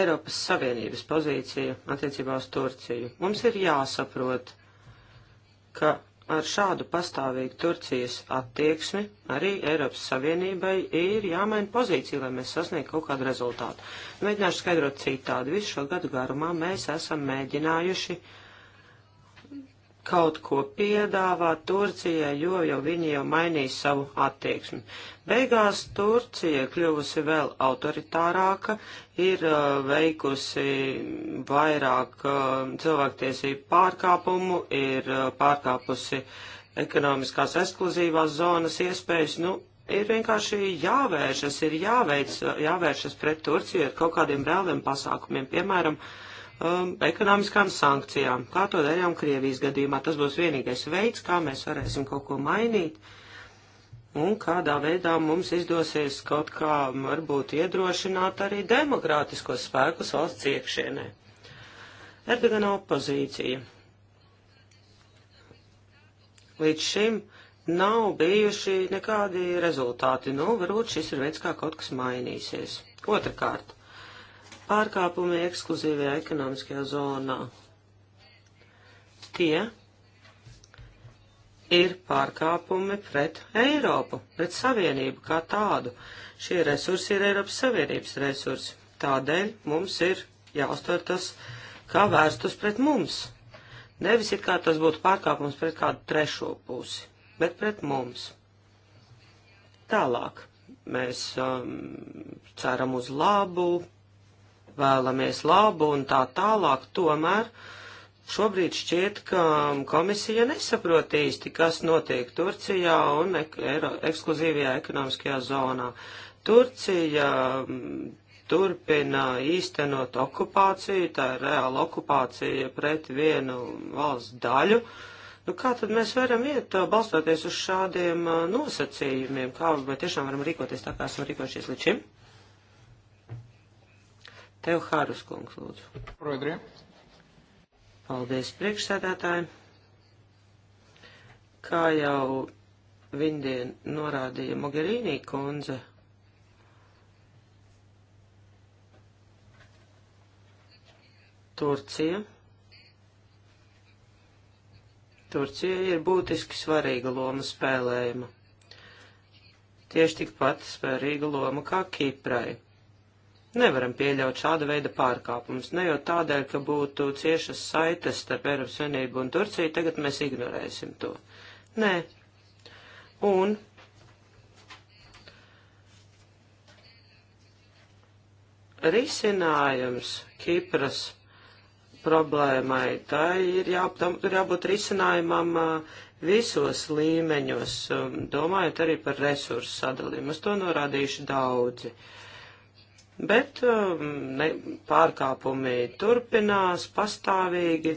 Eiropas Savienības pozīcija attiecībā uz Turciju. Mums ir jāsaprot, ka Ar šādu pastāvīgu Turcijas attieksmi arī Eiropas Savienībai ir jāmaina pozīcija, lai mēs sasniegtu kaut kādu rezultātu. Mēģināšu skaidrot citādi. Visu šo gadu garumā mēs esam mēģinājuši uh, kaut ko piedāvāt Turcijai, jo jau viņi jau mainīja savu attieksmi. Beigās Turcija kļuvusi vēl autoritārāka, ir uh, veikusi vairāk uh, cilvēktiesību pārkāpumu, ir uh, pārkāpusi ekonomiskās ekskluzīvās zonas iespējas. Nu, ir vienkārši jāvēršas, ir jāveic, jāvēršas pret Turciju ar kaut kādiem reāliem pasākumiem, piemēram, uh, um, ekonomiskām sankcijām, kā to darījām Krievijas gadījumā. Tas būs vienīgais veids, kā mēs varēsim kaut ko mainīt un kādā veidā mums izdosies kaut kā varbūt iedrošināt arī demokrātiskos spēkus valsts iekšienē. Erdogana opozīcija. Līdz šim nav bijuši nekādi rezultāti. Nu, varbūt šis ir veids, kā kaut kas mainīsies. Otrakārt, pārkāpumi ekskluzīvajā ekonomiskajā zonā. Tie ir pārkāpumi pret Eiropu, pret Savienību kā tādu. Šie resursi ir Eiropas Savienības resursi. Tādēļ mums ir jāuztver tas kā vērstus pret mums. Nevis it kā tas būtu pārkāpums pret kādu trešo pusi, bet pret mums. Tālāk mēs um, ceram uz labu, vēlamies labu un tā tālāk, tomēr šobrīd šķiet, ka komisija nesaprot īsti, kas notiek Turcijā un ek ekskluzīvajā ekonomiskajā zonā. Turcija mm, turpina īstenot okupāciju, tā ir reāla okupācija pret vienu valsts daļu. Nu, kā tad mēs varam iet balstoties uz šādiem nosacījumiem? Kā mēs tiešām varam rīkoties tā, kā esam rīkojušies līdz šim? Tev Hārus kungs, lūdzu. Prodri. Paldies priekšsēdētāji. Kā jau Vindien norādīja Mogherīnī kundze, Turcija. Turcija ir būtiski svarīga loma spēlējuma. Tieši tikpat spēlīga loma kā Kiprai Nevaram pieļaut šāda veida pārkāpumus, ne jau tādēļ, ka būtu ciešas saites starp Eiropas Savienību un Turciju, tagad mēs ignorēsim to. Nē. Un risinājums Kipras problēmai, tā ir, jā, tam, ir jābūt risinājumam visos līmeņos, domājot arī par resursu sadalījumu. Uz to norādījuši daudzi. Uh, bet um, ne, pārkāpumi turpinās pastāvīgi.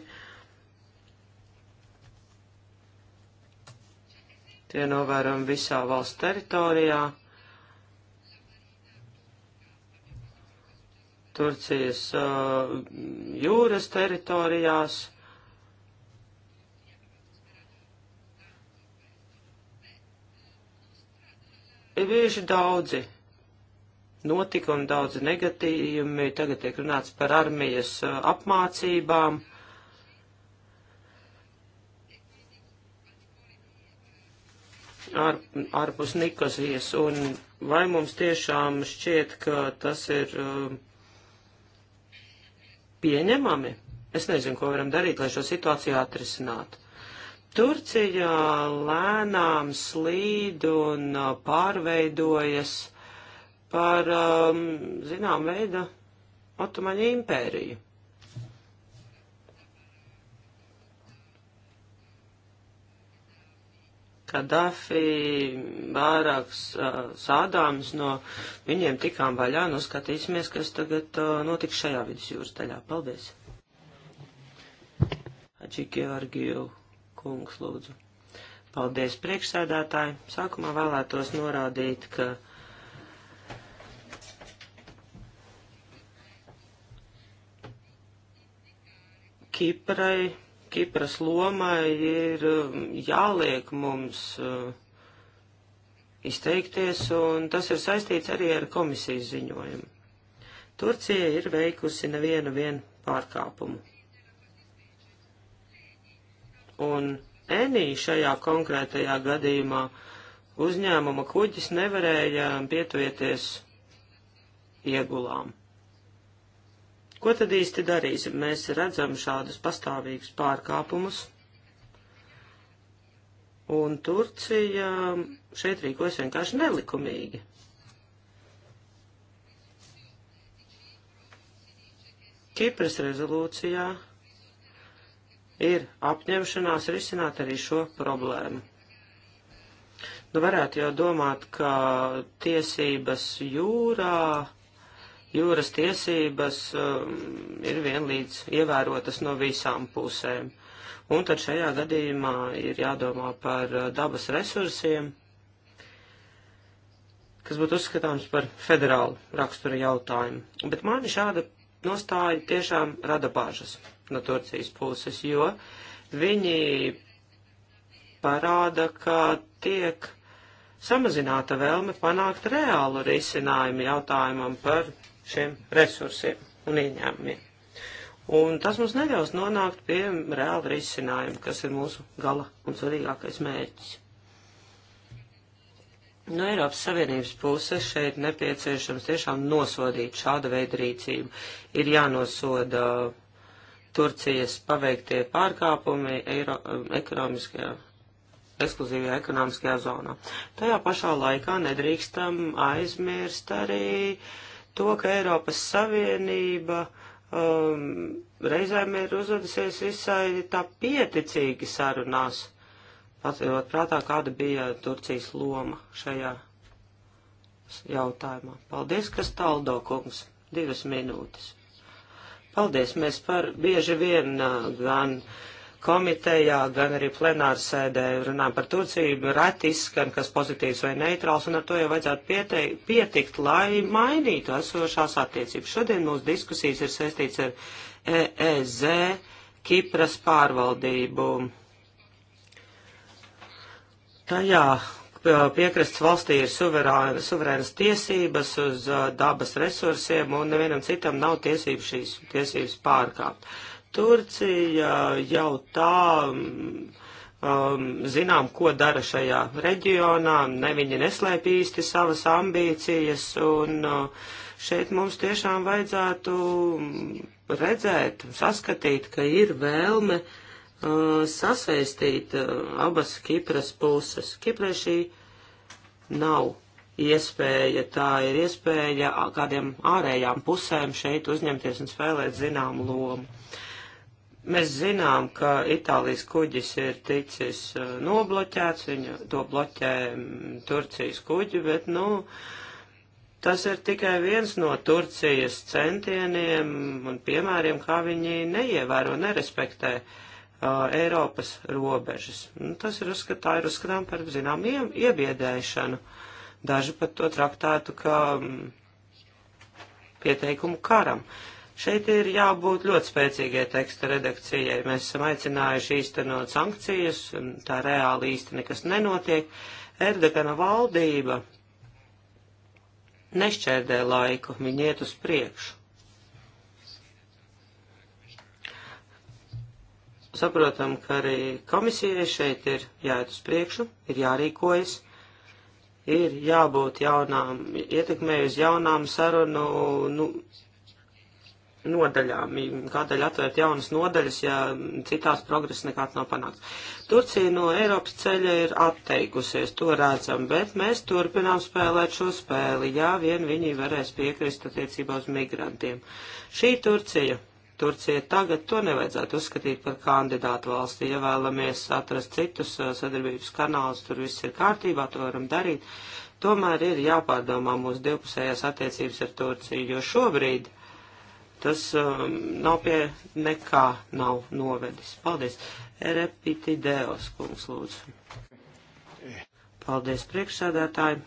Tie novērojami visā valsts teritorijā. Turcijas uh, jūras teritorijās. Ir bieži daudzi notika un daudzi negatījumi. Tagad tiek runāts par armijas uh, apmācībām. Ar, ārpus Nikozijas, un vai mums tiešām šķiet, ka tas ir um, pieņemami? Es nezinu, ko varam darīt, lai šo situāciju atrisinātu. Turcija lēnām slīd un uh, pārveidojas par, um, zinām, veida Otomaņa impēriju. Kadafi, vairāks uh, sādāms no viņiem tikām vaļā. Nu, skatīsimies, kas tagad uh, notiks šajā vidusjūras daļā. Paldies! Ači Georgiju kungs, lūdzu. Paldies, priekšsēdētāji. Sākumā vēlētos norādīt, ka Kiprai, Kipras lomai ir um, jāliek mums uh, izteikties, un tas ir saistīts arī ar komisijas ziņojumu. Turcija ir veikusi nevienu vien pārkāpumu. Un Enī šajā konkrētajā gadījumā uzņēmuma kuģis nevarēja pietuvieties iegulām. Ko tad īsti darīsim? Mēs redzam šādus pastāvīgus pārkāpumus, un Turcija šeit rīkojas vienkārši nelikumīgi. Kipras rezolūcijā ir apņemšanās risināt arī šo problēmu. Nu, varētu jau domāt, ka tiesības jūrā Jūras tiesības um, ir vienlīdz ievērotas no visām pusēm. Un tad šajā gadījumā ir jādomā par uh, dabas resursiem, kas būtu uzskatāms par federālu rakstura jautājumu. Bet mani šāda nostāja tiešām rada bažas no Turcijas puses, jo viņi parāda, ka tiek samazināta vēlme panākt reālu risinājumu jautājumam par šiem resursiem un ieņēmumiem. Un tas mums neļaus nonākt pie reāla risinājuma, kas ir mūsu gala un svarīgākais mērķis. No Eiropas Savienības puses šeit nepieciešams tiešām nosodīt šāda veida rīcību. Ir jānosoda Turcijas paveiktie pārkāpumi Eiro, um, ekonomiskajā, ekskluzīvajā ekonomiskajā zonā. Tajā pašā laikā nedrīkstam aizmirst arī uh, to, ka Eiropas Savienība um, reizēm ir uzvedusies visai tā pieticīgi sarunās, paturot prātā, kāda bija Turcijas loma šajā jautājumā. Paldies, kas taldo, kungs, divas minūtes. Paldies, mēs par bieži vien uh, gan. Uh, komitejā, gan arī plenārsēdē runājam par Turciju, reti izskan, kas pozitīvs vai neitrāls, un ar to jau vajadzētu pieteikt, pietikt, lai mainītu esošās attiecības. Šodien mūsu diskusijas ir saistīts ar EEZ Kipras pārvaldību. Tajā piekrastes valstī ir suverēnas, suverēnas tiesības uz dabas resursiem, un nevienam citam nav tiesības šīs tiesības pārkāpt. Uh, Turcija jau tā um, zinām, ko dara šajā reģionā, ne viņi neslēp īsti savas ambīcijas, un uh, šeit mums tiešām vajadzētu redzēt, saskatīt, ka ir vēlme uh, sasaistīt uh, abas Kipras puses. Kiprē šī nav iespēja, tā ir iespēja kādiem ārējām pusēm šeit uzņemties un spēlēt zināmu lomu. Mēs zinām, ka Itālijas kuģis ir ticis uh, nobloķēts, viņa to bloķē mm, Turcijas kuģi, bet, nu, tas ir tikai viens no Turcijas centieniem un piemēriem, kā viņi neievēro, nerespektē uh, Eiropas robežas. Nu, tas ir uzskatā, ir uzskatām par, zinām, ie, iebiedēšanu. Daži pat to traktētu kā um, pieteikumu karam. Uh, Šeit ir jābūt ļoti spēcīgai teksta redakcijai. Mēs esam aicinājuši īstenot sankcijas, tā reāli īsti nekas nenotiek. Erdogana valdība nešķērdē laiku, viņi iet uz priekšu. Saprotam, ka arī komisijai šeit ir jāiet uz priekšu, ir jārīkojas ir jābūt jaunām, ietekmē uz jaunām sarunu nu, nodaļām. Kādēļ atvērt jaunas nodaļas, ja citās progresa nekāds nav panākts? Turcija no Eiropas ceļa ir atteikusies, to redzam, bet mēs turpinām spēlēt šo spēli, ja vien viņi varēs piekrist attiecībā uz migrantiem. Šī Turcija. Turcija tagad to nevajadzētu uzskatīt par kandidātu valsti. Ja vēlamies atrast citus uh, sadarbības kanālus, tur viss ir kārtībā, to varam darīt. Tomēr ir jāpārdomā mūsu divpusējās attiecības ar Turciju, jo šobrīd uh, tas um, nav pie nekā nav novedis. Paldies. Repitideos, kungs, lūdzu. Paldies, priekšsēdētāji.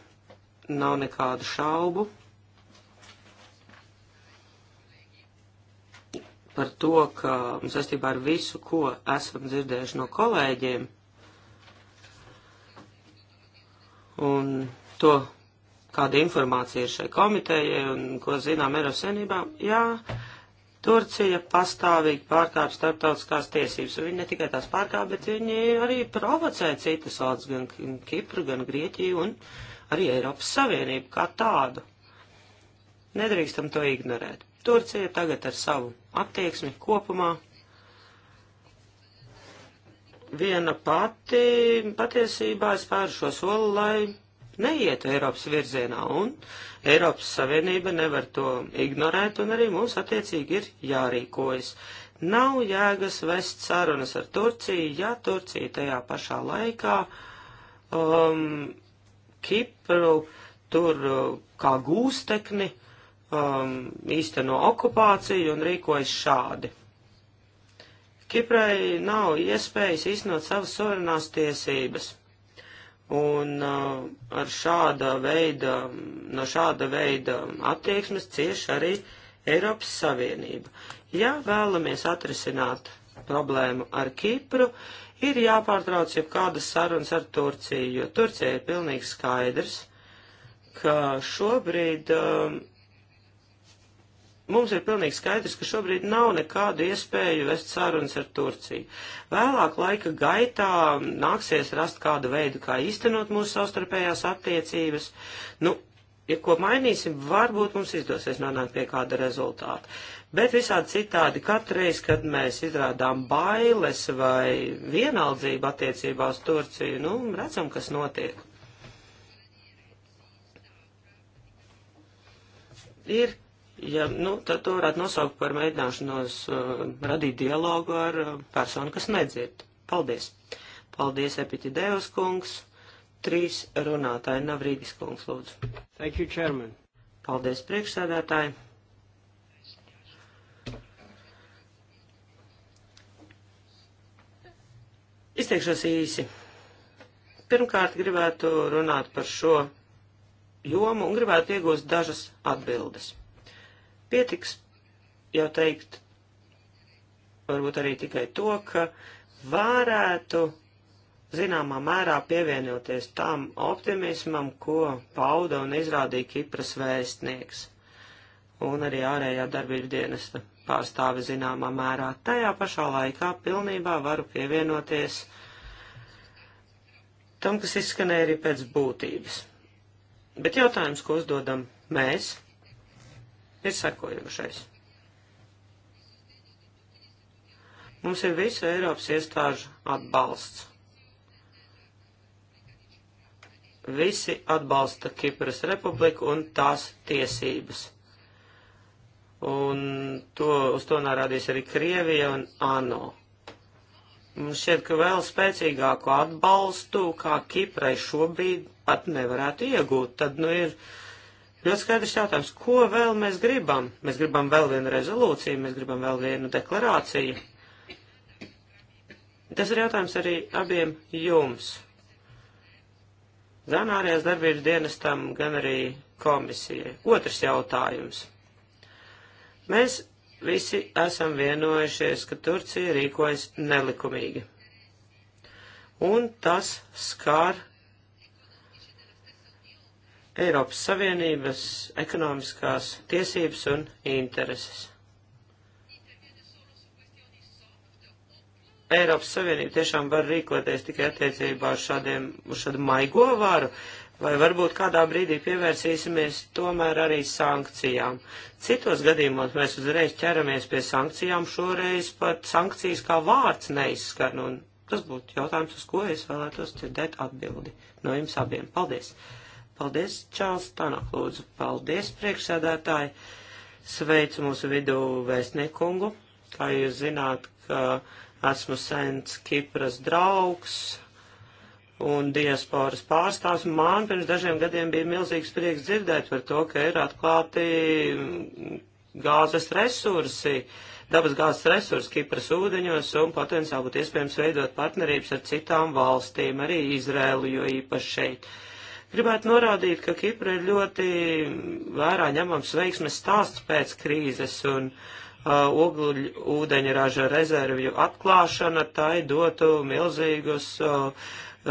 Nav nekādu šaubu par to, ka saistībā ar visu, ko esam dzirdējuši no kolēģiem, un to kāda informācija ir šai komitejai un ko zinām Eiropas Savienībā. Jā, Turcija pastāvīgi pārkāpj starptautiskās tiesības, un viņi ne tikai tās pārkāpj, bet viņi arī provocē citas valsts, gan Kipru, gan Grieķiju un arī Eiropas Savienību kā tādu. Nedrīkstam to ignorēt. Turcija tagad ar savu attieksmi kopumā viena pati patiesībā spēr šo soli, lai neiet Eiropas virzienā, un Eiropas Savienība nevar to ignorēt, un arī mums attiecīgi ir jārīkojas. Nav jēgas vest sarunas ar Turciju, ja Turcija tajā pašā laikā um, Kipru tur uh, kā gūstekni um, īsteno okupāciju un rīkojas šādi. Kiprai nav iespējas īstenot savas suverenās tiesības. Un uh, ar šāda veida, no šāda veida attieksmes cieš arī Eiropas Savienība. Ja vēlamies atrisināt problēmu ar Kipru, ir jāpārtrauc jau kādas sarunas ar Turciju, jo Turcija ir pilnīgi skaidrs, ka šobrīd uh, mums ir pilnīgi skaidrs, ka šobrīd nav nekādu iespēju vest sarunas ar Turciju. Vēlāk laika gaitā nāksies rast kādu veidu, kā īstenot mūsu savstarpējās attiecības. Nu, ja ko mainīsim, varbūt mums izdosies nonākt pie kāda rezultāta. Bet visādi citādi, katreiz, kad mēs izrādām bailes vai vienaldzību attiecībā uz Turciju, nu, redzam, kas notiek. Ir Ja, nu, tad to varētu nosaukt par mēģināšanos uh, radīt dialogu ar uh, personu, kas nedzird. Paldies! Paldies, Epitidējos kungs! Trīs runātāji, Navrīgis kungs, lūdzu. Thank you, chairman. Paldies, priekšsēdētāji! Izteikšos īsi. Pirmkārt, gribētu runāt par šo jomu un gribētu iegūst dažas atbildes. Pietiks jau teikt, varbūt arī tikai to, ka varētu zināmā mērā pievienoties tam optimismam, ko pauda un izrādīja Kipras vēstnieks un arī ārējā darbība dienesta pārstāve zināmā mērā. Tajā pašā laikā pilnībā varu pievienoties tam, kas izskanēja arī pēc būtības. Bet jautājums, ko uzdodam mēs, ir sekojošais. Mums ir visa Eiropas iestāžu atbalsts. Visi atbalsta Kipras republiku un tās tiesības. Un to, uz to norādīs arī Krievija un ANO. Mums šķiet, ka vēl spēcīgāku atbalstu, kā Kiprai šobrīd pat nevarētu iegūt, tad nu ir Ļoti skaidrs jautājums, ko vēl mēs gribam? Mēs gribam vēl vienu rezolūciju, mēs gribam vēl vienu deklarāciju. Tas ir jautājums arī abiem jums. Gan ārējās darbības dienestam, gan arī komisijai. Otrs jautājums. Mēs visi esam vienojušies, ka Turcija rīkojas nelikumīgi. Un tas skar Eiropas Savienības ekonomiskās tiesības un intereses. Eiropas Savienība tiešām var rīkoties tikai attiecībā uz šādiem, uz šādu maigo varu, vai varbūt kādā brīdī pievērsīsimies tomēr arī sankcijām. Citos gadījumos mēs uzreiz ķeramies pie sankcijām, šoreiz pat sankcijas kā vārds neizskan, un tas būtu jautājums, uz ko es vēlētos dzirdēt atbildi no jums abiem. Paldies! Paldies, Čāls Tanok, lūdzu. Paldies, priekšsēdētāji. Sveicu mūsu vidū vēstniekungu. Kā jūs zināt, ka esmu sens Kipras draugs un diasporas pārstāvs. Man pirms dažiem gadiem bija milzīgs prieks dzirdēt par to, ka ir atklāti gāzes resursi, dabas gāzes resursi Kipras ūdeņos un potenciāli būtu iespējams veidot partnerības ar citām valstīm, arī Izrēlu, jo īpaši šeit. Uh, Gribētu norādīt, ka Kipra ir ļoti vērā ņemams veiksmes stāsts pēc krīzes un uh, ogļu ūdeņraža rezervju atklāšana tai dotu milzīgus uh,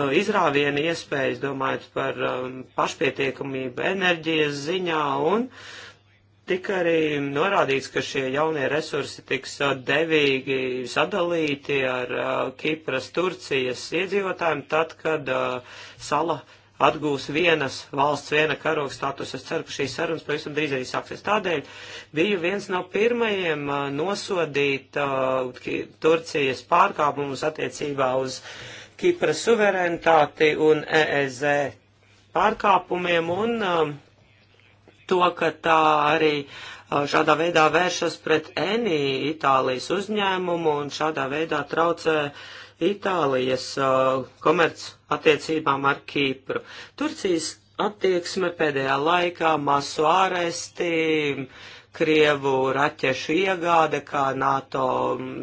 uh izrāvienu iespējas, domājot par um, pašpietiekamību enerģijas ziņā un tika arī norādīts, ka šie jaunie resursi tiks uh, devīgi sadalīti ar uh, Kipras, Turcijas iedzīvotājiem tad, kad uh, sala atgūs vienas valsts, viena karoga status. Es ceru, ka šīs sarunas pavisam drīz arī sāksies. Tādēļ biju viens no pirmajiem nosodīt uh, Turcijas pārkāpumus attiecībā uz Kipras suverenitāti un EEZ pārkāpumiem un um, to, ka tā arī uh, šādā veidā vēršas pret ENI Itālijas uzņēmumu un šādā veidā traucē Itālijas uh, komerc attiecībām ar Kīpru. Turcijas attieksme pēdējā laikā, masu āresti, Krievu raķešu iegāde, kā NATO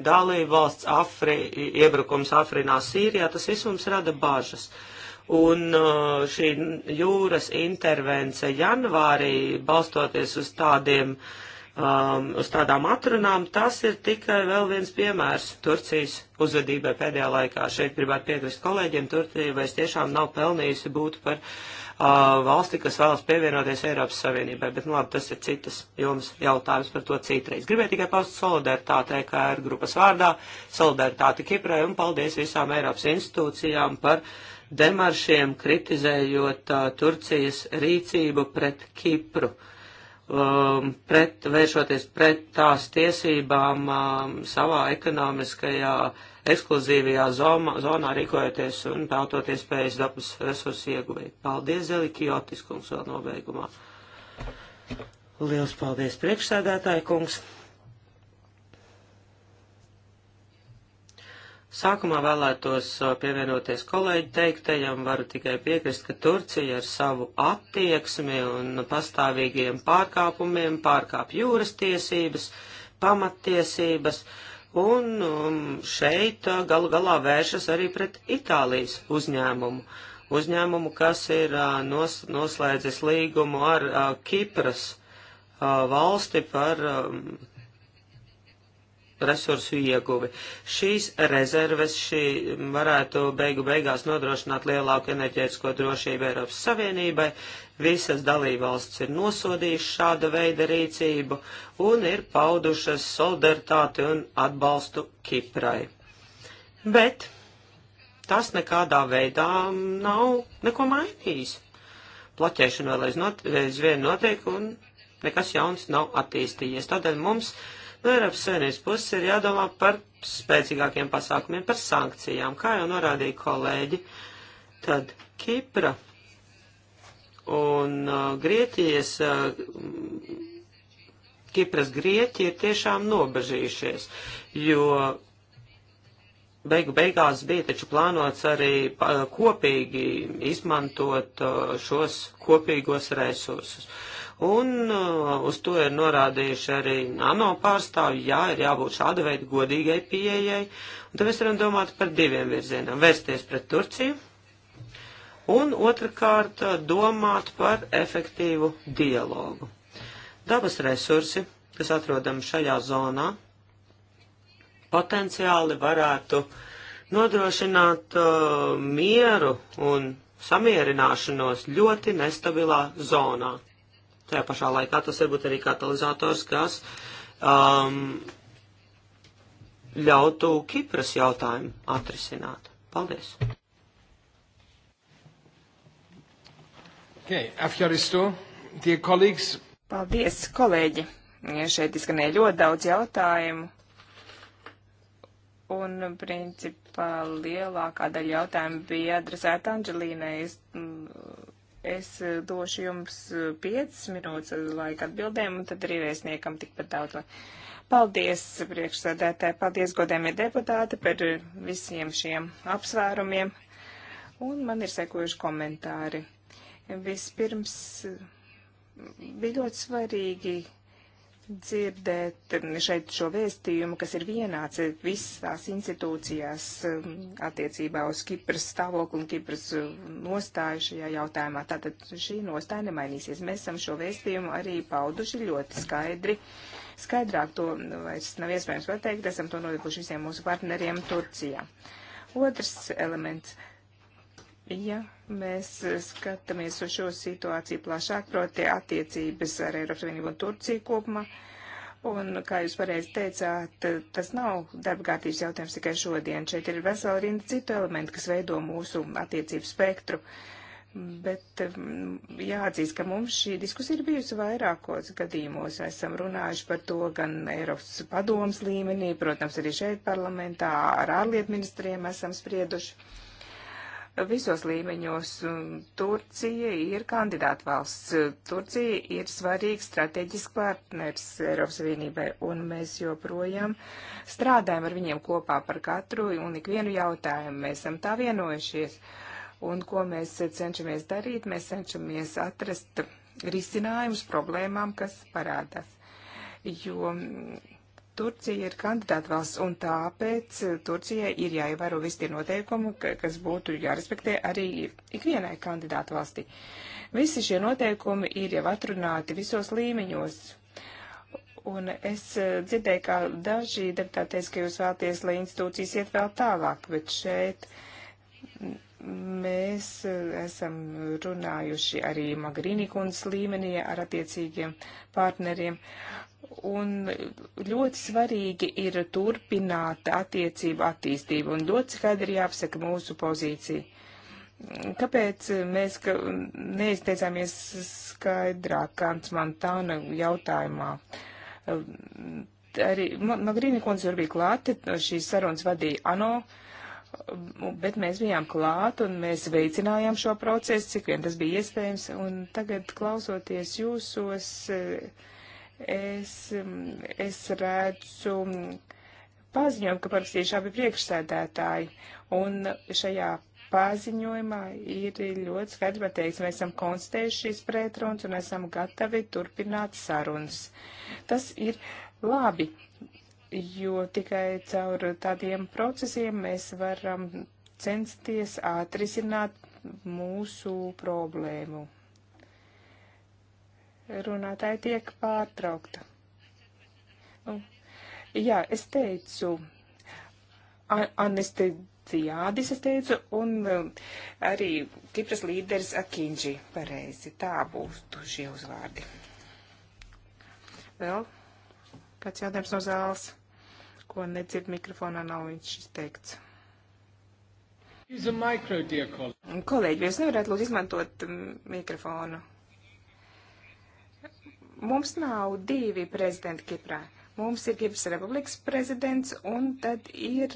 dalība valsts, Afri, iebrukums Afrinā, Sīrijā, tas viss mums rada bažas. Un uh, šī jūras intervence janvārī, balstoties uz tādiem uh, um, uz tādām atrunām, tas ir tikai vēl viens piemērs Turcijas uzvedībai pēdējā laikā. Šeit gribētu piekrist kolēģiem, Turcija vairs tiešām nav pelnījusi būt par uh, valsti, kas vēlas pievienoties Eiropas Savienībai, bet nu labi, tas ir citas jums jautājums par to citreiz. Gribēju tikai paust solidaritāte EKR grupas vārdā, solidaritāte Kiprai un paldies visām Eiropas institūcijām par demaršiem, kritizējot uh, Turcijas rīcību pret Kipru. Uh, um, pret, vēršoties pret tās tiesībām um, savā ekonomiskajā ekskluzīvajā zonā, zonā rīkojoties un peltot iespējas dabas resursu ieguvēt. Paldies, Zeli Kiotis, kungs, vēl nobeigumā. Liels paldies, priekšsēdētāji, kungs. Sākumā vēlētos pievienoties kolēģi teiktajam, varu tikai piekrist, ka Turcija ar savu attieksmi un pastāvīgiem pārkāpumiem pārkāp jūras tiesības, pamattiesības, un um, šeit galu galā vēršas arī pret Itālijas uzņēmumu. Uzņēmumu, kas ir nos, noslēdzis līgumu ar Kipras valsti par um, resursu ieguvi. Šīs rezerves šī varētu beigu beigās nodrošināt lielāku enerģētisko drošību Eiropas Savienībai. Visas dalībvalsts ir nosodījušas šāda veida rīcību un ir paudušas solidaritāti un atbalstu Kiprai. Bet tas nekādā veidā nav neko mainījis. Plaķēšana vēl aizvien not, aiz notiek un nekas jauns nav attīstījies. Tādēļ mums uh, No Eiropas Savienības puses ir jādomā par spēcīgākiem pasākumiem, par sankcijām, kā jau norādīja kolēģi. Tad Kipra un uh, Grieķijas. Uh, Kipras grieķi ir tiešām nobežījušies, jo beigu beigās bija taču plānots arī uh, kopīgi izmantot uh, šos kopīgos resursus. Un uh, uz to ir norādījuši arī ANO pārstāvji, jā, ir jābūt šāda veida godīgai pieejai. Un tad mēs varam domāt par diviem virzieniem - vērsties pret Turciju un otrkārt uh, domāt par efektīvu dialogu. Dabas resursi, kas atrodam šajā zonā, potenciāli varētu nodrošināt uh, mieru un samierināšanos ļoti nestabilā zonā Tajā pašā laikā tas var būt arī katalizators, kas um, ļautu Kipras jautājumu atrisināt. Paldies! Okay, afjaristu, tie kolīgs. Paldies, kolēģi! Šeit izskanēja ļoti daudz jautājumu. Un, principā, lielākā daļa jautājumu bija adresēta Anģelīnai. Es mm, Es e, došu jums 5 e, minūtes laika atbildēm, un tad arī vēstniekam tikpat daudz. Paldies, priekšsēdētāji, paldies, godējumie deputāti, par e, visiem šiem apsvērumiem. Un man ir sekojuši komentāri. Vispirms bija ļoti svarīgi dzirdēt šeit šo vēstījumu, kas ir vienāds visās institūcijās um, attiecībā uz Kipras stāvokli un Kipras um, nostāju šajā jautājumā. Tātad šī nostāja nemainīsies. Mēs esam šo vēstījumu arī pauduši ļoti skaidri. Skaidrāk to vairs nav iespējams pateikt, esam to nodikuši visiem mūsu partneriem Turcijā. Otrs elements. Ja mēs eh, skatāmies uz šo situāciju plašāk, proti attiecības ar Eiropas Savienību un Turciju kopumā. Un, kā jūs pareizi teicāt, tas nav darbkārtības jautājums tikai šodien. Šeit ir vesela rinda citu elementu, kas veido mūsu attiecību spektru. Bet mm, jāatzīst, ka mums šī diskusija ir bijusi vairākos gadījumos. Mēs esam runājuši par to gan Eiropas padomas līmenī, protams, arī šeit parlamentā ar ārlietu ministriem esam sprieduši visos līmeņos. Turcija ir kandidāta valsts. Turcija ir svarīgs strateģisks partners Eiropas Savienībai, un mēs joprojām strādājam ar viņiem kopā par katru un ikvienu jautājumu. Mēs esam tā vienojušies. Un ko mēs cenšamies darīt? Mēs cenšamies atrast risinājumus problēmām, kas parādās. Jo Turcija ir kandidāta valsts, un tāpēc Turcijai ir jāievēro visi tie noteikumi, kas būtu jārespektē arī ikvienai kandidāta valstī. Visi šie noteikumi ir jau atrunāti visos līmeņos. Un es eh, dzirdēju, ka daži deputāti teica, ka jūs vēlties, lai institūcijas iet vēl tālāk, bet šeit mēs eh, esam runājuši arī Magrīnikundas līmenī ar attiecīgiem partneriem, un ļoti svarīgi ir turpināt attiecību attīstību un ļoti skaidri jāapsaka mūsu pozīcija. Kāpēc mēs ka neizteicāmies skaidrāk Kants Mantāna jautājumā? Ehm, arī Magrīna kundze tur bija klāte, šīs sarunas vadīja ANO, ehm, bet mēs bijām klāt un mēs veicinājām šo procesu, cik vien tas bija iespējams, un tagad klausoties jūsos. Eh, Es, mm, es redzu mm, paziņojumu, ka parakstījuši abi priekšsēdētāji, un šajā paziņojumā ir ļoti skaidri pateikts, mēs esam konstatējuši šīs pretrunas un esam gatavi turpināt sarunas. Tas ir labi, jo tikai caur tādiem procesiem mēs varam censties atrisināt mūsu problēmu runātāja tiek pārtraukta. Un, nu, jā, es teicu, anestezijādis es teicu, un um, arī Kipras līderis Akinģi pareizi. Tā būtu šie uzvārdi. Vēl kāds jautājums no zāles, ko nedzird mikrofonā, nav viņš izteikts. Micro, Kolēģi, jūs nevarētu lūdzu izmantot um, mikrofonu. Mums nav divi prezidenti Kiprā. Mums ir Kipras republikas prezidents un tad ir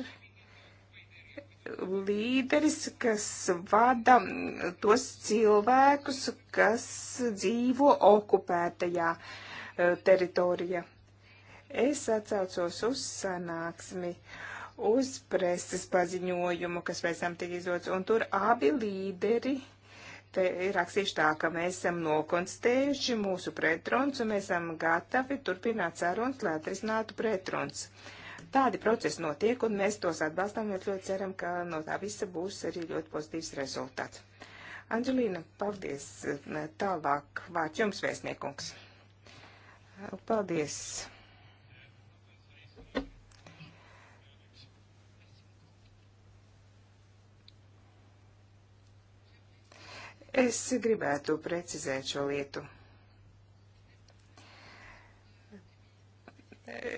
līderis, kas vada tos cilvēkus, kas dzīvo okupētajā e, teritorijā. Es atcaucos uz sanāksmi, uz preses paziņojumu, kas pēc tam tika izdots, un tur abi līderi uh, Te ir rakstīts tā, ka mēs esam nokonstējuši mūsu pretruns un mēs esam gatavi turpināt sarunas, lai atrisinātu pretruns. Tādi procesi notiek un mēs tos atbalstām, jo ļoti ceram, ka no tā visa būs arī ļoti pozitīvs rezultāts. Anģelīna, paldies. Tālāk vārds jums, vēstniekungs. Paldies. Es gribētu precizēt šo lietu.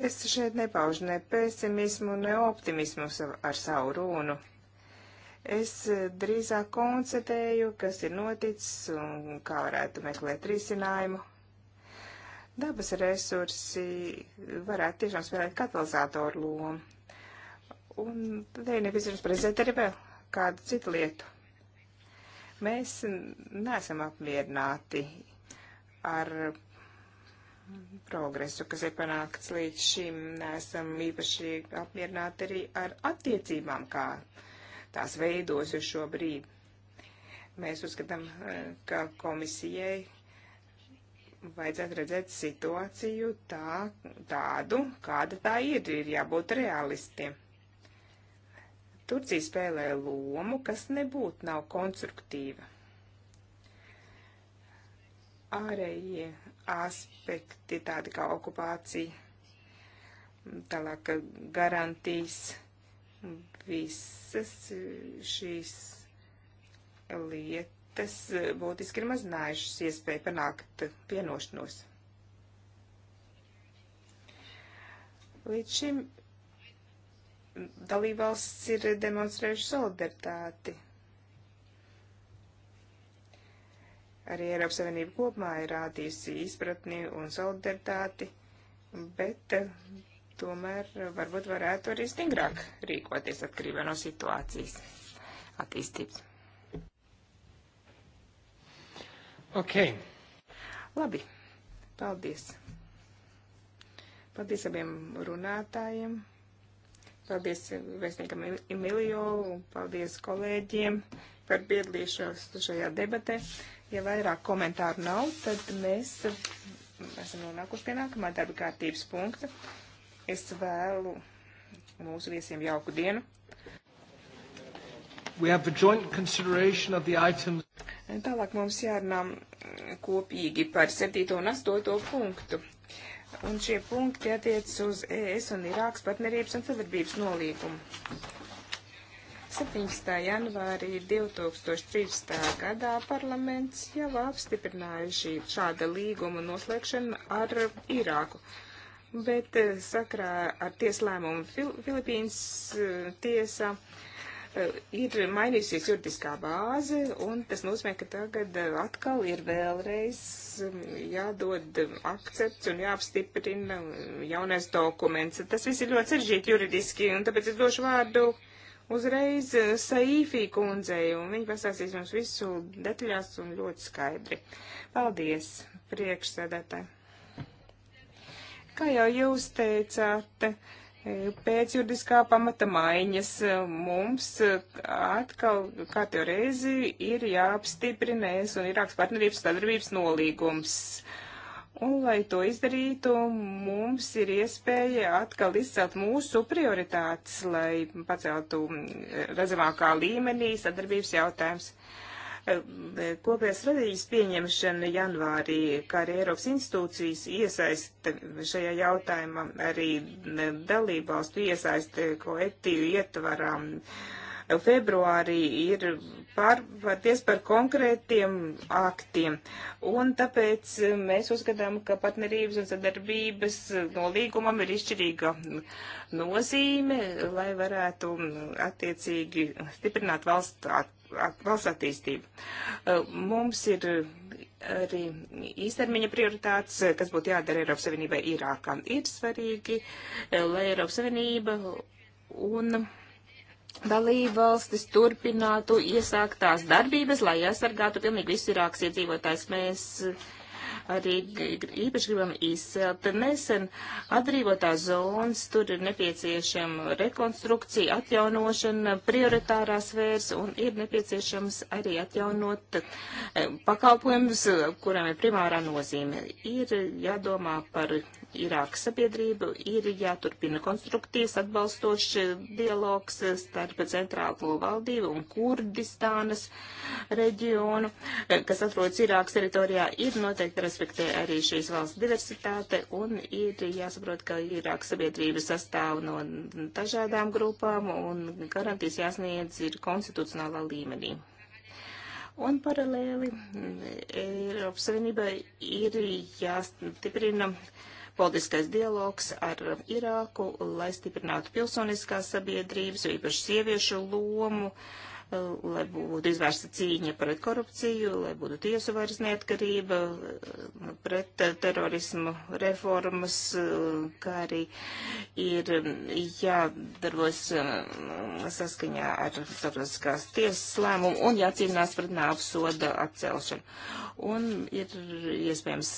Es šeit nepaužu ne pesimismu, ne optimismu ar savu runu. Es eh, drīzāk konstatēju, kas ir noticis un kā varētu meklēt risinājumu. Dabas resursi varētu tiešām spēlēt katalizātoru lomu. Un te ir nepieciešams prezentēt arī vēl kādu citu lietu. Mēs neesam apmierināti ar progresu, kas ir panākts līdz šim. Neesam īpaši apmierināti arī ar attiecībām, kā tās veidos uz šo brīdi. Mēs uzskatām, eh, ka komisijai vajadzētu redzēt situāciju tā, tādu, kāda tā ir. Ir jābūt realistiem Turcija spēlē lomu, kas nebūtu nav konstruktīva. Ārējie aspekti, tādi kā okupācija, tālāk garantijas, visas šīs lietas būtiski ir mazinājušas iespēju panākt vienošanos. Līdz šim dalībvalsts ir demonstrējuši solidaritāti. Arī Eiropas Savienība kopumā ir rādījusi izpratni un solidaritāti, bet eh, tomēr varbūt varētu arī stingrāk rīkoties atkarībā no situācijas attīstības. Ok. Labi. Paldies. Paldies abiem runātājiem. Paldies vēstniekam Emilio un paldies kolēģiem par piedalīšanos šajā debatē. Ja vairāk komentāru nav, tad mēs esam nonākuši pie nākamā darba kārtības punkta. Es vēlu mūsu viesiem jauku dienu. We have a joint consideration of the items. Tālāk mums jārunā kopīgi par 7. un 8. punktu un šie punkti attiecas uz ES un Irākas partnerības un sadarbības nolīgumu. 17. janvārī 2013. gadā parlaments jau apstiprinājuši šāda līguma noslēgšanu ar Irāku. Bet eh, sakrā ar tieslēmumu Fil Filipīnas eh, tiesa uh, Eh, ir mainījusies juridiskā bāze, un tas nozīmē, ka tagad eh, atkal ir vēlreiz mm, jādod akcepts un jāapstiprina mm, jaunais dokuments. Tas viss ir ļoti saržģīti juridiski, un tāpēc es došu vārdu uzreiz eh, Saīfī kundzei, un viņa pasāstīs mums visu detaļās un ļoti skaidri. Paldies, priekšsēdētāji! Kā jau jūs teicāt, uh, Pēc juridiskā pamata maiņas eh, mums eh, atkal katru reizi ir jāapstiprina ES un Irāks partnerības sadarbības nolīgums. Un, lai to izdarītu, mums ir iespēja atkal izcelt mūsu prioritātes, lai paceltu mm, redzamākā līmenī sadarbības jautājums. Uh, E, Kopējās strateģijas pieņemšana janvārī, kā arī Eiropas institūcijas iesaista šajā jautājumā, arī e, dalībvalstu iesaista kolektīvu ietvarām e, februārī ir pārvērties par konkrētiem aktiem. Un tāpēc mēs uzskatām, ka partnerības un sadarbības no līgumam ir izšķirīga nozīme, lai varētu attiecīgi stiprināt valsts valsts attīstību. Uh, mums ir uh, arī īstermiņa prioritātes, uh, kas būtu jādara Eiropas Savienībai Irākā. Ir svarīgi, lai Eiropas Savienība un dalībvalstis turpinātu iesāktās darbības, lai aizsargātu pilnīgi visu Irākas iedzīvotājs. Mēs uh, arī īpaši gribam izcelt nesen atbrīvotās zonas, tur ir nepieciešama rekonstrukcija, atjaunošana, prioritārās vērs un ir nepieciešams arī atjaunot eh, pakalpojumus, kurām ir primārā nozīme. Ir jādomā par Irākas sabiedrību ir jāturpina konstruktīvs atbalstošs dialogs starp centrālo valdību un Kurdistānas reģionu, kas atrodas Irākas teritorijā, ir noteikti respektē arī šīs valsts diversitāte un ir jāsaprot, ka Irākas sabiedrība sastāv no dažādām grupām un garantijas jāsniedz ir konstitucionālā līmenī. Un paralēli Eiropas Savienībai ir jāstiprina uh, politiskais dialogs ar Irāku, lai stiprinātu pilsoniskās sabiedrības, jo īpaši sieviešu lomu. Uh, Uh, lai būtu izvērsta cīņa pret korupciju, lai būtu tiesu vairs neatkarība, uh, pret uh, terorismu reformas, kā arī ir um, jādarbojas um, saskaņā ar starptautiskās tiesas lēmumu un jācīnās pret nāvsoda atcelšanu. Un ir iespējams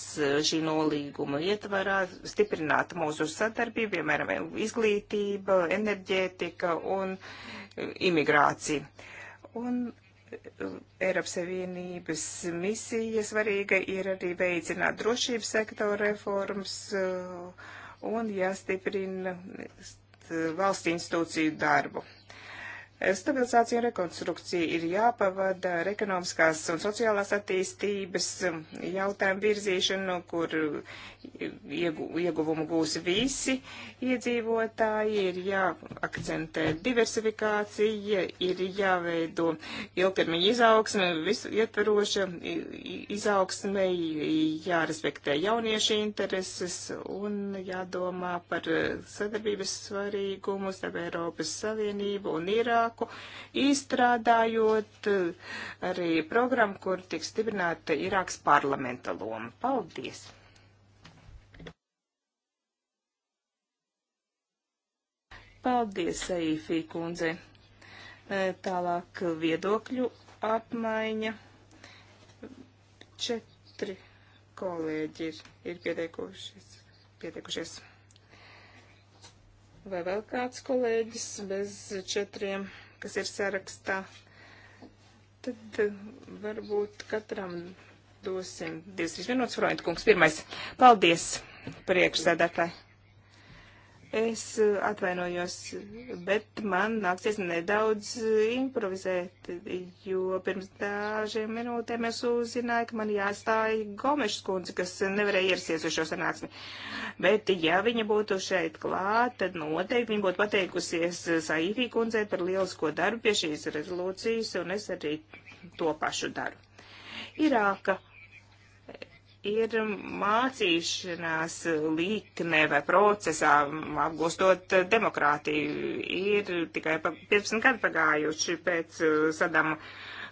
šī nolīguma ietvarā stiprināt mūsu sadarbību, piemēram, izglītība, enerģētika un imigrācija. Un um, Eiropas Savienības misija svarīga ir arī veicināt drošības sektora reformas uh, un jāstiprina uh, valsts institūciju darbu. Stabilizācija un rekonstrukcija ir jāpavada ar ekonomiskās un sociālās attīstības jautājumu virzīšanu, kur iegu, ieguvumu gūs visi iedzīvotāji, ir jāakcentē diversifikācija, ir jāveido ilgtermiņa izaugsme, visu ietveroša izaugsme, jārespektē jauniešu intereses un jādomā par sadarbības svarīgumu starp Eiropas Savienību un Irāku tālāku, izstrādājot eh, arī programmu, kur tiks stiprināta Irāks parlamenta loma. Paldies! Paldies, Saifī kundze. Eh, tālāk viedokļu apmaiņa. Četri kolēģi ir, ir pieteikušies. pieteikušies vai vēl kāds kolēģis bez četriem, kas ir sarakstā, tad eh, varbūt katram dosim 23 minūtes. Froint kungs, pirmais. Paldies, priekšsēdētāji. Es eh, atvainojos, bet man nāksies nedaudz eh, improvizēt, jo pirms dažiem minūtēm es uzzināju, ka man jāstāja Gomešs kundze, kas nevarēja ierasties uz šo sanāksmi. Bet ja viņa būtu šeit klāt, tad noteikti viņa būtu pateikusies eh, Saifī kundzei par lielisko darbu pie šīs rezolūcijas, un es arī to pašu daru. Irāka ir mācīšanās līknē vai procesā, apgūstot demokrātiju. Ir tikai 15 gadi pagājuši pēc uh, Sadama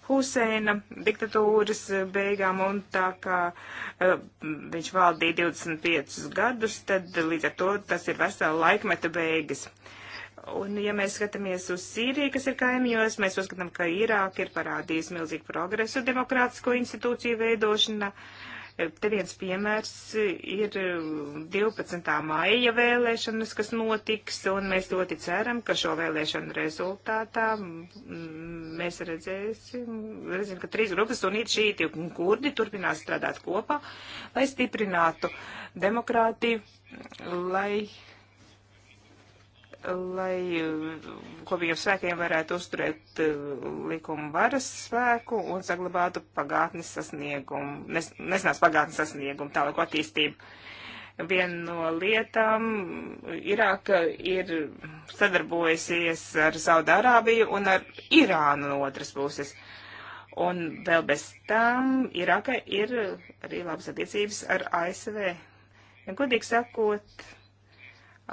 Huseina diktatūras uh, beigām, un tā kā uh, viņš valdīja 25 gadus, tad līdz ar to tas ir vesela laikmeta beigas. Un, ja mēs skatāmies uz Sīriju, kas ir kaimiņos, mēs uzskatām, ka Irāka ir parādījusi milzīgu progresu demokrātisko institūciju veidošanā. Uh, Te viens piemērs ir 12. Um, maija vēlēšanas, kas notiks, un mēs ļoti ceram, ka šo vēlēšanu rezultātā mēs redzēsim, redzēsim ka trīs grupas un ir šīti un kurdi turpinās strādāt kopā, lai stiprinātu demokrātiju, lai lai kopīgiem spēkiem varētu uzturēt eh, likuma varas spēku un saglabātu pagātnes sasniegumu, nes, nesenās pagātnes sasniegumu, tālāku attīstību. Viena no lietām Irāka ir sadarbojusies ar Saudārābiju un ar Irānu no otras puses. Un vēl bez tam Irāka ir arī labas attiecības ar ASV. Godīgi sakot,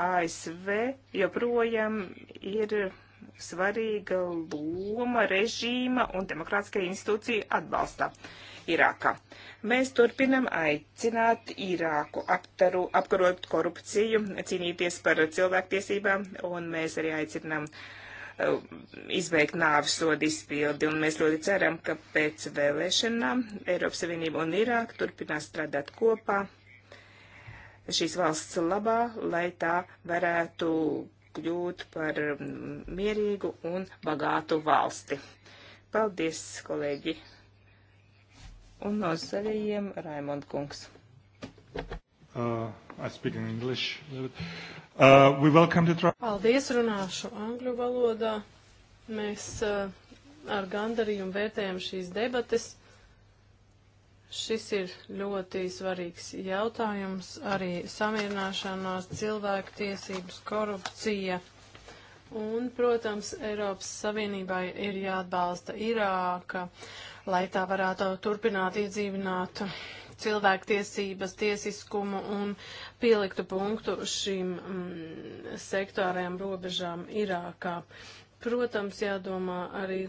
ASV joprojām ir svarīga loma režīma un demokrātiskajai institūcija atbalstā Irākā. Mēs turpinam aicināt Irāku aptaru, apkarot korupciju, cīnīties par cilvēktiesībām, un mēs arī aicinām uh, izbeigt nāvis sodu izpildi, un mēs ļoti ceram, ka pēc vēlēšanām Eiropas Savienība un Irāka turpinās strādāt kopā šīs valsts labā, lai tā varētu kļūt par mierīgu un bagātu valsti. Paldies, kolēģi! Un no saviem Raimond kungs. Uh, I speak in English. Uh, we welcome the... Paldies, runāšu angļu valodā. Mēs uh, ar gandarījumu vērtējam šīs debates. Šis ir ļoti svarīgs jautājums, arī samierināšanās, cilvēku tiesības, korupcija. Un, protams, Eiropas Savienībai ir jāatbalsta Irāka, lai tā varētu turpināt iedzīvināt cilvēktiesības, tiesiskumu un pieliktu punktu šīm mm, sektāriem robežām Irākā. Protams, jādomā arī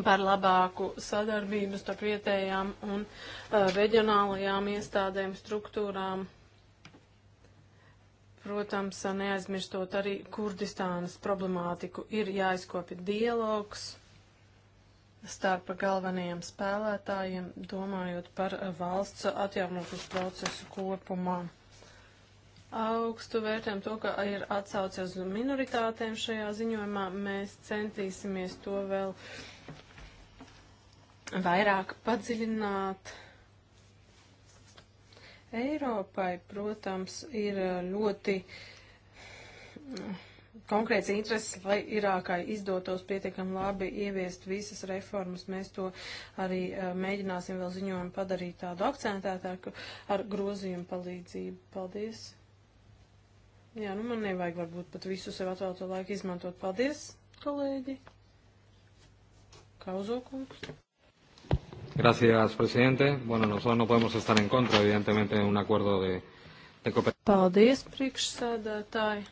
par labāku sadarbību starp vietējām un uh, reģionālajām iestādēm, struktūrām. Protams, neaizmirstot arī Kurdistānas problemātiku, ir jāizkopja dialogs starp galvenajiem spēlētājiem, domājot par valsts atjaunotības procesu kopumā. Augstu vērtējam to, ka ir atsaucies uz minoritātēm šajā ziņojumā. Mēs centīsimies to vēl uh, vairāk padziļināt. Eiropai, protams, ir uh, ļoti mm, konkrēts intereses, lai Irākai izdotos pietiekami labi ieviest visas reformas. Mēs to arī uh, mēģināsim vēl ziņojumu padarīt tādu akcentētāku ar grozījumu palīdzību. Paldies! Jā, nu man nevajag varbūt pat visu sev atvēlto laiku izmantot. Paldies, kolēģi! Kauzokungs! Gracias, presidente. Bueno, nosotros no podemos estar en contra, evidentemente, de un acuerdo de, de cooperación. Paldies, priekšsēdētāji.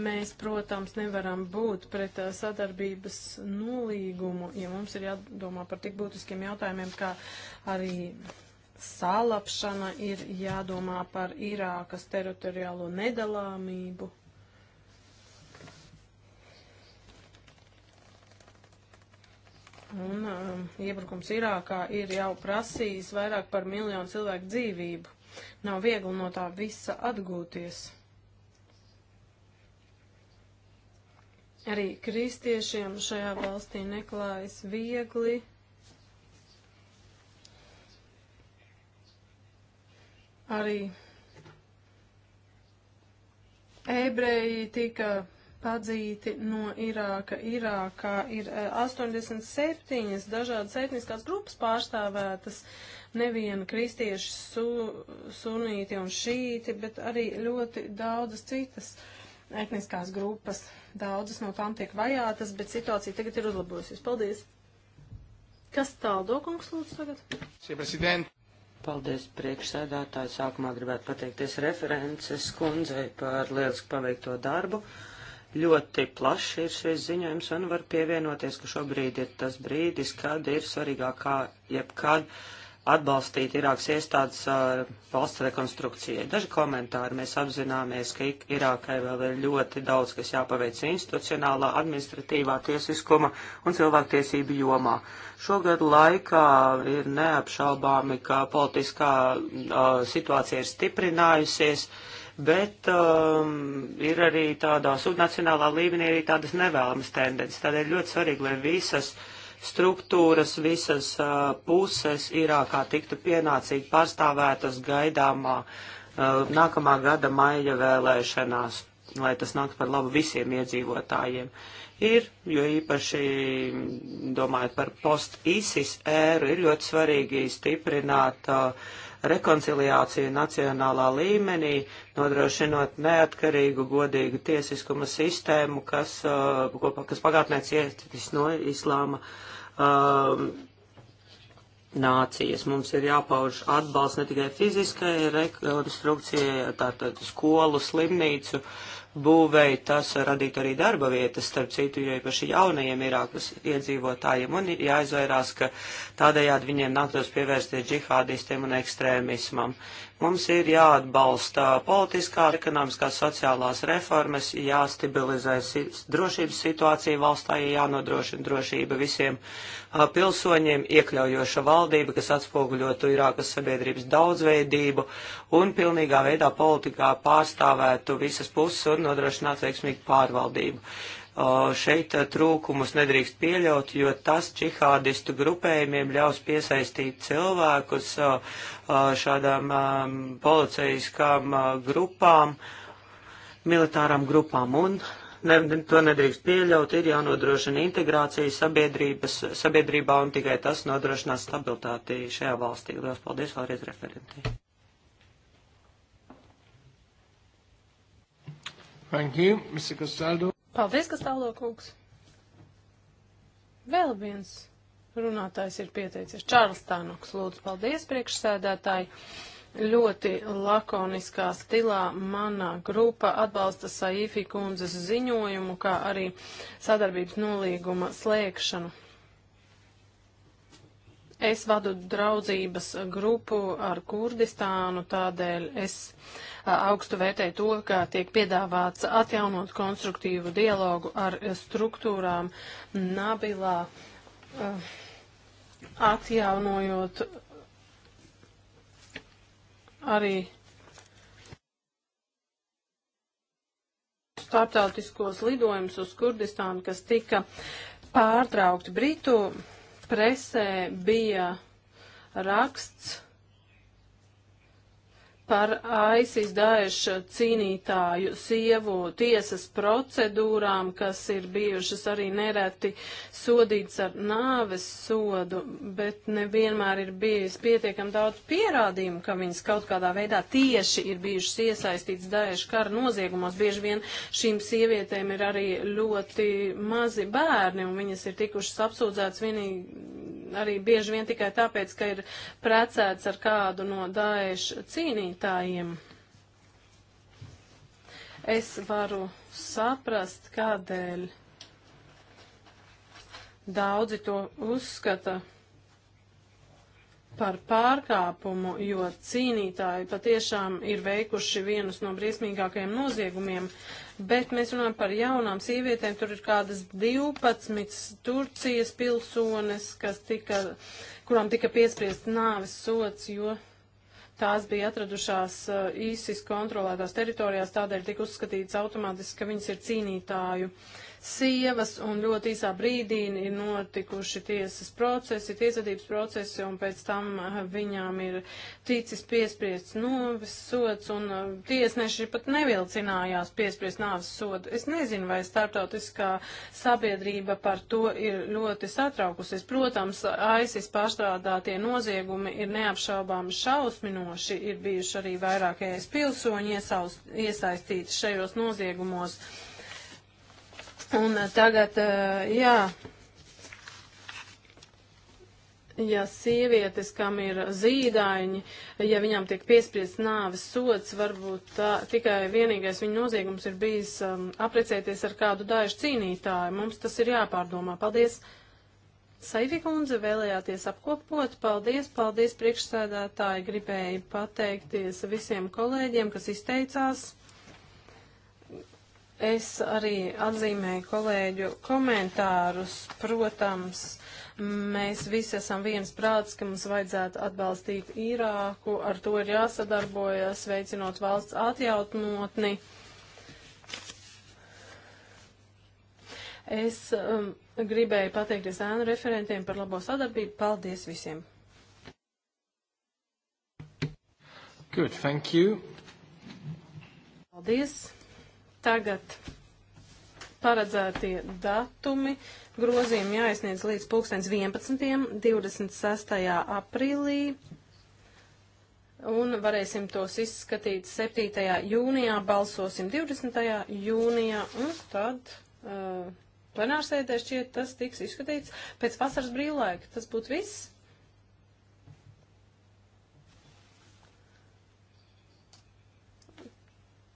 Mēs, protams, nevaram būt pret sadarbības nolīgumu, ja mums ir jādomā par tik būtiskiem jautājumiem, kā arī salapšana, ir jādomā par Irākas teritoriālo nedalāmību. Un um, iebrukums Irākā ir jau prasījis vairāk par miljonu cilvēku dzīvību. Nav viegli no tā visa atgūties. Arī kristiešiem šajā valstī neklājas viegli. Arī ebreji tika padzīti no Irāka. Irākā ir 87 eh, dažādas etniskās grupas pārstāvētas, neviena kristieši, su, sunīti un šīti, bet arī ļoti daudzas citas etniskās grupas. Daudzas no tām tiek vajātas, bet situācija tagad ir uzlabojusies. Paldies! Kas tāldo, kungs, lūdzu tagad? Sie, prezident. Paldies priekšsēdātāji. Sākumā gribētu pateikties references kundzei par lielisku paveikto darbu. Uh, ļoti plašs ir šis ziņojums un var pievienoties, ka šobrīd ir tas brīdis, kad ir svarīgāk kā jebkad atbalstīt Irākas iestādes uh, valsts rekonstrukcijai. Daži komentāri mēs apzināmies, ka Irākai vēl ir ļoti daudz, kas jāpaveic institucionālā, administratīvā, tiesiskuma un cilvēktiesību jomā. Šogad laikā ir neapšaubāmi, ka politiskā uh, situācija ir stiprinājusies. Uh, bet um, ir arī tādā subnacionālā līmenī arī tādas nevēlamas tendences. Tādēļ ļoti svarīgi, lai visas struktūras, visas uh, puses Irākā tiktu pienācīgi pārstāvētas gaidāmā uh, nākamā gada maija vēlēšanās, lai tas nāks par labu visiem iedzīvotājiem. Ir, jo īpaši domājot par post-ISIS ēru, ir ļoti svarīgi stiprināt uh, rekonciliāciju nacionālā līmenī, nodrošinot neatkarīgu, godīgu tiesiskuma sistēmu, kas, uh, kas pagātnē cietis no islāma. Um, nācijas. Mums ir jāpauž atbalsts ne tikai fiziskai rekonstrukcijai, tātad skolu, slimnīcu, uh, būvēja, tas radītu arī darba vietas, starp citu, jo īpaši jaunajiem Irākas iedzīvotājiem, un jāizvairās, ka tādējādi viņiem nāktos pievērsties džihādistiem un ekstrēmismam. Mums ir jāatbalsta politiskā, ekonomiskās, sociālās reformas, jāstabilizē si drošības situācija valstā, jānodrošina drošība visiem a, pilsoņiem, iekļaujoša valdība, kas atspoguļotu Irākas sabiedrības daudzveidību un pilnīgā veidā politikā pārstāvētu visas puses un nodrošinātu veiksmīgu pārvaldību šeit uh, trūkumus nedrīkst pieļaut, jo tas čihādistu grupējumiem ļaus piesaistīt cilvēkus šādām um, policijaskām uh, grupām, militārām grupām un. Ne, to nedrīkst pieļaut, ir jānodrošina integrācija sabiedrības, sabiedrībā, un tikai tas nodrošinās stabilitāti šajā valstī. Lielas paldies vēlreiz referentiem. Thank you, Mr. Castaldo. Paldies, kas tālo kungs. Vēl viens runātājs ir pieteicies. Čārls Tānoks, lūdzu, paldies priekšsēdētāji ļoti lakoniskā stilā manā grupa atbalsta Saifī kundzes ziņojumu, kā arī sadarbības nolīguma slēgšanu. Es vadu draudzības grupu ar Kurdistānu, tādēļ es uh, augstu vērtēju to, ka tiek piedāvāts atjaunot konstruktīvu dialogu ar struktūrām Nabilā, atjaunojot arī starptautiskos lidojumus uz Kurdistānu, kas tika pārtraukti Britu presē, bija raksts par ISIS Daeša cīnītāju sievu tiesas procedūrām, kas ir bijušas arī nereti sodīts ar nāves sodu, bet nevienmēr ir bijis pietiekam daudz pierādījumu, ka viņas kaut kādā veidā tieši ir bijušas iesaistīts Daeša kara noziegumos. Bieži vien šīm sievietēm ir arī ļoti mazi bērni, un viņas ir tikušas apsūdzētas vienīgi arī bieži vien tikai tāpēc, ka ir precēts ar kādu no daiešu cīnītājiem. Es varu saprast, kādēļ daudzi to uzskata par pārkāpumu, jo cīnītāji patiešām ir veikuši vienus no briesmīgākajiem noziegumiem, bet mēs runājam par jaunām sievietēm, tur ir kādas 12 Turcijas pilsones, kas tika, kurām tika piespriest nāves sots, jo tās bija atradušās uh, ISIS kontrolētās teritorijās, tādēļ tika uzskatīts automātiski, ka viņas ir cīnītāju sievas, un ļoti īsā brīdī ir notikuši tiesas procesi, tiesvedības procesi, un pēc tam eh, viņām ir ticis piespriests novis sots, un eh, tiesneši pat nevilcinājās piespriest nāvis sodu. Es nezinu, vai starptautiskā sabiedrība par to ir ļoti satraukusies. Protams, aizsis pārstrādātie noziegumi ir neapšaubām šausminoši, ir bijuši arī vairākajais pilsoņi iesaist, iesaistīti šajos noziegumos. Un tagad, eh, jā, ja sievietes, kam ir zīdaiņi, ja viņām tiek piespriezt nāves sots, varbūt tā, tikai vienīgais viņa noziegums ir bijis um, aprecēties ar kādu dažu cīnītāju. Mums tas ir jāpārdomā. Paldies! Saivi kundze vēlējāties apkopot. Paldies, paldies priekšsēdētāji. Gribēju pateikties visiem kolēģiem, kas izteicās. Es arī atzīmēju kolēģu komentārus. Protams, mēs visi esam viens prāts, ka mums vajadzētu atbalstīt Īrāku, ar to ir jāsadarbojas, veicinot valsts atjautnotni. Es um, gribēju pateikties ēnu referentiem par labo sadarbību. Paldies visiem! Good, thank you. Paldies! Tagad paredzētie datumi grozījumi jāiesniedz līdz 2011. 26. aprīlī. Un varēsim tos izskatīt 7. jūnijā, balsosim 20. jūnijā, un tad uh, plenārsēdē šķiet tas tiks izskatīts pēc vasaras brīvlaika. Tas būtu viss.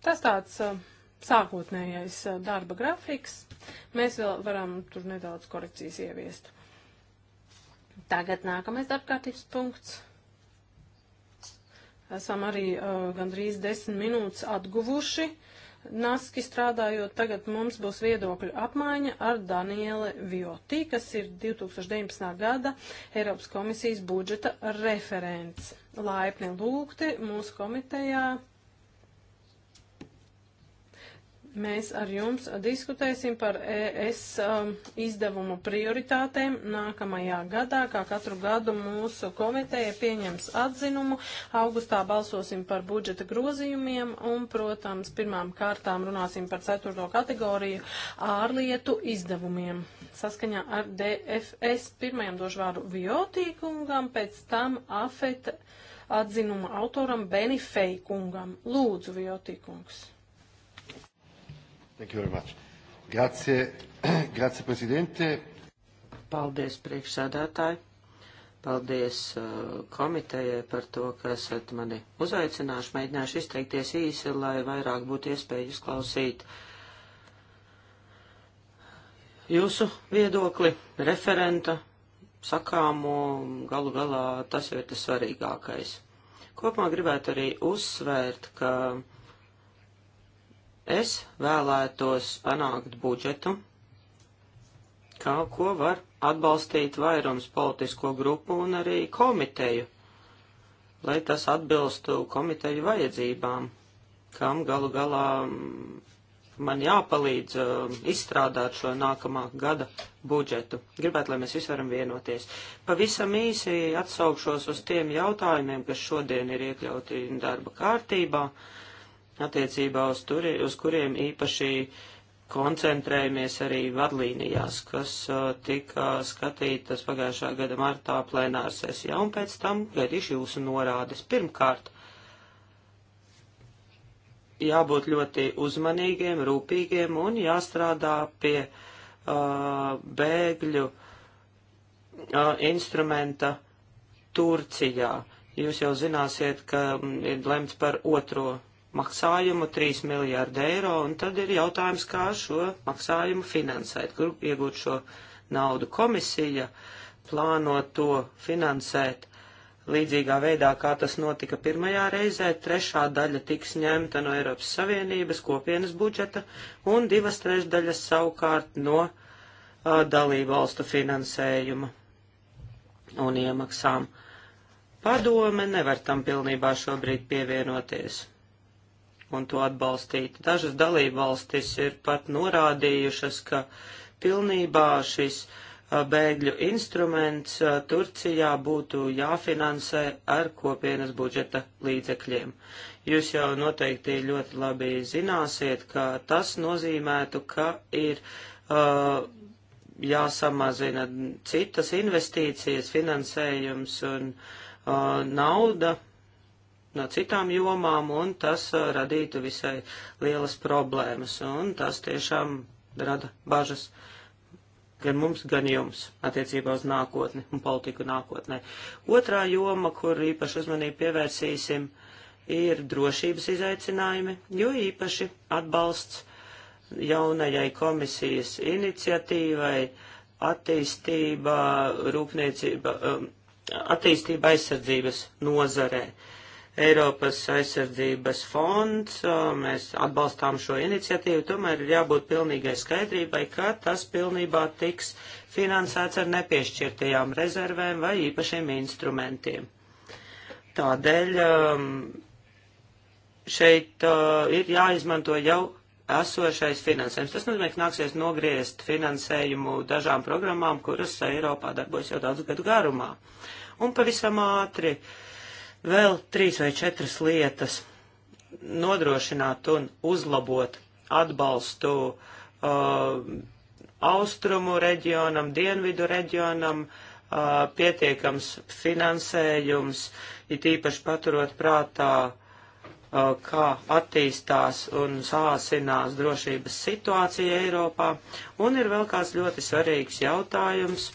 Tas tāds. Uh, sākotnējais eh, darba grafiks. Mēs vēl varam tur nedaudz korekcijas ieviest. Tagad nākamais darbkārtības punkts. Esam arī uh, gandrīz desmit minūtes atguvuši. Naski strādājot, tagad mums būs viedokļu apmaiņa ar Daniele Vioti, kas ir 2019. gada Eiropas komisijas budžeta referents. Laipni lūgti mūsu komitejā Mēs ar jums diskutēsim par ES um, izdevumu prioritātēm nākamajā gadā, kā katru gadu mūsu komiteja pieņems atzinumu. Augustā balsosim par budžeta grozījumiem un, protams, pirmām kārtām runāsim par ceturto kategoriju ārlietu izdevumiem. Saskaņā ar DFS pirmajam došu vārdu Viotī kungam, pēc tam Afet atzinuma autoram Benifei kungam. Lūdzu, Viotī kungs. Thank you very much. Grazie, grazie prezidente. Paldies, priekšsēdētāji. Paldies uh, komitejai par to, ka esat mani uzaicinājuši. Mēģināšu izteikties īsi, lai vairāk būtu iespēja uzklausīt jūsu viedokli, referenta sakāmo. Galu galā tas jau ir tas svarīgākais. Kopumā gribētu arī uzsvērt, ka Es vēlētos panākt budžetu, kā ko var atbalstīt vairums politisko grupu un arī komiteju, lai tas atbilstu komiteju vajadzībām, kam galu galā mm, man jāpalīdz uh, izstrādāt šo nākamā gada budžetu. Gribētu, lai mēs visi varam vienoties. Pavisam īsi atsaukšos uz tiem jautājumiem, kas šodien ir iekļauti darba kārtībā. Uh, attiecībā uz, turi, uz kuriem īpaši koncentrējamies arī vadlīnijās, kas uh, tika skatītas pagājušā gada martā plenāra sesijā, un pēc tam gaidīšu jūsu norādes. Pirmkārt, jābūt ļoti uzmanīgiem, rūpīgiem un jāstrādā pie uh, bēgļu uh, instrumenta Turcijā. Jūs jau zināsiet, ka mm, ir lemts par otro maksājumu 3 miljārdu eiro, un tad ir jautājums, kā šo maksājumu finansēt, kur iegūt šo naudu komisija, plāno to finansēt līdzīgā veidā, kā tas notika pirmajā reizē, trešā daļa tiks ņemta no Eiropas Savienības kopienas budžeta, un divas trešdaļas savukārt no uh, dalību valstu finansējuma un iemaksām. Padome nevar tam pilnībā šobrīd pievienoties un to atbalstīt. Dažas dalībvalstis ir pat norādījušas, ka pilnībā šis bēgļu instruments Turcijā būtu jāfinansē ar kopienas budžeta līdzekļiem. Jūs jau noteikti ļoti labi zināsiet, ka tas nozīmētu, ka ir uh, jāsamazina citas investīcijas, finansējums un uh, nauda no citām jomām, un tas uh, radītu visai lielas problēmas, un tas tiešām rada bažas gan mums, gan jums attiecībā uz nākotni un politiku nākotnē. Otrā joma, kur īpaši uzmanību pievērsīsim, ir drošības izaicinājumi, jo īpaši atbalsts jaunajai komisijas iniciatīvai attīstība, rūpniecība, um, attīstība aizsardzības nozarē. Uh, Eiropas aizsardzības fonds, mēs atbalstām šo iniciatīvu, tomēr ir jābūt pilnīgai skaidrībai, ka tas pilnībā tiks finansēts ar nepiešķirtajām rezervēm vai īpašiem instrumentiem. Tādēļ šeit ir jāizmanto jau esošais finansējums. Tas nozīmē, ka nāksies nogriezt finansējumu dažām programmām, kuras Eiropā darbojas jau daudz gadu garumā. Un pavisam ātri. Uh, vēl trīs vai četras lietas nodrošināt un uzlabot atbalstu uh, austrumu reģionam, dienvidu reģionam, uh, pietiekams finansējums, it īpaši paturot prātā, uh, kā attīstās un sāsinās drošības situācija Eiropā. Un ir vēl kāds ļoti svarīgs jautājums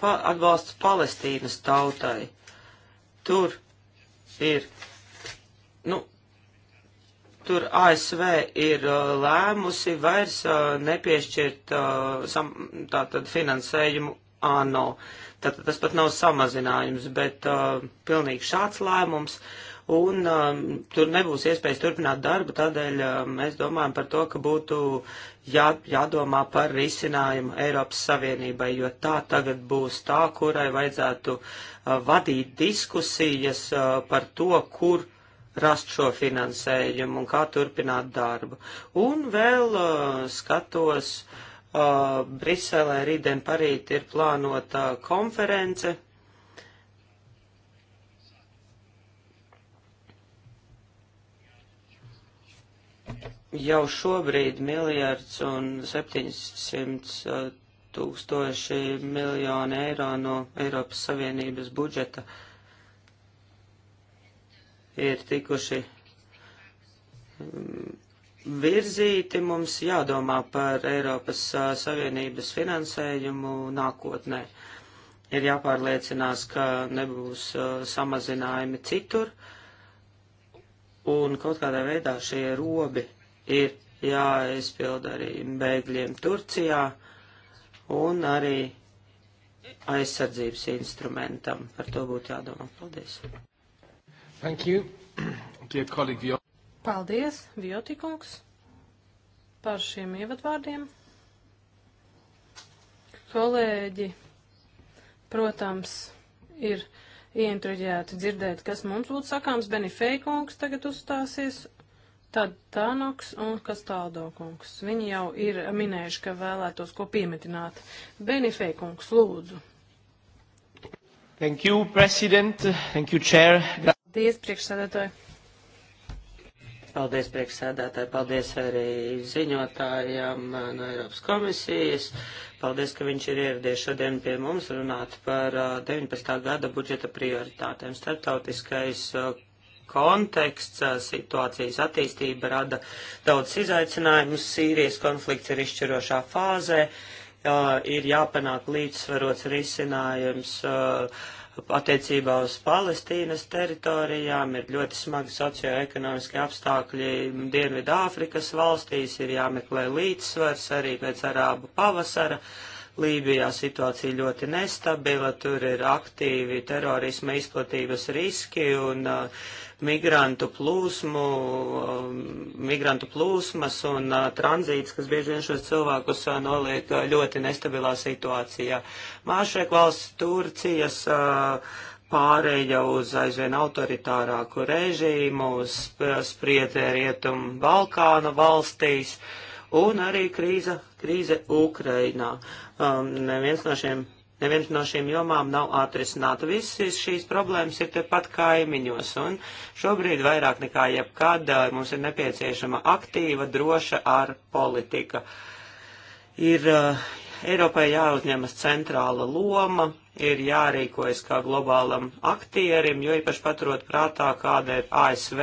pa, atbalsts Palestīnas tautai. Tur ir, nu, tur ASV ir uh, lēmusi vairs uh, nepiešķirt uh, sam, tātad finansējumu ANO. Tātad tas pat nav samazinājums, bet uh, pilnīgi šāds lēmums. Uh, un um, tur nebūs iespējas turpināt darbu, tādēļ um, mēs domājam par to, ka būtu jā, jādomā par risinājumu Eiropas Savienībai, jo tā tagad būs tā, kurai vajadzētu uh, vadīt diskusijas uh, par to, kur rast šo finansējumu un kā turpināt darbu. Un vēl uh, skatos, uh, Briselē rītdien parīt ir plānota konference Jau šobrīd miljards un 700 uh, tūkstoši miljoni eiro no Eiropas Savienības budžeta ir tikuši mm, virzīti mums jādomā par Eiropas a, uh, Savienības finansējumu nākotnē. Ir jāpārliecinās, ka nebūs a, uh, samazinājumi citur, uh, un kaut kādā veidā šie robi ir jāaizpild arī bēgļiem Turcijā un arī aizsardzības instrumentam. Par to būtu jādomā. Paldies. Thank you. Dear colleague, Viot. Paldies, Viotikungs, par šiem ievadvārdiem. Kolēģi, protams, ir ieinteresēti dzirdēt, kas mums būtu sakāms. Benifei kungs tagad uzstāsies, tad Tānoks un Kastaldo kungs. Viņi jau ir minējuši, ka vēlētos ko piemetināt. Benifei kungs, lūdzu. Thank you, President. Thank you, Chair. Paldies, priekšsēdētāji. Paldies, priekšsēdētāji. Paldies arī ziņotājiem no Eiropas komisijas. Uh, Paldies, ka viņš ir ieradies šodien pie mums runāt par 19. Uh, gada budžeta prioritātēm. Startautiskais uh, konteksts, uh, situācijas attīstība rada daudz izaicinājumus. Sīrijas konflikts ir izšķirošā fāzē, ir jāpanāk līdzsvarots risinājums. Uh, attiecībā uz Palestīnas teritorijām, ir ļoti smagi socioekonomiski apstākļi Dienvidu Āfrikas valstīs, ir jāmeklē līdzsvars arī pēc arābu pavasara. Lībijā situācija ļoti nestabila, tur ir aktīvi terorisma izplatības riski un uh, migrantu plūsmu, um, migrantu plūsmas un uh, tranzīts, kas bieži vien šos cilvēkus uh, noliek uh, ļoti nestabilā situācijā. Māšēk valsts Turcijas pārēja uz aizvien autoritārāku režīmu, uz spriedzē rietumu Balkānu valstīs un arī krīza, krīze Ukrainā. Um, neviens no šiem Neviens no šīm jomām nav atrisināta. Visas šīs problēmas ir tepat kaimiņos, un šobrīd vairāk nekā jebkad uh, mums ir nepieciešama aktīva, droša ar politika. Ir uh, Eiropai jāuzņemas centrāla loma, ir jārīkojas kā globālam aktierim, jo īpaši paturot prātā, kāda ir ASV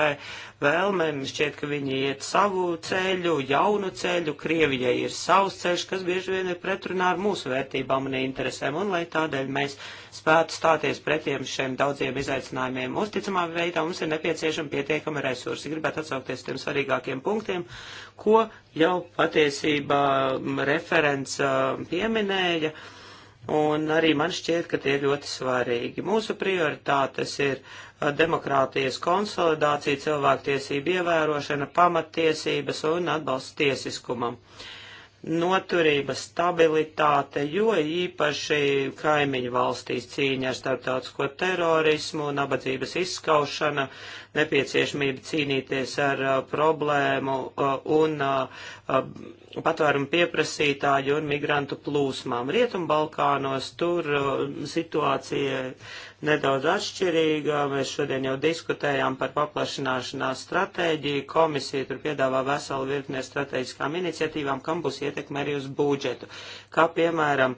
vēlme. Šķiet, ka viņi iet savu ceļu, jaunu ceļu, Krievijai ir savs ceļš, kas bieži vien ir pretrunā ar mūsu vērtībām un interesēm, un lai tādēļ mēs spētu stāties pretiem šiem daudziem izaicinājumiem. Uzticamā veidā mums ir nepieciešami pietiekami resursi. Gribētu atsaukties tiem svarīgākiem punktiem, ko jau patiesībā referents pieminēja. Uh, un arī man šķiet, ka tie ir ļoti svarīgi. Mūsu prioritātes ir uh, demokrātijas konsolidācija, cilvēktiesība ievērošana, pamattiesības un atbalsts tiesiskumam. Noturība, stabilitāte, jo īpaši kaimiņu valstīs cīņa ar starptautisko terorismu, nabadzības izskaušana, nepieciešamība cīnīties ar uh, problēmu uh, un uh, uh patvērumu pieprasītāju un migrantu plūsmām. Rietumbalkānos tur situācija nedaudz atšķirīga. Mēs šodien jau diskutējām par paplašināšanās stratēģiju. Komisija tur piedāvā veselu virkni strateģiskām iniciatīvām, kam būs ietekme arī uz budžetu. Kā piemēram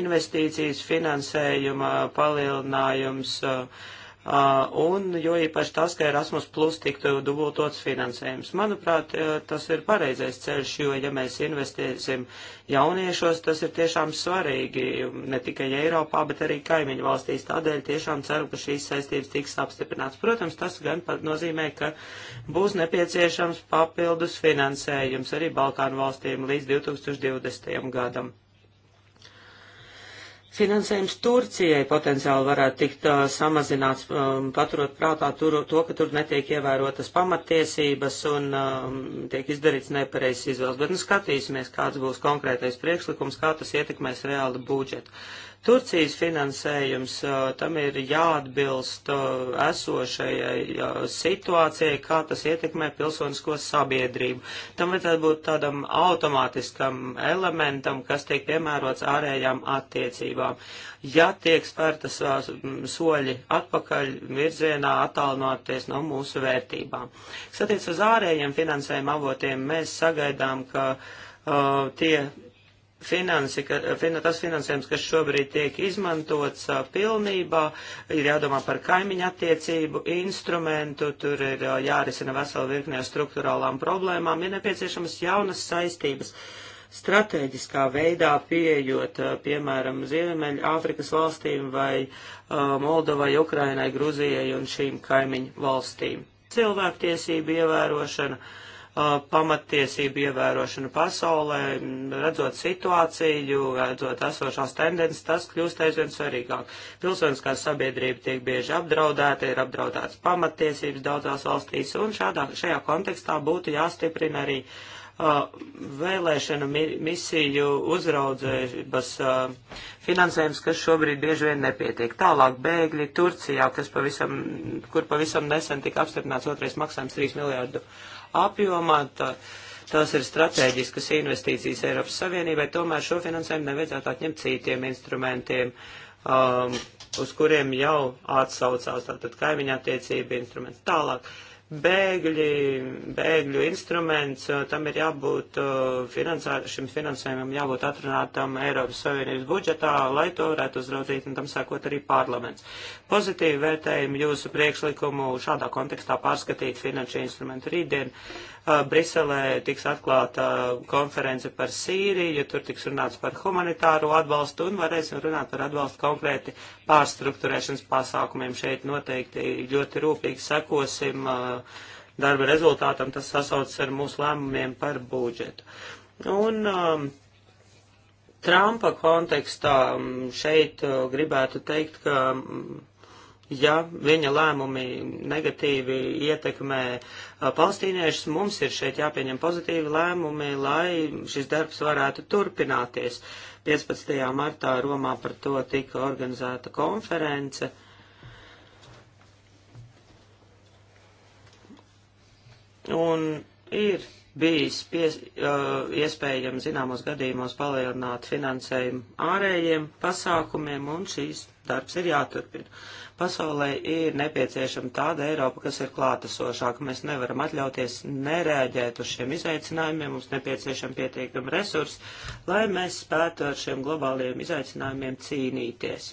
investīcijas, finansējuma palielinājums. Uh, Uh, un jo īpaši tas, ka Erasmus Plus tiktu dubultots finansējums. Manuprāt, uh, tas ir pareizais ceļš, jo, ja mēs investēsim jauniešos, tas ir tiešām svarīgi ne tikai Eiropā, bet arī kaimiņu valstīs. Tādēļ tiešām ceru, ka šīs saistības tiks apstiprināts. Protams, tas gan nozīmē, ka būs nepieciešams papildus finansējums arī Balkānu valstīm līdz 2020. gadam. Finansējums Turcijai potenciāli varētu tikt uh, samazināts, um, paturot prātā tur, to, ka tur netiek ievērotas pamatiesības un um, tiek izdarīts nepareizs izvēles. Bet nu skatīsimies, kāds būs konkrētais priekšlikums, kā tas ietekmēs reāli budžetu. Turcijas finansējums tam ir jāatbilst esošajai situācijai, kā tas ietekmē pilsonisko sabiedrību. Tam vajadzētu būt tādam automātiskam elementam, kas tiek piemērots ārējām attiecībām. Ja tiek spērtas soļi atpakaļ virzienā attālinoties no mūsu vērtībām. Kas attiec uz ārējiem finansējuma avotiem, mēs sagaidām, ka uh, tie finansi, ka, fin, tas finansējums, kas šobrīd tiek izmantots a, pilnībā, ir jādomā par kaimiņu attiecību instrumentu, tur ir a, jārisina vesela virknē struktūrālām problēmām, ir nepieciešamas jaunas saistības. Stratēģiskā veidā pieejot, a, piemēram, Ziemeļa Āfrikas valstīm vai Moldovai, Ukrainai, Gruzijai un šīm kaimiņu valstīm. Cilvēktiesību ievērošana. Uh, Uh, pamatiesību ievērošanu pasaulē, redzot situāciju, redzot esošās tendences, tas kļūst aizvien svarīgāk. Pilsoniskā sabiedrība tiek bieži apdraudēta, ir apdraudētas pamatiesības daudzās valstīs, un šādā, šajā kontekstā būtu jāstiprina arī uh, vēlēšana misiju uzraudzības finansējums, kas šobrīd bieži vien nepietiek. Tālāk bēgļi Turcijā, kas pavisam, kur pavisam nesen tika apstiprināts otrais maksājums 3 miljārdu apjomā. Tā, Tās ir strateģiskas investīcijas Eiropas Savienībai, tomēr šo finansējumu nevajadzētu atņemt citiem instrumentiem, um, uz kuriem jau atsaucās tātad kaimiņa attiecība instruments. Tālāk, uh, bēgļi, bēgļu instruments, uh, tam ir jābūt uh, finansā, šim finansējumam jābūt atrunātam Eiropas Savienības budžetā, lai to varētu uzraudzīt un tam sākot arī parlaments. Pozitīvi vērtējumu jūsu priekšlikumu šādā kontekstā pārskatīt finanšu instrumentu rītdien. Uh, Uh, Briselē tiks atklāta konference par Sīriju, tur tiks runāts par humanitāro atbalstu un varēsim runāt par atbalstu konkrēti pārstruktūrēšanas pasākumiem. Šeit noteikti ļoti rūpīgi sekosim uh, darba rezultātam, tas sasaucas ar mūsu lēmumiem par budžetu. Un, um, Trumpa kontekstā um, šeit uh, gribētu teikt, ka um, ja viņa lēmumi negatīvi ietekmē palestīniešus, mums ir šeit jāpieņem pozitīvi lēmumi, lai šis darbs varētu turpināties. 15. martā Romā par to tika organizēta konference. Un ir bijis pies, uh, iespējams zināmos gadījumos palielināt finansējumu ārējiem pasākumiem, un šīs darbs ir jāturpina. Pasaulē ir nepieciešama tāda Eiropa, kas ir klātesošāka. Mēs nevaram atļauties nereaģēt uz šiem izaicinājumiem. Mums nepieciešama pietiekama resursa, lai mēs spētu ar šiem globāliem izaicinājumiem cīnīties.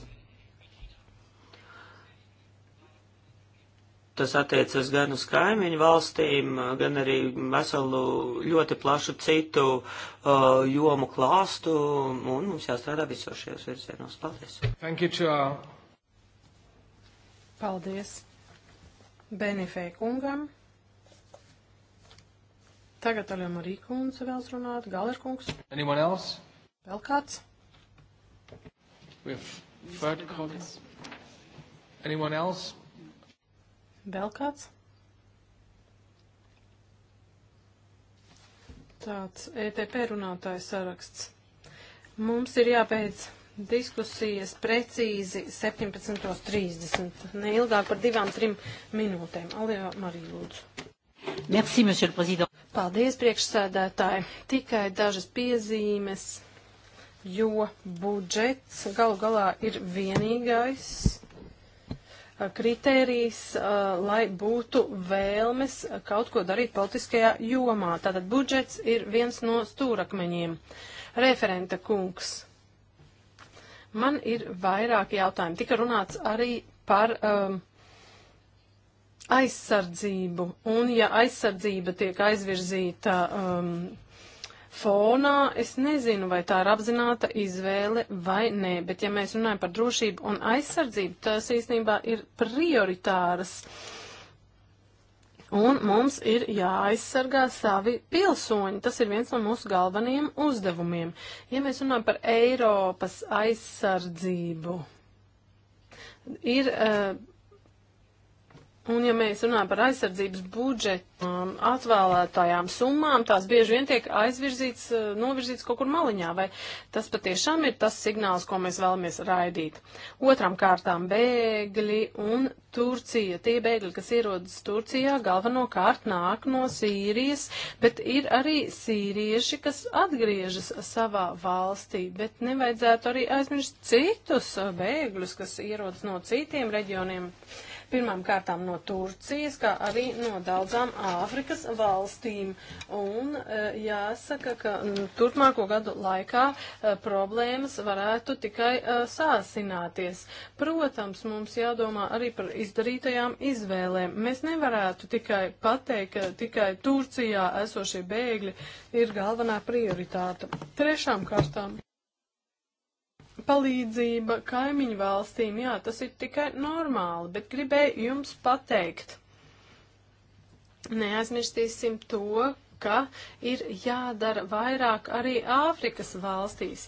Tas attiecas gan uz kaimiņu valstīm, gan arī veselu ļoti plašu citu uh, jomu klāstu, un mums jāstrādā visos šajos virzienos. Paldies! Thank you, Čau. Paldies Benifē kungam. Tagad arī Marija kundze vēlas runāt. Galer kungs. Anyone else? Vēl kāds? We have third comments. Anyone else? Vēl kāds? Tāds ETP runātājs saraksts. Mums ir jābeidz diskusijas precīzi 17.30, neilgāk par divām, trim minūtēm. Alijā Marija lūdzu. Merci, monsieur le président. Paldies, priekšsēdētāji. Tikai dažas piezīmes, jo budžets galu galā ir vienīgais kritērijs, lai būtu vēlmes kaut ko darīt politiskajā jomā. Tātad budžets ir viens no stūrakmeņiem. Referenta kungs, Man ir vairāki jautājumi. Tika runāts arī par um, aizsardzību. Un ja aizsardzība tiek aizvirzīta um, fonā, es nezinu, vai tā ir apzināta izvēle vai nē, bet ja mēs runājam par drošību un aizsardzību, tas īstenībā ir prioritāras. Uh, Un mums ir jāaizsargā savi pilsoņi. Tas ir viens no mūsu galvenajiem uzdevumiem. Ja mēs runājam par Eiropas aizsardzību, ir. Uh, Un ja mēs runājam par aizsardzības budžetu um, atvēlētajām summām, tās bieži vien tiek aizvirzīts, eh, novirzīts kaut kur maliņā, vai tas patiešām ir tas signāls, ko mēs vēlamies raidīt. Otram kārtām bēgļi un Turcija. Tie bēgļi, kas ierodas Turcijā, galvenokārt nāk no Sīrijas, bet ir arī sīrieši, kas atgriežas savā valstī, bet nevajadzētu arī aizmirst citus eh, bēgļus, kas ierodas no citiem reģioniem. Uh, pirmām kārtām no Turcijas, kā arī no daudzām Āfrikas valstīm. Un e, jāsaka, ka turpmāko gadu laikā e, problēmas varētu tikai e, sāsināties. Protams, mums jādomā arī par izdarītajām izvēlēm. Mēs nevarētu tikai pateikt, ka tikai Turcijā esošie bēgļi ir galvenā prioritāte. Trešām kārtām palīdzība kaimiņu valstīm, jā, tas ir tikai normāli, bet gribēju jums pateikt. Neaizmirstīsim to, ka ir jādara vairāk arī Āfrikas valstīs.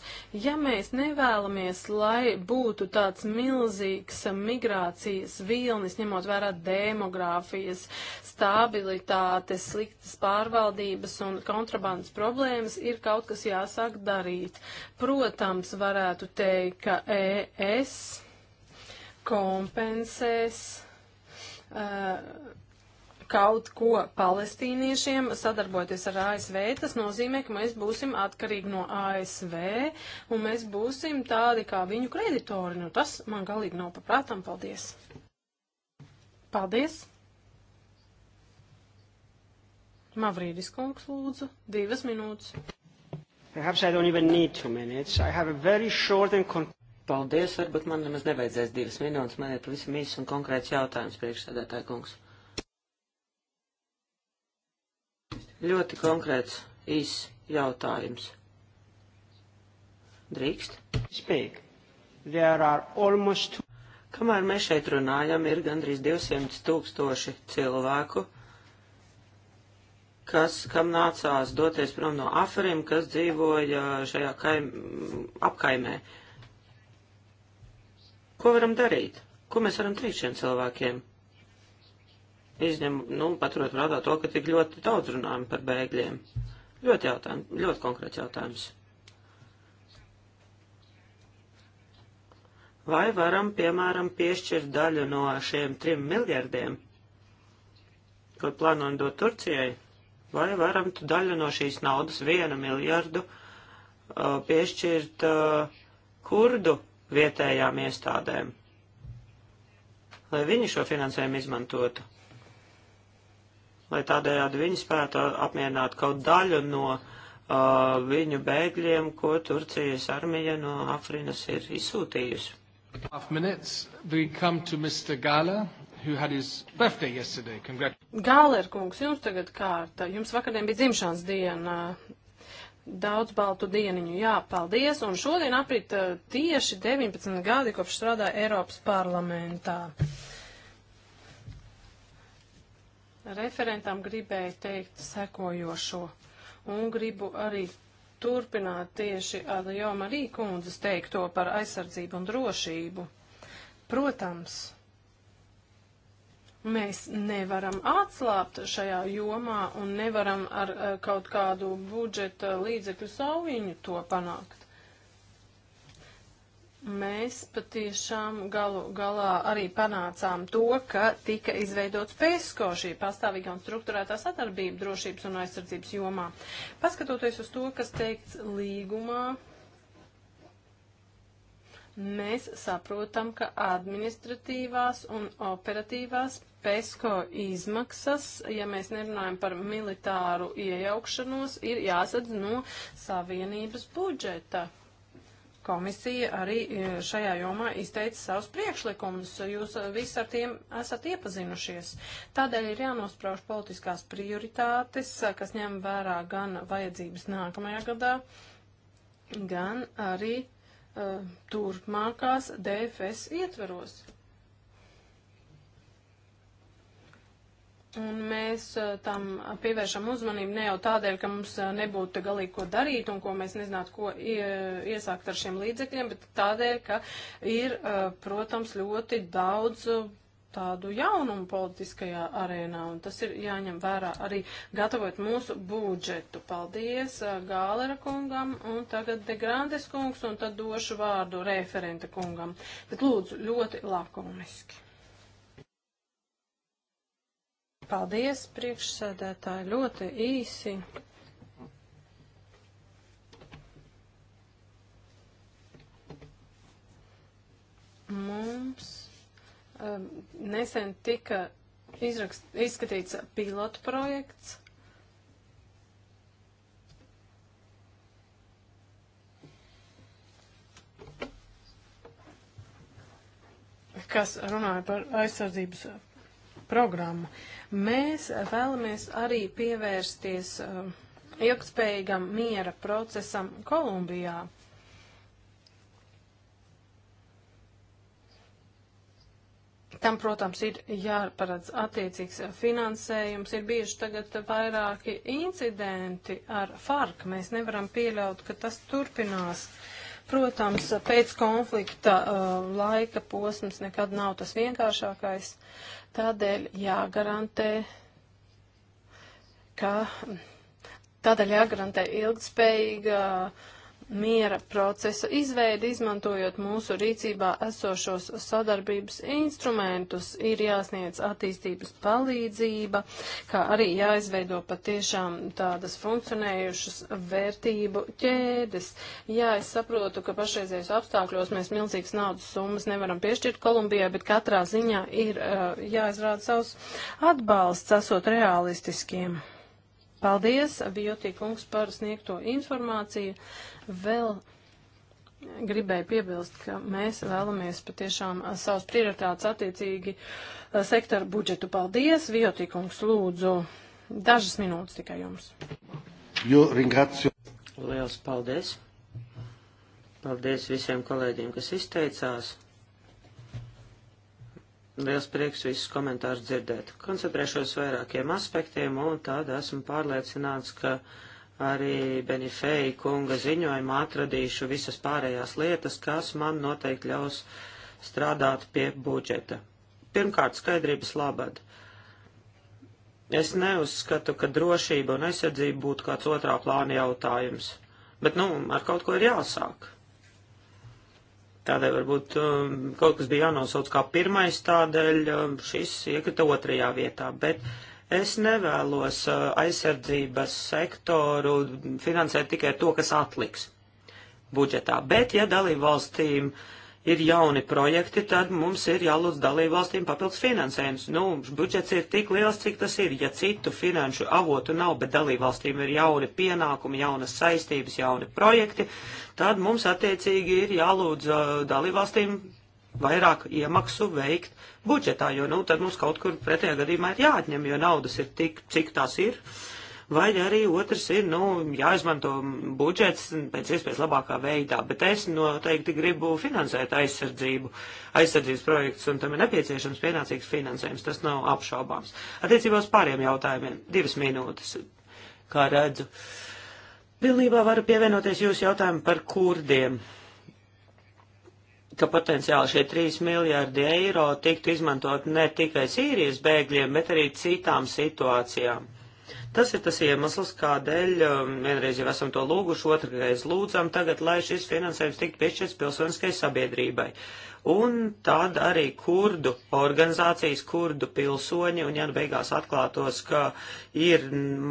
Ja mēs nevēlamies, lai būtu tāds milzīgs migrācijas vilnis, ņemot vērā demogrāfijas, stabilitātes, sliktas pārvaldības un kontrabandas problēmas, ir kaut kas jāsāk darīt. Protams, varētu teikt, ka ES kompensēs. Uh, kaut ko palestīniešiem, sadarbojoties ar ASV, tas nozīmē, ka mēs būsim atkarīgi no ASV un mēs būsim tādi kā viņu kreditori. Nu, tas man galīgi nav paprātam. Paldies! Paldies! Mavrīdis kungs lūdzu, divas minūtes. Perhaps I don't even need two minutes. I have a very short and Paldies, varbūt man nemaz nevajadzēs divas minūtes, man ir pavisam īsts un konkrēts jautājums priekšsēdētāja kungs. Ļoti konkrēts, īs jautājums. Drīkst? Speak. There are almost Kamēr mēs šeit runājam, ir gandrīz 200 tūkstoši cilvēku, kas, kam nācās doties prom no aferim, kas dzīvoja šajā kaim, apkaimē. Ko varam darīt? Ko mēs varam teikt šiem cilvēkiem? izņem, nu, paturot prātā to, ka tik ļoti daudz runājam par bēgļiem. Ļoti jautājums, ļoti konkrēts jautājums. Vai varam, piemēram, piešķirt daļu no šiem trim miljardiem, ko plānojam dot Turcijai, vai varam daļu no šīs naudas, vienu miljardu, uh, piešķirt uh, kurdu vietējām iestādēm, lai viņi šo finansējumu izmantotu? lai tādējādi viņi spētu apmierināt kaut daļu no uh, viņu bēgļiem, ko Turcijas armija no Afrinas ir izsūtījusi. Gāler kungs, jums tagad kārta. Jums vakardien bija dzimšanas diena daudz baltu dieniņu. Jā, paldies. Un šodien aprit uh, tieši 19 gadi, kopš strādāja Eiropas parlamentā. referentam gribēju teikt sekojošo un gribu arī turpināt tieši ar Joma Rīkundzes teikto par aizsardzību un drošību. Protams, mēs nevaram atslābt šajā jomā un nevaram ar eh, kaut kādu budžeta līdzekļu sauviņu to panākt mēs patiešām galu galā arī panācām to, ka tika izveidots PESCO šī pastāvīgā un struktūrētā sadarbība drošības un aizsardzības jomā. Paskatoties uz to, kas teikts līgumā, mēs saprotam, ka administratīvās un operatīvās PESCO izmaksas, ja mēs nerunājam par militāru iejaukšanos, ir jāsadz no savienības budžeta komisija arī e, šajā jomā izteica savus priekšlikumus. Jūs e, visi ar tiem esat iepazinušies. Tādēļ ir jānosprauž politiskās prioritātes, e, kas ņem vērā gan vajadzības nākamajā gadā, gan arī uh, turpmākās DFS ietveros. Un mēs uh, tam pievēršam uzmanību ne jau tādēļ, ka mums uh, nebūtu galīgi ko darīt un ko mēs nezinātu, ko iesākt ar šiem līdzekļiem, bet tādēļ, ka ir, uh, protams, ļoti daudz tādu jaunumu politiskajā arēnā, un tas ir jāņem vērā arī gatavot mūsu budžetu. Paldies Gālera kungam, un tagad De Grandes kungs, un tad došu vārdu referenta kungam. Bet lūdzu, ļoti lakoniski. Paldies, priekšsēdētāji, ļoti īsi. Mums um, nesen tika izrakst, izskatīts pilotu projekts. kas runāja par aizsardzības programmu. Uh, Mēs vēlamies arī pievērsties uh, ilgspējīgam miera procesam Kolumbijā. Tam, protams, ir jāparedz attiecīgs finansējums. Ir bieži tagad vairāki incidenti ar FARC. Mēs nevaram pieļaut, ka tas turpinās. Protams, pēc konflikta uh, laika posms nekad nav tas vienkāršākais. Uh, Tādēļ jāgarantē, ka tādēļ jāgarantē ilgtspējīga uh, miera procesa izveidi, izmantojot mūsu rīcībā esošos sadarbības instrumentus, ir jāsniedz attīstības palīdzība, kā arī jāizveido patiešām tādas funkcionējušas vērtību ķēdes. Jā, es saprotu, ka pašreizējos apstākļos mēs milzīgas naudas summas nevaram piešķirt Kolumbijai, bet katrā ziņā ir uh, jāizrāda savs atbalsts, esot realistiskiem. Paldies, Bijotī kungs, par sniegto informāciju. Vēl gribēju piebilst, ka mēs vēlamies patiešām savus prioritātes attiecīgi eh, sektoru budžetu. Paldies, Vijotī kungs, lūdzu, dažas minūtes tikai jums. Jo, ringāciju. Liels paldies. Paldies visiem kolēģiem, kas izteicās. Liels prieks visus komentārus dzirdēt. Koncentrēšos vairākiem aspektiem un tad esmu pārliecināts, ka arī Benifei kunga ziņojumā atradīšu visas pārējās lietas, kas man noteikti ļaus strādāt pie budžeta. Pirmkārt, skaidrības labad. Es neuzskatu, ka drošība un aizsardzība būtu kāds otrā plāna jautājums, bet, nu, ar kaut ko ir jāsāk. Tādēļ varbūt um, kaut kas bija jānosauc kā pirmais, tādēļ um, šis iekrita otrajā vietā. Bet es nevēlos uh, aizsardzības sektoru finansēt tikai to, kas atliks budžetā. Bet, ja dalību valstīm uh, ir jauni projekti, tad mums ir jālūdz dalībvalstīm papildus finansējums. Nu, budžets ir tik liels, cik tas ir. Ja citu finanšu avotu nav, bet dalībvalstīm ir jauni pienākumi, jaunas saistības, jauni projekti, tad mums attiecīgi ir jālūdz uh, dalībvalstīm vairāk iemaksu veikt budžetā, jo, nu, tad mums kaut kur pretējā gadījumā ir jāatņem, jo naudas ir tik, cik tās ir. Uh, vai arī otrs ir, nu, jāizmanto budžets pēc iespējas labākā veidā, bet es noteikti gribu finansēt aizsardzību, aizsardzības projekts, un tam ir nepieciešams pienācīgs finansējums, tas nav apšaubāms. Attiecībā uz pāriem jautājumiem, divas minūtes, kā redzu. Pilnībā varu pievienoties jūsu jautājumu par kurdiem ka potenciāli šie 3 miljārdi eiro tiktu izmantot ne tikai Sīrijas bēgļiem, bet arī citām situācijām. Tas ir tas iemesls, kādēļ um, vienreiz jau esam to lūguši, otrreiz lūdzam tagad, lai šis finansējums tiktu piešķirts pilsoniskai sabiedrībai. Un tad arī kurdu organizācijas, kurdu pilsoņi, un ja nu beigās atklātos, ka ir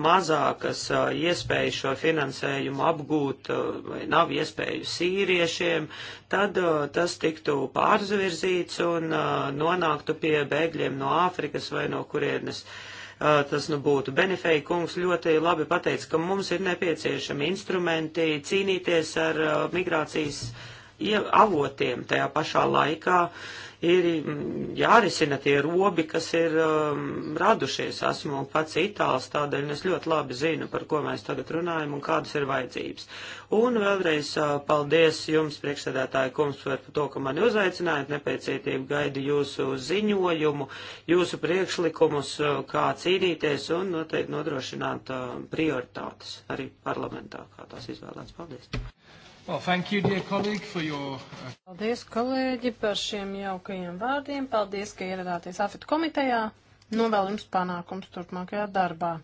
mazākas uh, iespējas šo finansējumu apgūt, uh, vai nav iespēju sīriešiem, tad uh, tas tiktu pārzvirzīts un uh, nonāktu pie bēgļiem no Āfrikas vai no kurienes. Uh, Uh, tas nu būtu. Benefēja kungs ļoti labi pateica, ka mums ir nepieciešami instrumenti cīnīties ar uh, migrācijas avotiem tajā pašā laikā. Uh, ir mm, jārisina tie robi, kas ir um, radušies. Esmu pats itāls, tādēļ es ļoti labi zinu, par ko mēs tagad runājam un kādas ir vajadzības. Un vēlreiz uh, paldies jums, priekšsēdētāji kungs, par to, ka mani uzaicinājāt, nepēcietību gaidu jūsu ziņojumu, jūsu priekšlikumus, uh, kā cīnīties un noteikti nodrošināt uh, prioritātes arī parlamentā, kā tās izvēlēts. Paldies! Well, thank you, dear colleague, for your... Uh, Paldies, kolēģi, par šiem jaukajiem vārdiem. Paldies, ka ieradāties AFIT komitejā. Novēl nu, jums panākums turpmākajā darbā.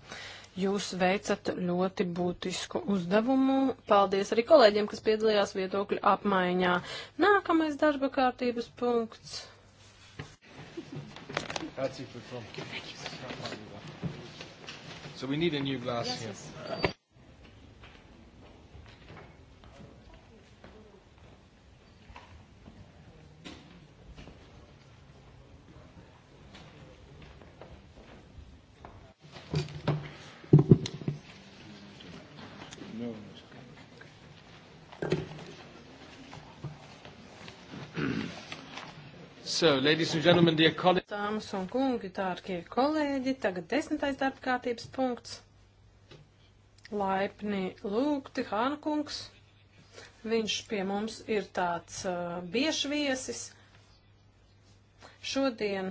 Jūs veicat ļoti būtisku uzdevumu. Paldies arī kolēģiem, kas piedalījās viedokļu apmaiņā. Nākamais darba kārtības punkts. So we need a new glass yes, here. Yes. So, ladies and gentlemen, dear colleagues. Dāmas un kungi, tārkie kolēģi, tagad desmitais darba kārtības punkts. Laipni lūgti, Hāna kungs. Viņš pie mums ir tāds uh, biežviesis. Šodien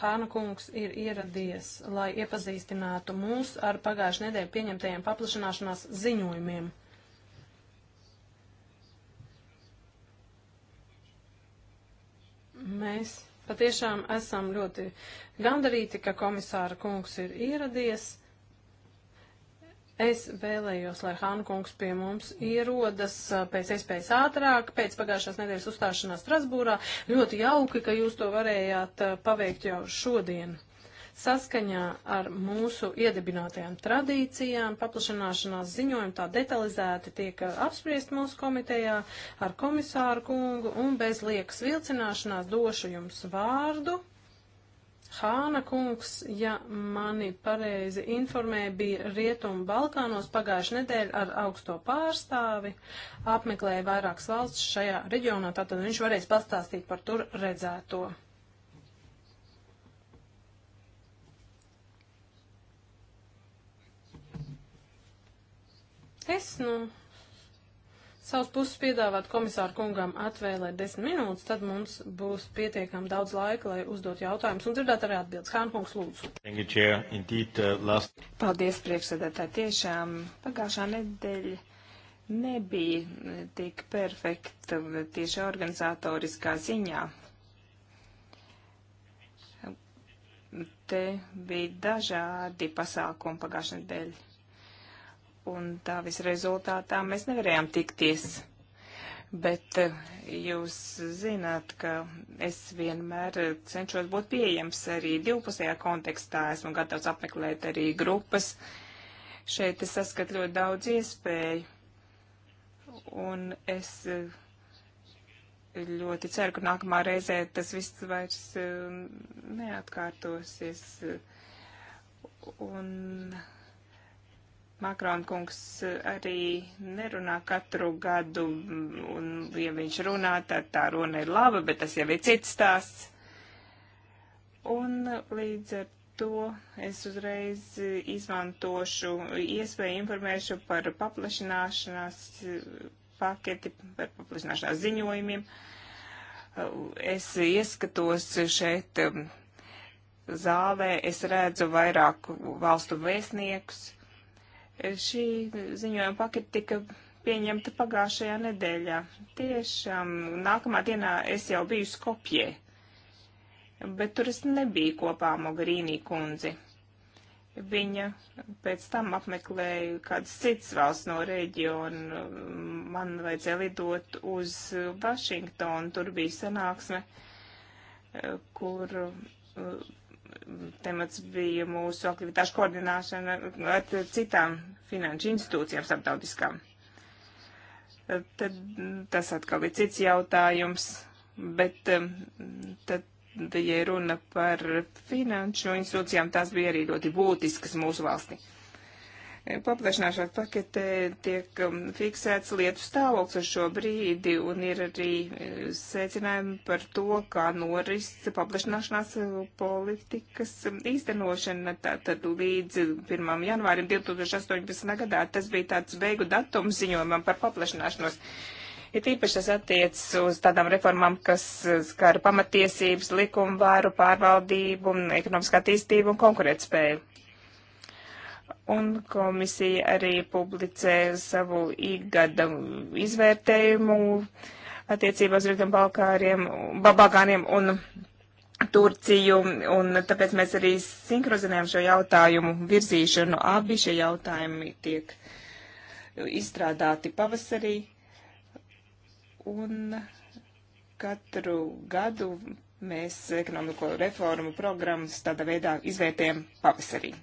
Hāna kungs ir ieradies, lai iepazīstinātu mūs ar pagājušajā nedēļā pieņemtajiem paplašanāšanās ziņojumiem. Mēs patiešām esam ļoti gandarīti, ka komisāra kungs ir ieradies. Es vēlējos, lai Hankungs pie mums ierodas pēc iespējas ātrāk, pēc pagājušās nedēļas uzstāšanās Strasbūrā. Ļoti jauki, ka jūs to varējāt paveikt jau šodien. Saskaņā ar mūsu iedibinātajām tradīcijām paplašanāšanās ziņojumi tā detalizēti tiek uh, apspriest mūsu komitejā ar komisāru kungu un bez liekas vilcināšanās došu jums vārdu. Hāna kungs, ja mani pareizi informēja, bija Rietumu Balkānos pagājuši nedēļa ar augsto pārstāvi, apmeklēja vairākas valsts šajā reģionā, tātad viņš varēs pastāstīt par tur redzēto. Es, nu, savas puses piedāvāt komisāru kungam atvēlēt desmit minūtes, tad mums būs pietiekam daudz laika, lai uzdot jautājumus un dzirdēt arī atbildes. Hānkungs, lūdzu. Uh, Paldies, priekšsēdētāji. Tiešām pagājušā nedēļa nebija tik perfekta tieši organizatoriskā ziņā. Te bija dažādi pasākumi pagājušā nedēļa un tā visrezultātā mēs nevarējām tikties. Bet eh, jūs zināt, ka es vienmēr cenšos būt pieejams arī divpusējā kontekstā. Esmu gatavs apmeklēt arī grupas. Šeit es saskatu ļoti daudz iespēju. Un es eh, ļoti ceru, ka nākamā reizē tas viss vairs eh, neatkārtosies. Un Makrona kungs eh, arī nerunā katru gadu, mm, un ja viņš runā, tad tā runa ir laba, bet tas jau ir cits stāsts. Un eh, līdz ar to es uzreiz eh, izmantošu iespēju informēšu par paplašināšanās paketi, par paplašināšanās ziņojumiem. Es ieskatos šeit zālē, es redzu vairāku valstu vēstniekus Šī ziņojuma paketi tika pieņemta pagājušajā nedēļā. Tiešām nākamā dienā es jau biju Skopjē, bet tur es nebiju kopā Mogarīnī kundzi. Viņa pēc tam apmeklēja kādas citas valsts no reģiona. Man vajadzēja lidot uz Vašingtonu, tur bija sanāksme, kur temats bija mūsu aktivitāšu koordināšana ar citām finanšu institūcijām starptautiskām. Tad tas atkal ir cits jautājums, bet um, tad, ja runa par finanšu institūcijām, tās bija arī ļoti būtiskas mūsu valstī paplašināšanās paketē tiek um, fiksēts lietu stāvoklis uz šo brīdi, un ir arī e, secinājumi par to, kā noris paplašināšanās e, politikas um, īstenošana. Tātad līdz 1. janvārim 2018. gadā tas bija tāds beigu datums ziņojumam par paplašināšanos. Ir īpaši tas attiec uz tādām reformām, kas e, skar pamatiesības, likumvāru, pārvaldību, ekonomiskā attīstību un konkurētspēju un komisija arī publicē savu ikgada izvērtējumu attiecībā uz Rietumu Balkāriem, Balkāniem un Turciju, un tāpēc mēs arī sinhrozinējam šo jautājumu virzīšanu. Abi šie jautājumi tiek izstrādāti pavasarī, un katru gadu mēs ekonomiko reformu programmas tādā veidā izvērtējam pavasarī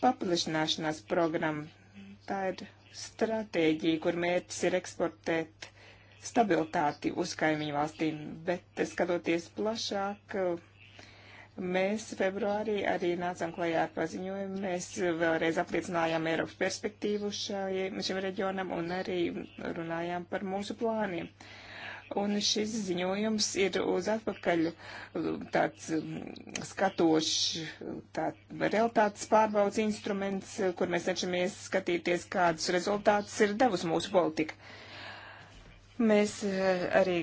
paplašināšanās programma. Tā ir stratēģija, kur mērķis ir eksportēt stabilitāti uz kaimiņu valstīm, bet skatoties plašāk, mēs februārī arī nācām klajā ar paziņojumu. Mēs vēlreiz apliecinājām Eiropas perspektīvu šai, šim reģionam un arī runājām par mūsu plāniem. Uh, Un šis ziņojums ir uz atpakaļ tāds um, skatošs tā, realitātes pārbaudas instruments, kur mēs cenšamies skatīties, kādus rezultātus ir devusi mūsu politika. Mēs eh, arī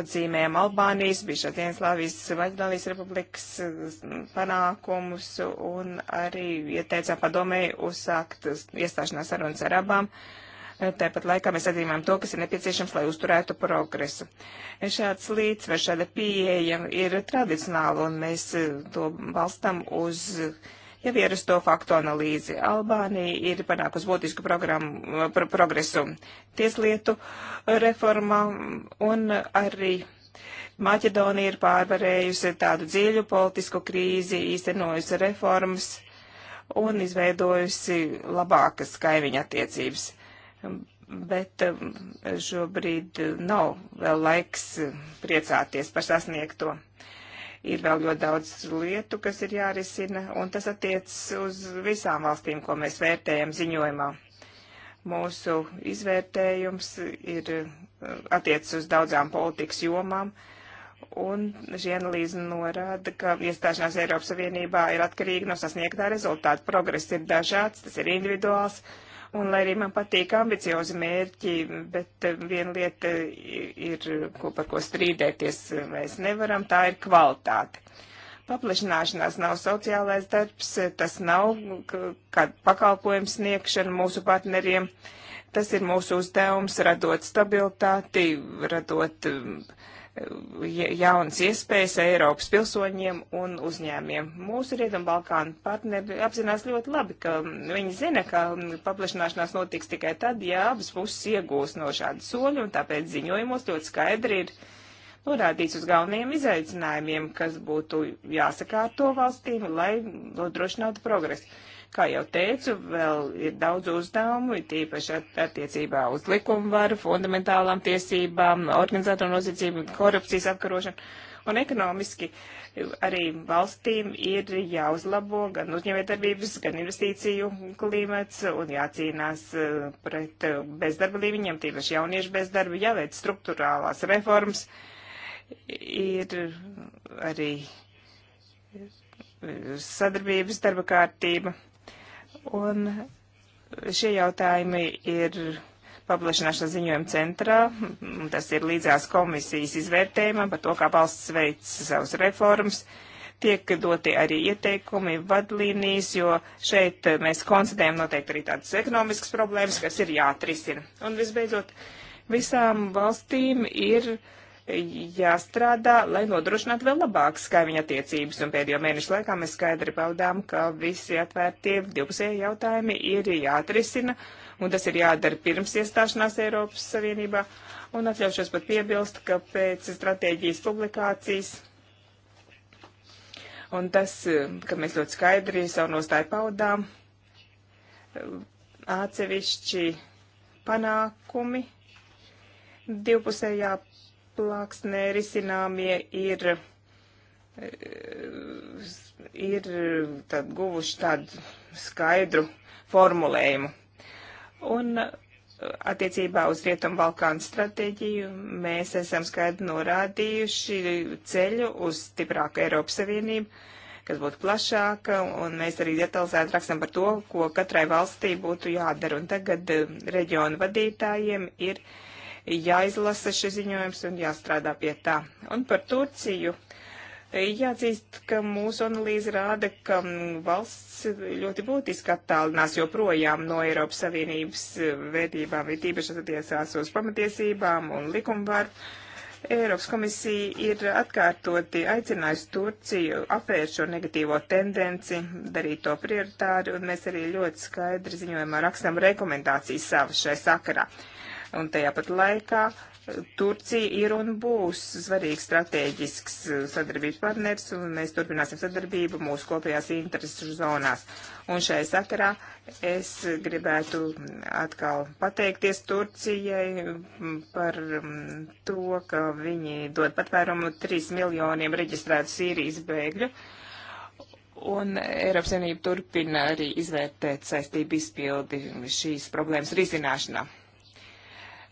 atzīmējam Albānijas, bijušā Dienaslāvijas, Vaļdālijas republikas eh, panākumus un arī ieteicām padomēji uzsākt eh, iestāšanās sarunas ar abām. Uh, Tāpat laikā mēs atzīmējam to, kas ir nepieciešams, lai uzturētu progresu. Šāds līdzsvars, šāda pieeja ir tradicionāla, un mēs e, to balstam uz jau ierasto faktu analīzi. Albānija ir panākusi būtisku programmu, e, pro, progresu tieslietu reformā un arī. Maķedonija ir pārvarējusi tādu dziļu politisku krīzi, īstenojusi reformas un izveidojusi labākas kaimiņa attiecības bet um, šobrīd nav vēl laiks priecāties par sasniegto. Ir vēl ļoti daudz lietu, kas ir jārisina, un tas attiec uz visām valstīm, ko mēs vērtējam ziņojumā. Mūsu izvērtējums ir uh, attiec uz daudzām politikas jomām, un šī analīze norāda, ka iestāšanās Eiropas Savienībā ir atkarīga no sasniegtā rezultāta. Progress ir dažāds, tas ir individuāls. Uh, Un lai arī man patīk ambiciozi mērķi, bet eh, viena lieta ir, ko par ko strīdēties mēs nevaram, tā ir kvalitāte. Paplašināšanās nav sociālais darbs, tas nav kāda pakalpojuma sniegšana mūsu partneriem. Tas ir mūsu uzdevums radot stabilitāti, radot uh, jaunas iespējas Eiropas pilsoņiem un uzņēmiem. Mūsu Rietumbalkānu partneri apzinās ļoti labi, ka viņi zina, ka paplašanāšanās notiks tikai tad, ja abas puses iegūs no šāda soļa, un tāpēc ziņojumos ļoti skaidri ir norādīts uz galvenajiem izaicinājumiem, kas būtu jāsakārto valstīm, lai nodrošinātu progresu. Kā jau teicu, vēl ir daudz uzdevumu, ir tīpaši attiecībā uz likumvaru, fundamentālām tiesībām, organizēto noziedzību, korupcijas apkarošanu un ekonomiski arī valstīm ir jāuzlabo gan uzņēmējdarbības, gan investīciju klimats un jācīnās eh, pret eh, bezdarba līmeņiem, tīpaši jauniešu bezdarbu, jāveic struktūrālās reformas. Ir arī eh, sadarbības darba kārtība. Un šie jautājumi ir paplašināšanas ziņojuma centrā, un tas ir līdzās komisijas izvērtējumam par to, kā valsts veic savus reformas. Tiek doti arī ieteikumi, vadlīnijas, jo šeit mēs konstatējam noteikti arī tādas ekonomiskas problēmas, kas ir jāatrisina. Un visbeidzot, visām valstīm ir uh, jāstrādā, lai nodrošinātu vēl labākas kaimiņa attiecības. Un pēdējo mēnešu laikā mēs skaidri paudām, ka visi atvērtie divpusēji jautājumi ir jāatrisina, un tas ir jādara pirms iestāšanās Eiropas Savienībā. Un atļaušos pat piebilst, ka pēc stratēģijas publikācijas Un tas, ka mēs ļoti skaidri savu nostāju paudām, atsevišķi panākumi divpusējā plāksnē risināmie ir, ir tad guvuši tādu skaidru formulējumu. Un attiecībā uz Rietumu Balkānu stratēģiju mēs esam skaidri norādījuši ceļu uz stiprāku Eiropas Savienību, kas būtu plašāka, un mēs arī detalizēti rakstam par to, ko katrai valstī būtu jādara. Un tagad eh, reģionu vadītājiem ir uh, jāizlasa šis ziņojums un jāstrādā pie tā. Un par Turciju. Jāatzīst, ka mūsu analīze rāda, ka mm, valsts ļoti būtiski attālinās joprojām no Eiropas Savienības eh, vērtībām, ir tīpaši attiecās uz pamatiesībām un likumvaru. Eiropas komisija ir atkārtoti aicinājusi Turciju apvērst šo negatīvo tendenci, darīt to prioritāri, un mēs arī ļoti skaidri ziņojumā rakstam rekomendācijas savas šai sakarā. Uh, Un tajā pat laikā eh, Turcija ir un būs svarīgs strateģisks eh, sadarbības partners, un mēs turpināsim sadarbību mūsu kopējās interesu zonās. Un šai sakarā es gribētu atkal pateikties Turcijai mm, par mm, to, ka viņi dod patvērumu 3 miljoniem reģistrētu Sīrijas bēgļu. Un Eiropas Savienība turpina arī izvērtēt saistību izpildi šīs problēmas risināšanā.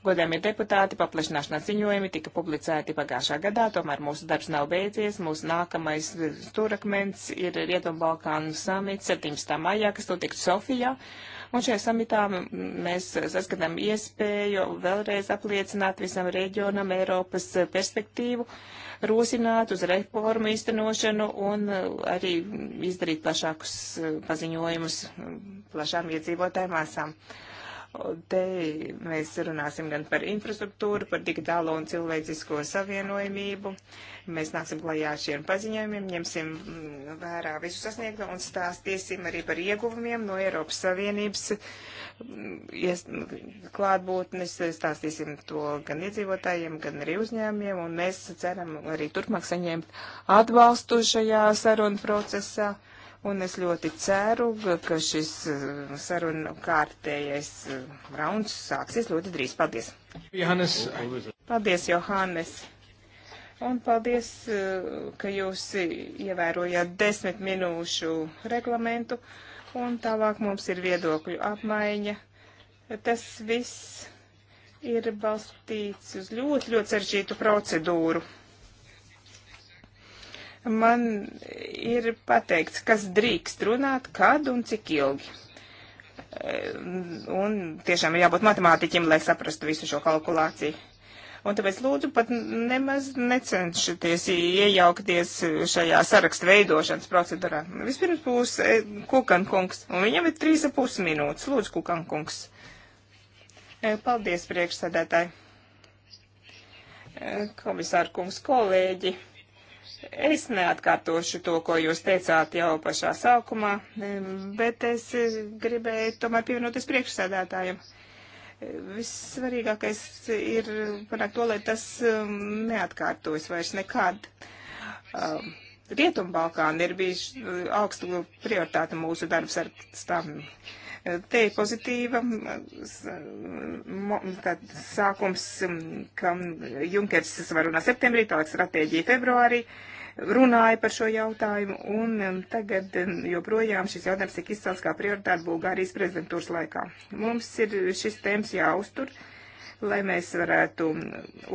Godējumie deputāti, paplašināšanās ziņojumi tika publicēti pagājušā gadā, tomēr mūsu darbs nav beidzies. Mūsu nākamais eh, stūrakmens ir Rietumbalkānu samits 17. maijā, kas notiks Sofijā. Un šajā samitā mēs saskatām iespēju vēlreiz apliecināt visam reģionam Eiropas perspektīvu, rosināt uz reformu īstenošanu un eh, arī izdarīt plašākus eh, paziņojumus plašām iedzīvotājām masām. Te mēs runāsim gan par infrastruktūru, par digitālo un cilvēcisko savienojumību. Mēs nāksim klajā ar šiem paziņojumiem, ņemsim mm, vērā visu sasniegto un stāstiesim arī par ieguvumiem no Eiropas Savienības mm, klātbūtnes. Stāstīsim to gan iedzīvotājiem, gan arī uzņēmiem, un mēs ceram arī turpmāk saņemt atbalstu šajā sarunu procesā. Un es ļoti ceru, ka šis uh, sarunu kārtējais uh, rauns sāksies ļoti drīz. Paldies! Johannes. Paldies, Johannes! Un paldies, uh, ka jūs ievērojāt desmit minūšu reglamentu. Un tālāk mums ir viedokļu apmaiņa. Tas viss ir balstīts uz ļoti, ļoti saržītu procedūru man ir pateikts, kas drīkst runāt, kad un cik ilgi. Un tiešām ir jābūt matemātiķim, lai saprastu visu šo kalkulāciju. Un tāpēc lūdzu pat nemaz necenšaties iejaukties šajā sarakstu veidošanas procedūrā. Vispirms būs e, Kukankungs, un viņam ir trīs ap pus minūtes. Lūdzu, Kukankungs. E, paldies, priekšsēdētāji. E, Komisārkungs, kolēģi. Es neatkārtošu to, ko jūs teicāt jau pašā sākumā, bet es eh, gribēju tomēr pievienoties priekšsēdētājiem. Vissvarīgākais ir panākt to, lai tas neatkārtojas vairs nekad. Rietumbalkāni ir bijuši eh, augstu prioritāti mūsu darbs ar stāvim te ir pozitīva sākums, ka Junkers var runāt septembrī, tālāk stratēģija februārī. Uh, runāja par šo jautājumu, un um, tagad um, joprojām šis jautājums tiek izcelts kā prioritāte Bulgārijas prezidentūras laikā. Mums ir šis tēms jāuztur, lai mēs varētu um,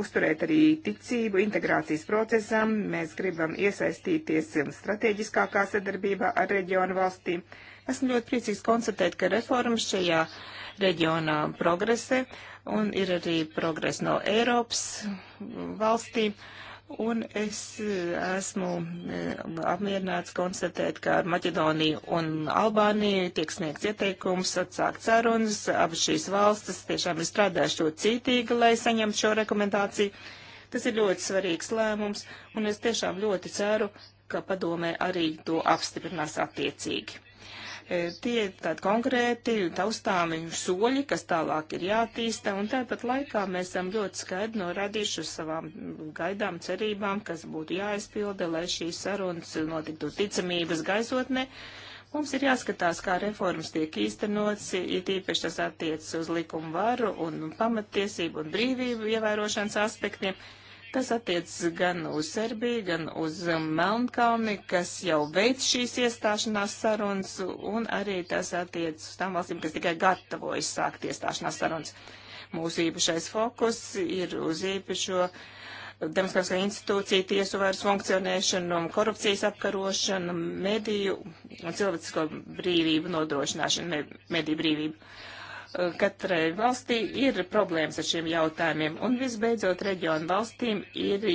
uzturēt arī ticību integrācijas procesam. Mēs gribam iesaistīties strateģiskākā sadarbībā ar reģionu valstīm. Esmu ļoti priecīgs konstatēt, ka reformas šajā reģionā progrese un ir arī progres no Eiropas valstīm. Un es eh, esmu eh, apmierināts konstatēt, ka ar Maķedoniju un Albāniju tiek sniegts ieteikums atsākt sarunas. Abas šīs valstis tiešām ir strādājuši ļoti cītīgi, lai saņemtu šo rekomendāciju. Tas ir ļoti svarīgs lēmums, un es tiešām ļoti ceru, ka padomē arī to apstiprinās attiecīgi. E, tie ir tādi konkrēti taustāmi soļi, kas tālāk ir jātīsta, un tāpat laikā mēs esam ļoti skaidri norādījuši uz savām gaidām, cerībām, kas būtu jāizpilda, lai šīs sarunas notiktu ticamības gaisotnē. Mums ir jāskatās, kā reformas tiek īstenots, ir tīpaši tas attiecas uz likumu varu un pamatiesību un brīvību ievērošanas aspektiem. Tas attiecas gan uz Serbiju, gan uz um, Melnkalni, kas jau veic šīs iestāšanās sarunas, un arī tas attiecas uz tām valstīm, kas tikai gatavojas sākt iestāšanās sarunas. Mūsu īpašais fokus ir uz īpašo demokrātiskā institūcija, tiesu vairs funkcionēšanu, um, korupcijas apkarošanu, mediju un cilvēcisko brīvību nodrošināšanu, mediju brīvību. Uh, Eh, katrai valstī ir problēmas ar šiem jautājumiem. Un visbeidzot, reģionu valstīm ir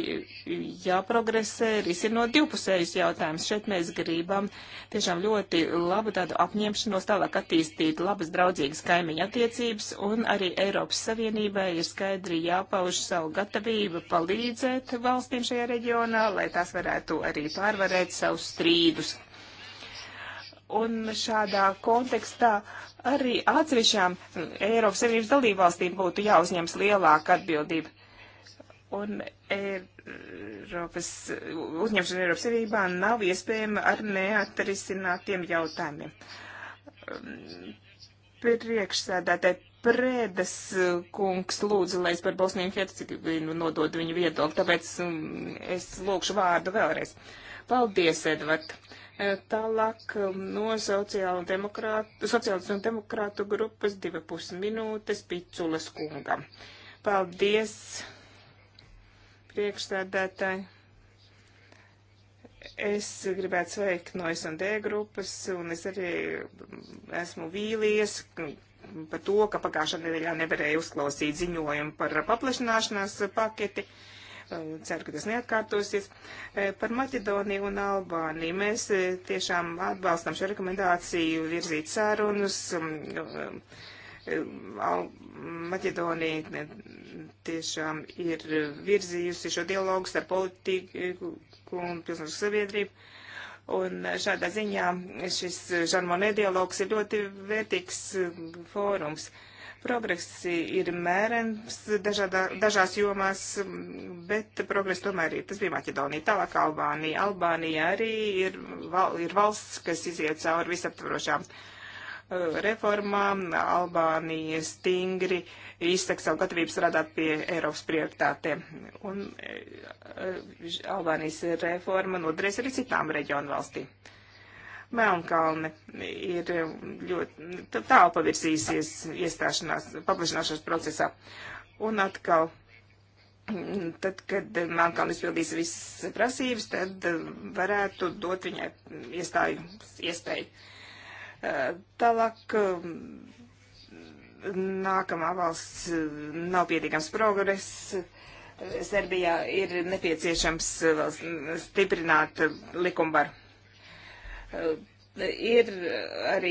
jāprogresē risinot divpusējus jautājumus. Šeit mēs gribam tiešām ļoti labu tādu apņemšanos tālāk attīstīt labas draudzīgas kaimiņa attiecības, un arī Eiropas Savienībai ir skaidri jāpauž savu gatavību palīdzēt valstīm šajā reģionā, lai tās varētu arī pārvarēt savus strīdus. Un šādā kontekstā arī atsevišķām Eiropas Savienības dalībvalstīm būtu jāuzņems lielāka atbildība. Un Eiropas, uzņemšana Eiropas Savienībā nav iespējama ar neatrisinātiem jautājumiem. Priekšsēdētāji Prēdas kungs lūdzu, lai es par Bosniju Hercegovinu nododu viņu viedokli, tāpēc mm, es lūkšu vārdu vēlreiz. Paldies, Edvard! Eh, tālāk um, no sociāla demokrātu, sociālas un demokrātu grupas divi pus minūtes Piculas kungam. Paldies, priekšstādētāji. Es gribētu sveikt no S&D grupas, un es arī um, esmu vīlies um, par to, ka pagājušā nedēļā nevarēju uzklausīt ziņojumu par paplašināšanās paketi. Uh, Eh, ceru, ka tas neatkārtosies. Eh, par Maķedoniju un Albāniju mēs eh, tiešām atbalstam šo rekomendāciju virzīt sarunas. Mm, Maķedonija tiešām ir virzījusi šo dialogu starp politiku un pilsētu sabiedrību. Un šādā ziņā šis Žanmonē dialogs ir ļoti vērtīgs fórums. Uh, Progress ir mērens dažādā, dažās jomās, bet progress tomēr ir. Tas bija Maķedonija, tālāk Albānija. Albānija arī ir, val, ir valsts, kas iziet cauri visaptvarošām uh, reformām. Albānija stingri izsaka savu gatavību strādāt pie Eiropas prioritātēm. Un uh, Albānijas reforma noderēs arī citām reģionu valstīm. Melnkalne ir ļoti tālu pavirzījusies iestāšanās, paplašināšanās procesā. Un atkal, tad, kad Melnkalne izpildīs visas prasības, tad varētu dot viņai iestāju iespēju. Tālāk nākamā valsts nav pietiekams progress. Serbijā ir nepieciešams vēl stiprināt likumvaru ir arī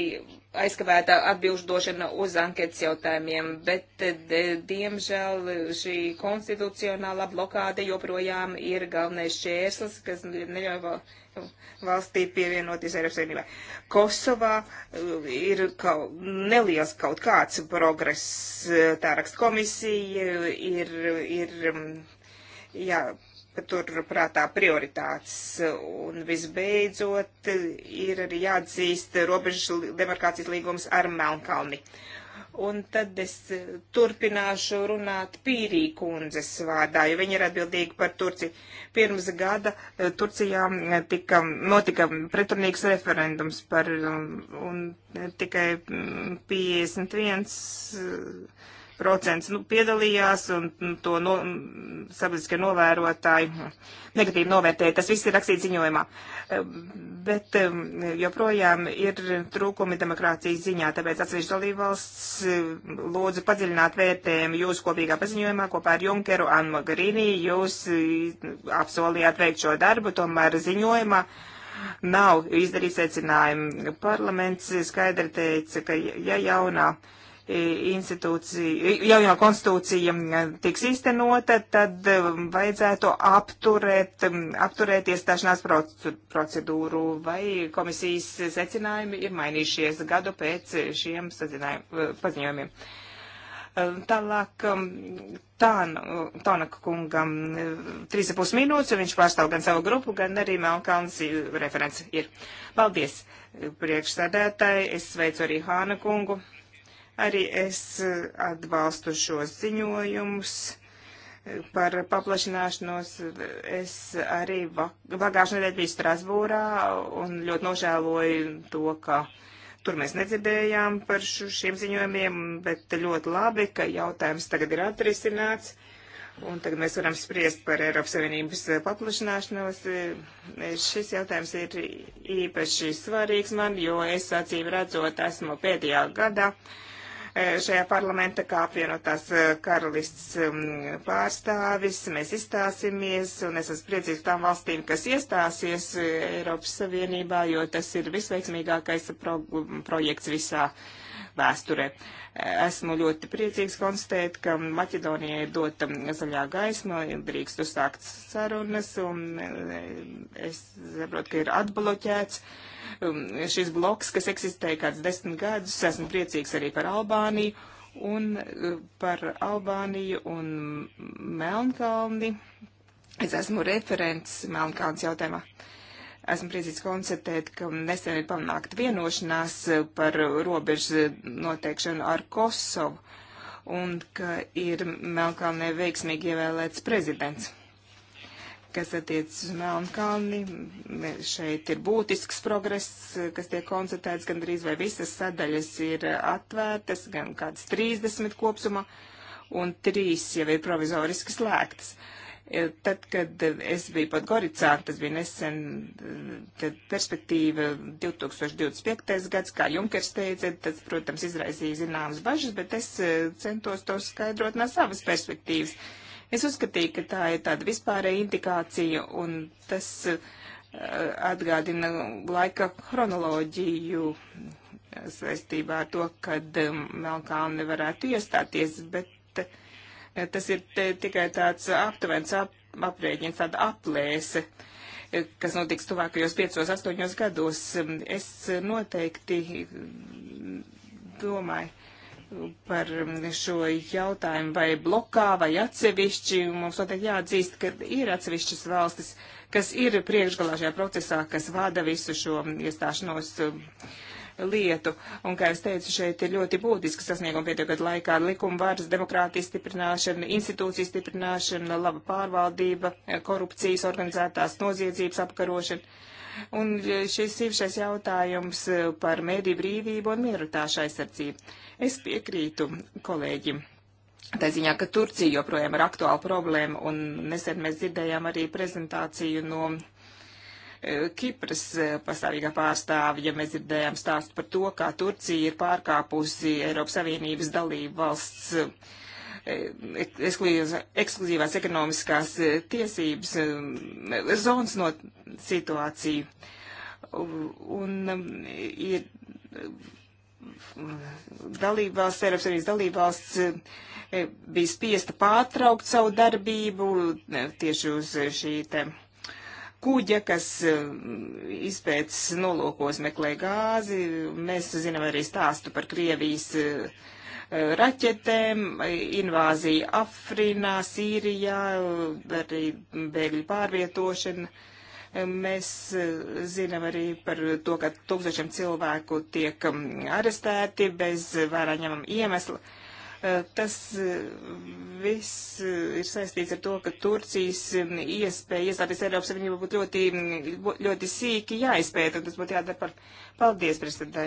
aizkavēta atbilždošana uz anketas jautājumiem, bet, eh, diemžēl, šī konstitucionālā blokāde joprojām ir galvenais šķērslis, kas neļauj valstī pievienoties Eiropas Savienībai. Kosovā eh, ir kaut, neliels kaut kāds progress, eh, tā raksta komisija, ir, ir mm, jā, paturprātā prioritātes. Un visbeidzot, ir arī jāatzīst robežas demarkācijas līgums ar Melnkalni. Un tad es turpināšu runāt Pīrī kundzes vārdā, jo viņa ir atbildīga par Turciju. Pirms gada eh, Turcijā eh, tika, notika pretrunīgs referendums par, um, un eh, tikai 51 mm, procents nu, piedalījās un mm, to no, mm, sabiedriskie novērotāji negatīvi novērtēja. Tas viss ir rakstīts ziņojumā. Eh, bet eh, joprojām ir trūkumi demokrātijas ziņā, tāpēc atsevišķi dalībvalsts eh, lūdzu padziļināt vērtējumu jūsu kopīgā paziņojumā kopā ar Junkeru un Mogherini. Jūs apsolījāt veikt šo darbu, tomēr ziņojumā nav izdarīts secinājumu. Parlaments skaidri teica, ka ja jaunā. Ja institūcija, jauno konstitūcija e, tiks īstenota, tad e, vajadzētu apturēt, apturēt iestāšanās procedūru, vai komisijas secinājumi ir mainījušies gadu pēc šiem e, paziņojumiem. Tālāk Tānaka kungam 3,5 minūtes, viņš pārstāv gan savu grupu, gan arī Melkalns referents ir. Paldies, priekšsēdētāji, es sveicu arī Hāna kungu Arī es eh, atbalstu šos ziņojumus eh, par paplašināšanos. Es arī pagājušajā nedēļā biju Strasbūrā un ļoti nožēloju to, ka tur mēs nedzirdējām par šu, šiem ziņojumiem, bet ļoti labi, ka jautājums tagad ir atrisināts. Un tagad mēs varam spriest par Eiropas Savienības paplašināšanos. Eh, šis jautājums ir īpaši svarīgs man, jo es acīm redzot esmu pēdējā gadā. Uh, Eh, šajā parlamenta kā apvienotās eh, karalists um, pārstāvis. Mēs izstāsimies un es esmu priecīgs tām valstīm, kas iestāsies eh, Eiropas Savienībā, jo tas ir visveiksmīgākais pro projekts visā. Uh, vēsturē. Esmu ļoti priecīgs konstatēt, ka Maķedonijai dota um, zaļā gaisma, drīkst uzsākt sarunas, un eh, es saprotu, ka ir atbloķēts um, šis bloks, kas eksistēja kāds desmit gadus. Esmu priecīgs arī par Albāniju un eh, par Albāniju un Melnkalni. Es esmu referents Melnkalns jautājumā. Esmu priecīgs konstatēt, ka nesen ir panākt vienošanās par robežu noteikšanu ar Kosovu un ka ir Melkalnē veiksmīgi ievēlēts prezidents. Kas attiecas uz Melnkalni, šeit ir būtisks progress, kas tiek konstatēts, gandrīz vai visas sadaļas ir atvērtas, gan kādas 30 kopsumā, un trīs jau ir provizoriski slēgtas. Uh, Tad, kad es biju pat Goricā, tas bija nesen, tad perspektīva 2025. gads, kā Junkers teica, tas, protams, izraisīja zināmas bažas, bet es eh, centos to skaidrot no savas perspektīvas. Es uzskatīju, ka tā ir tāda vispārēja indikācija, un tas eh, atgādina laika chronoloģiju eh, saistībā ar to, kad Melkāne varētu iestāties, bet uh, Eh, tas ir te, tikai tāds aptuvens ap, aprēķins, tāda aplēse, eh, kas notiks tuvākajos 5-8 gados. Mm, es noteikti mm, domāju mm, par šo jautājumu, vai blokā, vai atsevišķi. Mums noteikti jāatzīst, ka ir atsevišķas valstis, kas ir priekšgalā šajā procesā, kas vada visu šo iestāšanos lietu. Un, kā es teicu, šeit ir ļoti būtiski sasniegumi pēdējo gadu laikā - likuma varas, demokrātijas stiprināšana, institūcijas stiprināšana, laba pārvaldība, eh, korupcijas organizētās noziedzības apkarošana. Un eh, šis īpašais jautājums eh, par mēdī brīvību un mierutāšu aizsardzību. Es piekrītu kolēģim. Tā ziņā, ka Turcija joprojām ir aktuāla problēma, un nesen mēs dzirdējām arī prezentāciju no Kipras eh, pastāvīgā pārstāvja, mēs dzirdējām stāstu par to, kā Turcija ir pārkāpusi Eiropas Savienības dalību valsts eh, ekskluzīvās ekonomiskās eh, tiesības zonas no situāciju. Un um, ir dalībvalsts, Eiropas Savienības dalībvalsts bija spiesta pārtraukt savu darbību tieši uz šī te kuģa, kas mm, izpētes nolūkos meklē gāzi. Mēs zinām arī stāstu par Krievijas eh, raķetēm, invāzija Afrinā, Sīrijā, arī bēgļu pārvietošana. Mēs eh, zinām arī par to, ka tūkstošiem cilvēku tiek mm, arestēti bez vērā ņemam iemeslu. Uh, Eh, tas eh, viss eh, ir saistīts ar to, ka Turcijas mm, iespēja iestāties Eiropas Savienībā būtu ļoti, mm, ļoti sīki jāizpēta, un tas būtu jādara par paldies prezidentai.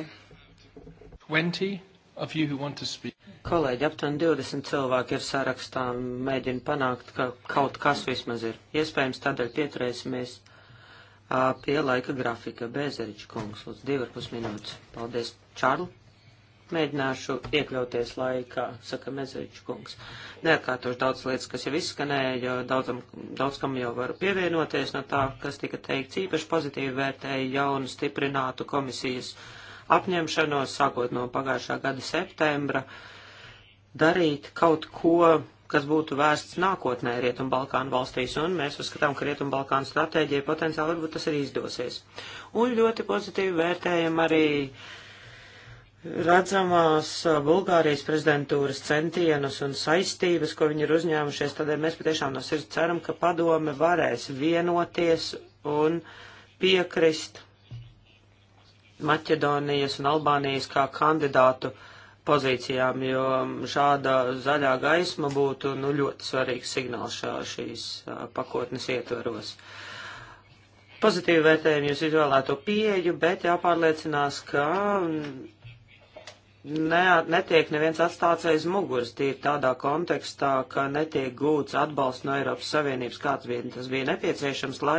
Kolēģi, aptuveni 20 cilvēki ir sarakstā, mēģina panākt, ka kaut kas vismaz ir. Iespējams, tādēļ pieturēsimies pie laika grafika. Bēzeriča kungs, lūdzu, divi ar pus minūtes. Paldies, Čārli. Mēģināšu iekļauties laikā, saka Mezevičs kungs. Neatkārtošu daudz lietas, kas jau izskanēja, daudzam, daudz kam jau varu pievienoties no tā, kas tika teikts. Īpaši pozitīvi vērtēja jaunu stiprinātu komisijas apņemšanos, sākot no pagājušā gada septembra, darīt kaut ko, kas būtu vērsts nākotnē Rietumbalkānu valstīs, un mēs uzskatām, ka Rietumbalkānu stratēģija potenciāli varbūt tas arī izdosies. Un ļoti pozitīvi vērtējam arī uh, redzamās Bulgārijas prezidentūras centienus un saistības, ko viņi ir uzņēmušies, tādēļ mēs patiešām no sirds ceram, ka padome varēs vienoties un piekrist Maķedonijas un Albānijas kā kandidātu pozīcijām, jo šāda zaļā gaisma būtu nu, ļoti svarīgs signāls šā, šīs pakotnes ietvaros. Pozitīvi vērtējam jūs izvēlēto pieeju, bet jāpārliecinās, ka ne, netiek neviens atstāts aiz muguras, tīri tādā kontekstā, ka netiek gūts atbalsts no Eiropas Savienības, kāds bija, tas bija nepieciešams, lai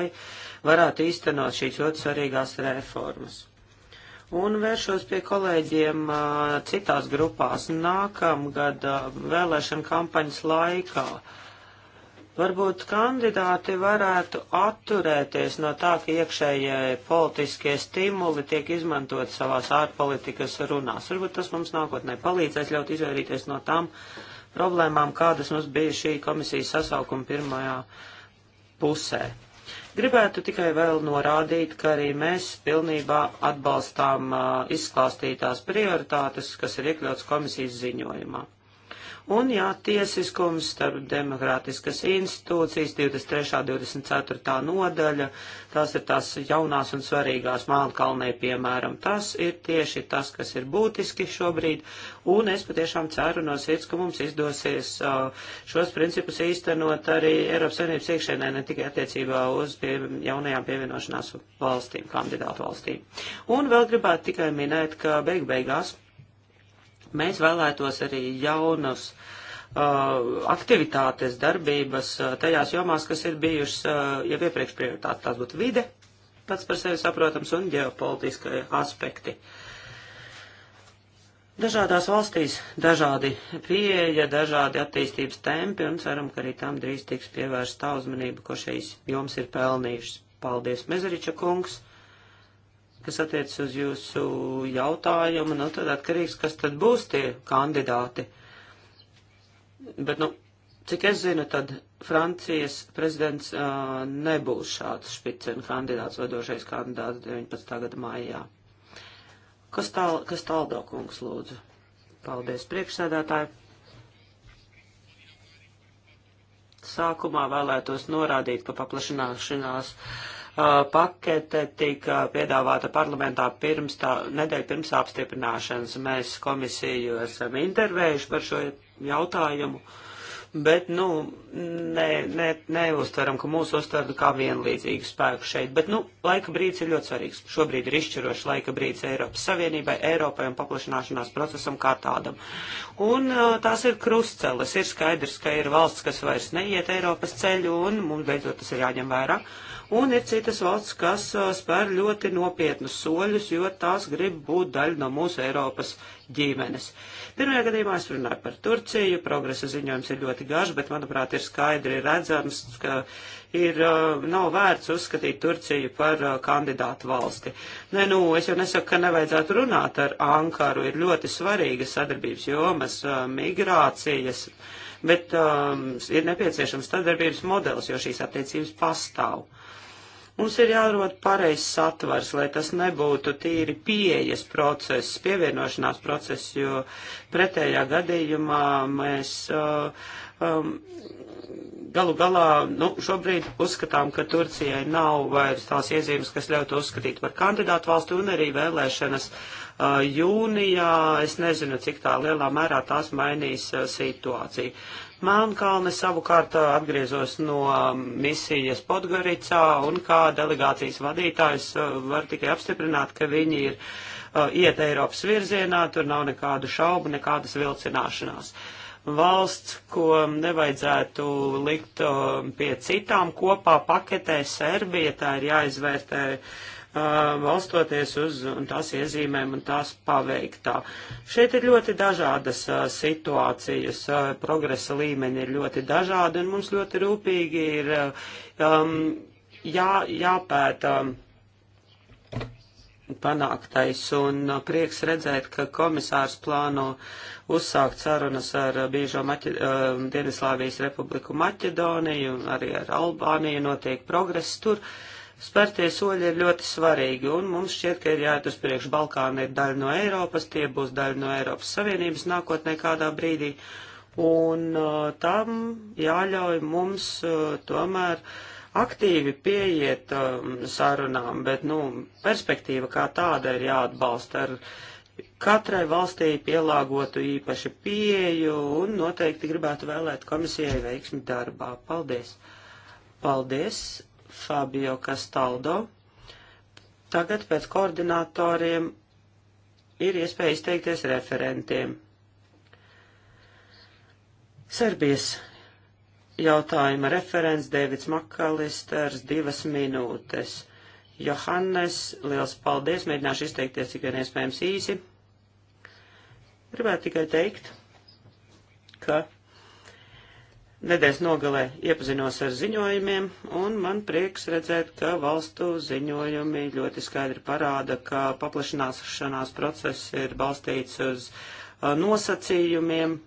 varētu īstenot šīs ļoti svarīgās reformas. Un vēršos pie kolēģiem uh, citās grupās nākamgad uh, vēlēšana kampaņas laikā. Uh, Varbūt kandidāti varētu atturēties no tā, ka iekšējie politiskie stimuli tiek izmantot savās ārpolitikas runās. Varbūt tas mums nākotnē palīdzēs ļaut izvairīties no tām problēmām, kādas mums bija šī komisijas sasaukuma pirmajā pusē. Gribētu tikai vēl norādīt, ka arī mēs pilnībā atbalstām uh, izklāstītās prioritātes, kas ir iekļauts komisijas ziņojumā. Un jā, tiesiskums starp demokrātiskas institūcijas, 23. 24. nodaļa, tās ir tās jaunās un svarīgās Mālkalnē, piemēram. Tas ir tieši tas, kas ir būtiski šobrīd, un es patiešām ceru no sirds, ka mums izdosies uh, šos principus īstenot arī Eiropas Savienības iekšēnē, ne tikai attiecībā uz pie, jaunajām pievienošanās valstīm, kandidātu valstīm. Un vēl gribētu tikai minēt, ka beig beigās Mēs vēlētos arī jaunus uh, aktivitātes, darbības uh, tajās jomās, kas ir bijušas uh, jau iepriekš prioritātes. Tās būtu vide, pats par sevi saprotams, un ģeopolitiskie aspekti. Dažādās valstīs dažādi pieeja, dažādi attīstības tempi, un ceram, ka arī tam drīz tiks pievērsta uzmanība, ko šīs joms ir pelnījušas. Paldies, Mezeriča kungs! Kas attiecas uz jūsu jautājumu, nu tad atkarīgs, kas tad būs tie kandidāti. Bet, nu, cik es zinu, tad Francijas prezidents uh, nebūs šāds špicena kandidāts, vadošais kandidāts 19. gada maijā. Kas, tāl, kas tāldo, kungs, lūdzu? Paldies, priekšsēdētāji. Sākumā vēlētos norādīt, ka paplašināšanās. Uh, Uh, pakete tika piedāvāta parlamentā pirms tā, nedēļa pirms apstiprināšanas. Mēs komisiju esam intervējuši par šo jautājumu, bet, nu, ne, ne, neuztveram, ka mūsu uztverdu kā vienlīdzīgu spēku šeit. Bet, nu, laika brīdis ir ļoti svarīgs. Šobrīd ir izšķirošs laika brīdis Eiropas Savienībai, Eiropai un paplašanāšanās procesam kā tādam. Un uh, tās ir krustceles. Ir skaidrs, ka ir valsts, kas vairs neiet Eiropas ceļu, un mums beidzot tas ir jāņem vairāk un ir citas valsts, kas spēr ļoti nopietnus soļus, jo tās grib būt daļa no mūsu Eiropas ģimenes. Pirmajā gadījumā es runāju par Turciju, progresa ziņojums ir ļoti garš, bet, manuprāt, ir skaidri redzams, ka ir, nav vērts uzskatīt Turciju par kandidātu valsti. Nē, nu, es jau nesaku, ka nevajadzētu runāt ar Ankaru, ir ļoti svarīgas sadarbības jomas, migrācijas, bet um, ir nepieciešams sadarbības modelis, jo šīs attiecības pastāv. Mums ir jārod pareizs satvars, lai tas nebūtu tīri pieejas process, pievienošanās process, jo pretējā gadījumā mēs uh, um, galu galā nu, šobrīd uzskatām, ka Turcijai nav vairs tās iezīmes, kas ļautu uzskatīt par kandidātu valstu un arī vēlēšanas uh, jūnijā. Es nezinu, cik tā lielā mērā tās mainīs uh, situāciju. Melnkalne savukārt atgriezos no misijas Podgoricā un kā delegācijas vadītājs var tikai apstiprināt, ka viņi ir iet Eiropas virzienā, tur nav nekādu šaubu, nekādas vilcināšanās valsts, ko nevajadzētu likt pie citām kopā paketē Serbija, tā ir jāizvērtē valstoties uz tās iezīmēm un tās paveiktā. Šeit ir ļoti dažādas situācijas, progresa līmeņi ir ļoti dažādi, un mums ļoti rūpīgi ir um, jā, jāpēta panāktais, un prieks redzēt, ka komisārs plāno uzsākt sarunas ar biežo Maķe Dienvidslāvijas republiku Maķedoniju, arī ar Albāniju notiek progress tur. Uh, Spērtie soļi ir ļoti svarīgi, un mums šķiet, ka ir jāiet uz priekšu. Balkāna ir daļa no Eiropas, tie būs daļa no Eiropas Savienības nākotnē kādā brīdī, un uh, tam jāļauj mums uh, tomēr aktīvi pieiet um, sarunām, bet, nu, perspektīva kā tāda ir jāatbalsta ar katrai valstī pielāgotu īpaši pieju, un noteikti gribētu vēlēt komisijai veiksmi darbā. Paldies! Paldies! Fabio Castaldo. Tagad pēc koordinatoriem ir iespēja izteikties referentiem. Serbijas jautājuma referents Dēvids Makalisters, divas minūtes. Johannes, liels paldies, mēģināšu izteikties cik vien iespējams īsi. Gribētu tikai teikt, ka Nedēļas nogalē iepazinos ar ziņojumiem, un man prieks redzēt, ka valstu ziņojumi ļoti skaidri parāda, ka paplašināšanās process ir balstīts uz uh, nosacījumiem.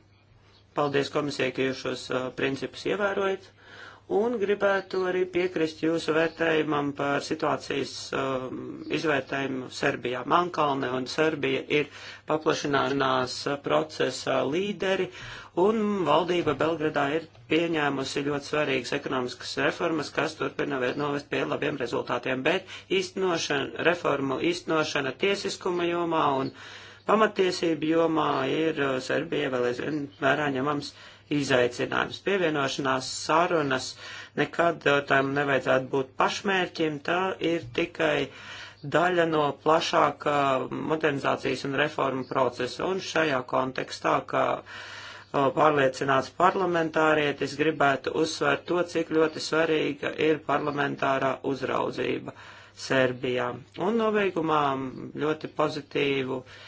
Paldies komisijai, ka jūs šos uh, principus ievērojat un gribētu arī piekrist jūsu vērtējumam par situācijas um, izvērtējumu Serbijā. Mankalne un Serbija ir paplašināšanās procesa līderi, un valdība Belgradā ir pieņēmusi ļoti svarīgas ekonomiskas reformas, kas turpina novest pie labiem rezultātiem, bet īstenošana, reformu īstenošana tiesiskuma jomā un pamatiesību jomā ir uh, Serbija vēl aizvien vērā ņemams izaicinājums. Pievienošanās sarunas nekad eh, tam nevajadzētu būt pašmērķim, tā ir tikai daļa no plašāka modernizācijas un reformu procesa. Un šajā kontekstā, kā eh, pārliecināts parlamentārietis, gribētu uzsvērt to, cik ļoti svarīga ir parlamentārā uzraudzība Serbijā. Un nobeigumā ļoti pozitīvu uh,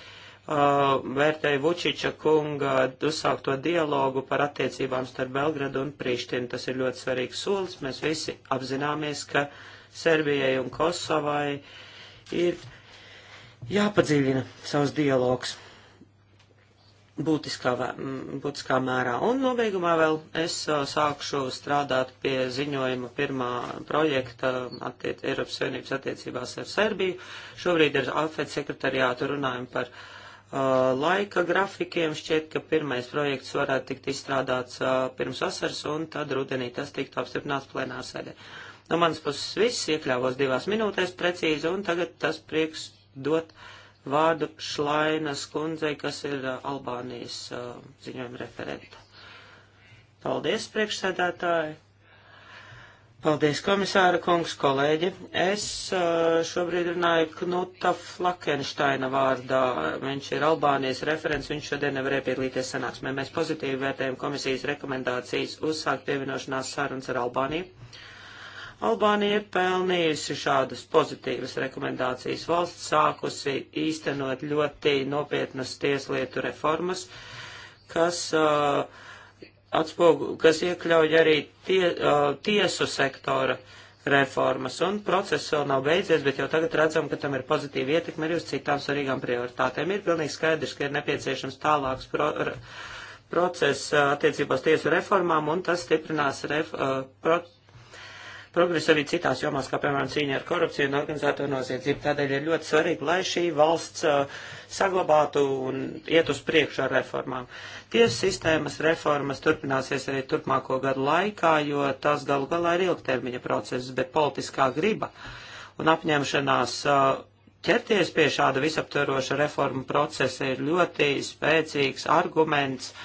Uh, vērtēja Vučiča kunga uzsākto dialogu par attiecībām starp Belgradu un Prīštinu. Tas ir ļoti svarīgs solis. Mēs visi apzināmies, ka Serbijai un Kosovai ir jāpadziļina savs dialogs būtiskā, būtiskā mērā. Un nobeigumā vēl es uh, sākšu strādāt pie ziņojuma pirmā projekta attiec, Eiropas Savienības attiecībās ar Serbiju. Šobrīd ar AFED sekretariātu runājam par uh, Uh, laika grafikiem. Šķiet, ka pirmais projekts varētu tikt izstrādāts uh, pirms vasaras, un tad rudenī tas tiktu apstiprināts plenārsēdē. No manas puses viss iekļāvos divās minūtēs precīzi, un tagad tas prieks dot vārdu Šlainas kundzei, kas ir uh, Albānijas ziņojuma referenta. Paldies, priekšsēdētāji! Paldies, komisāra kungs, kolēģi. Es eh, šobrīd runāju Knuta Flakensteina vārdā. Viņš ir Albānijas referents, viņš šodien nevarēja piedalīties sanāksmē. Mēs pozitīvi vērtējam komisijas rekomendācijas uzsākt pievienošanās sarunas ar Albāniju. Albānija ir pelnījusi šādas pozitīvas rekomendācijas. Valsts sākusi īstenot ļoti nopietnas tieslietu reformas, kas uh, atspogu, kas iekļauj arī tie, uh, tiesu sektora reformas, un process vēl nav beidzies, bet jau tagad redzam, ka tam ir pozitīva ietekme arī uz citām svarīgām prioritātēm. Ir pilnīgi skaidrs, ka ir nepieciešams tālāks pro, r, process uh, attiecībās tiesu reformām, un tas stiprinās ref, uh, pro, progresu arī citās jomās, kā piemēram cīņa ar korupciju un organizēto noziedzību. Tādēļ ir ļoti svarīgi, lai šī valsts uh, saglabātu un iet uz priekšu ar reformām. Tiesu sistēmas reformas turpināsies arī turpmāko gadu laikā, jo tas galu galā ir ilgtermiņa process, bet politiskā griba un apņemšanās. Uh, ķerties pie šāda visaptveroša reforma procesa ir ļoti spēcīgs arguments uh,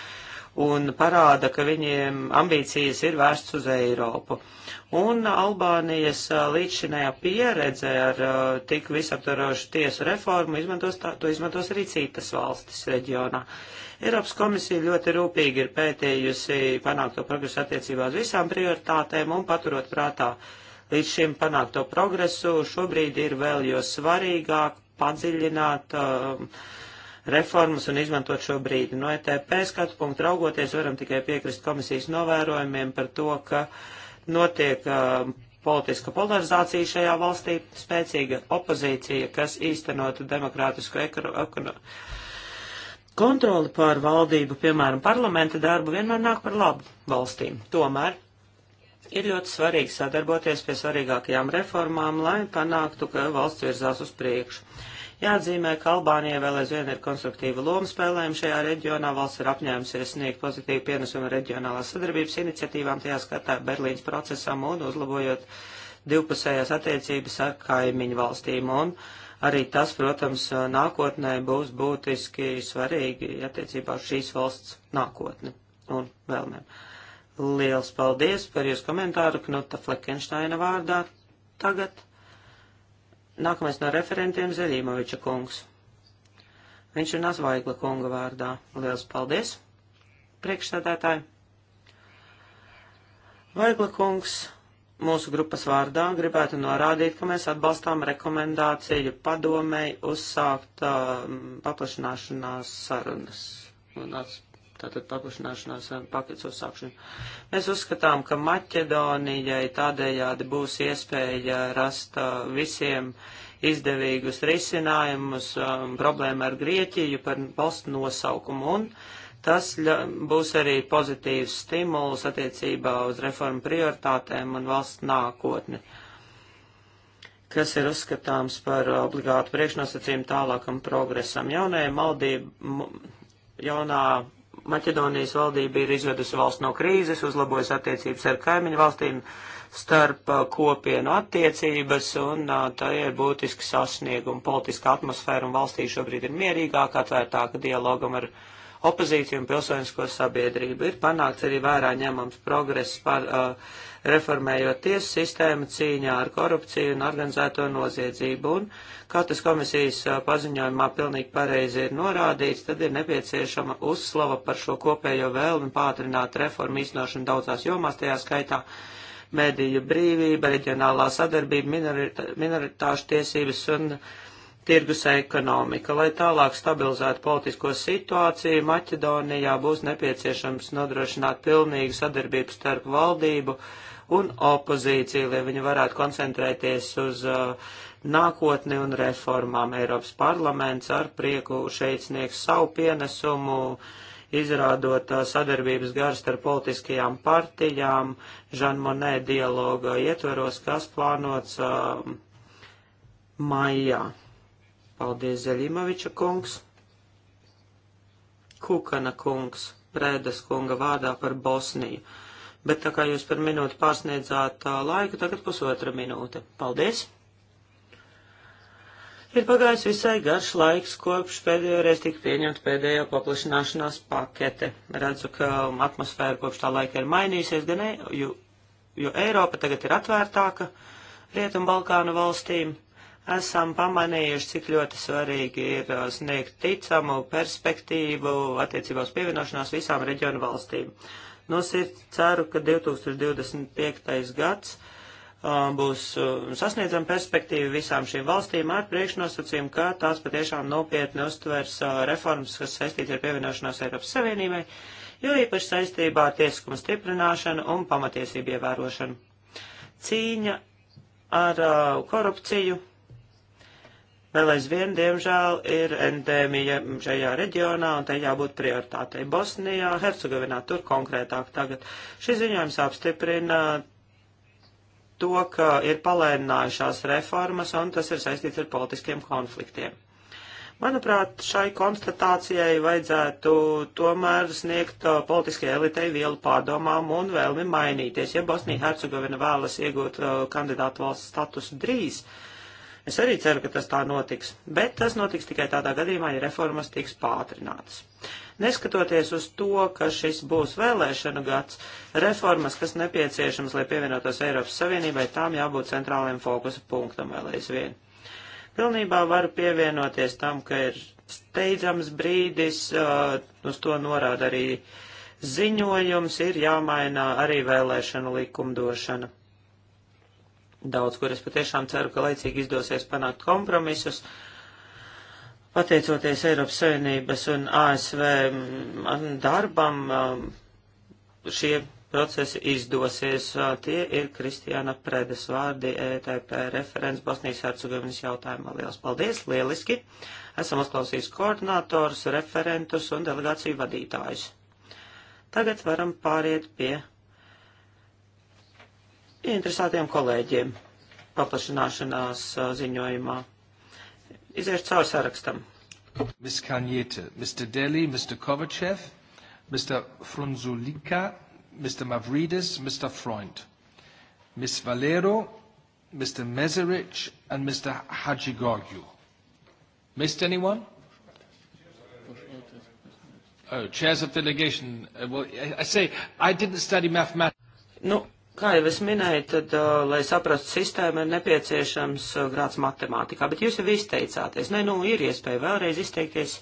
un parāda, ka viņiem ambīcijas ir vērstas uz Eiropu. Un Albānijas līdzšinējā pieredze ar tik visaptarošu tiesu reformu izmantos, tā, to izmantos arī citas valstis reģionā. Eiropas komisija ļoti rūpīgi ir pētījusi panākto progresu attiecībā uz visām prioritātēm un paturot prātā līdz šim panākto progresu, šobrīd ir vēl jo svarīgāk padziļināt uh, reformas un izmantot šo brīdi. No ETP skatu punktu raugoties varam tikai piekrist komisijas novērojumiem par to, ka notiek uh, politiska polarizācija šajā valstī, spēcīga opozīcija, kas īstenotu demokrātisku ekonomiku. Kontroli pār valdību, piemēram, parlamenta darbu, vienmēr nāk par labu valstīm. Tomēr ir ļoti svarīgi sadarboties pie svarīgākajām reformām, lai panāktu, ka valsts virzās uz priekšu. Jāatzīmē, ka Albānija vēl aizvien ir konstruktīva loma spēlējuma šajā reģionā. Valsts ir apņēmusies sniegt pozitīvu pienesumu reģionālās sadarbības iniciatīvām, tajā skatā Berlīnas procesam un uzlabojot divpusējās attiecības ar kaimiņu valstīm. Un arī tas, protams, nākotnē būs būtiski svarīgi attiecībā uz šīs valsts nākotni un vēlmēm. Liels paldies par jūsu komentāru Knuta Fleckensteina vārdā. Tagad Nākamais no referentiem Zeļīmoviča kungs. Viņš ir Nazvaigla kunga vārdā. Lielas paldies, priekšsēdētāji. Vaigla kungs mūsu grupas vārdā gribētu norādīt, ka mēs atbalstām rekomendāciju padomēji uzsākt uh, paplašināšanās sarunas. Un tas tātad paplašināšanās pakets uzsākšanu. Mēs uzskatām, ka Maķedonijai tādējādi būs iespēja rast uh, visiem izdevīgus risinājumus um, problēmu ar Grieķiju par valstu nosaukumu. Un tas būs arī pozitīvs stimuls attiecībā uz reformu prioritātēm un valsts nākotni kas ir uzskatāms par obligātu priekšnosacījumu tālākam progresam. Jaunajai Maldība, jaunā Maķedonijas valdība ir izvedusi valsts no krīzes, uzlabojas attiecības ar kaimiņu valstīm starp uh, kopienu attiecības, un uh, tā ir būtiski sasnieguma. Politiska atmosfēra un valstī šobrīd ir mierīgāka, atvērtāka dialogam ar opozīciju un pilsonisko sabiedrību. Ir panākts arī vērā ņemams progress par uh, reformējot tiesu sistēmu cīņā ar korupciju un organizēto noziedzību. Un, kā tas komisijas paziņojumā pilnīgi pareizi ir norādīts, tad ir nepieciešama uzslava par šo kopējo vēlmi pātrināt reformu īstenošanu daudzās jomās, tajā skaitā mediju brīvība, reģionālā sadarbība, minorita, minoritāšu tiesības un tirgus ekonomika. Lai tālāk stabilizētu politisko situāciju, Maķedonijā būs nepieciešams nodrošināt pilnīgu sadarbību starp valdību, uh, un opozīciju, lai viņi varētu koncentrēties uz uh, nākotni un reformām. Eiropas parlaments ar prieku šeit sniegs savu pienesumu, izrādot uh, sadarbības garu starp politiskajām partijām, Žan Monē dialoga ietveros, kas plānots uh, maijā. Paldies, Zeļimaviča kungs. Kukana kungs, Prēdas kunga vārdā par Bosniju bet tā kā jūs par minūti pārsniedzāt laiku, tagad pusotra minūte. Paldies! Ir pagājis visai garš laiks, kopš pēdējo reizi tika pieņemta pēdējā paplašināšanās pakete. Redzu, ka atmosfēra kopš tā laika ir mainījusies, gan e jo, jo Eiropa tagad ir atvērtāka Rietumbalkānu valstīm. Esam pamanījuši, cik ļoti svarīgi ir sniegt ticamu perspektīvu attiecībās pievienošanās visām reģionu valstīm. Uh, No nu, sirds ceru, ka 2025. gads uh, būs uh, sasniedzama perspektīva visām šīm valstīm ar priekšnosacījumu, ka tās patiešām nopietni uztvers uh, reformas, kas saistīti ar pievienošanos Eiropas Savienībai, jo īpaši saistībā ar tiesiskumu stiprināšanu un pamatiesību ievērošanu. Cīņa ar korupciju Vēl aizvien, diemžēl, ir endēmija šajā reģionā, un tai jābūt prioritātei. Bosnijā, Hercegovinā, tur konkrētāk tagad. Šis ziņojums apstiprina to, ka ir palēninājušās reformas, un tas ir saistīts ar politiskiem konfliktiem. Manuprāt, šai konstatācijai vajadzētu tomēr sniegt politiskajai elitei vielu pārdomām un vēlmi mainīties. Ja Bosnija-Hercegovina vēlas iegūt uh, kandidātu valsts statusu drīz, uh, Es arī ceru, ka tas tā notiks, bet tas notiks tikai tādā gadījumā, ja reformas tiks pātrinātas. Neskatoties uz to, ka šis būs vēlēšanu gads, reformas, kas nepieciešams, lai pievienotos Eiropas Savienībai, tām jābūt centrālajiem fokusa punktam vēl aizvien. Pilnībā varu pievienoties tam, ka ir steidzams brīdis, uh, uz to norāda arī ziņojums, ir jāmaina arī vēlēšanu likumdošana daudz, kur es patiešām ceru, ka laicīgi izdosies panākt kompromisus. Pateicoties Eiropas Savienības un ASV mm, darbam, mm, šie procesi izdosies. Tie ir Kristiāna Predes vārdi ETP referents Bosnijas Hercegovinas jautājumā. Lielas paldies, lieliski! Esam uzklausījuši koordinātors, referentus un delegāciju vadītājus. Tagad varam pāriet pie ieinteresētiem kolēģiem paplašināšanās ziņojumā. Iziešu cauri sarakstam. Ms. Kaniete, Mr. Deli, Mr. Kovachev, Mr. Frunzulika, Mr. Mavridis, Mr. Freund, Ms. Valero, Mr. Mezerich, and Mr. Hajigorgiou. Missed anyone? Oh, chairs of delegation. Uh, well, I, I say I didn't study mathematics. Nu, Kā jau es minēju, tad, uh, lai saprastu sistēmu, ir nepieciešams uh, grāts matemātikā, bet jūs jau izteicāties. Nē, nu, ir iespēja vēlreiz izteikties.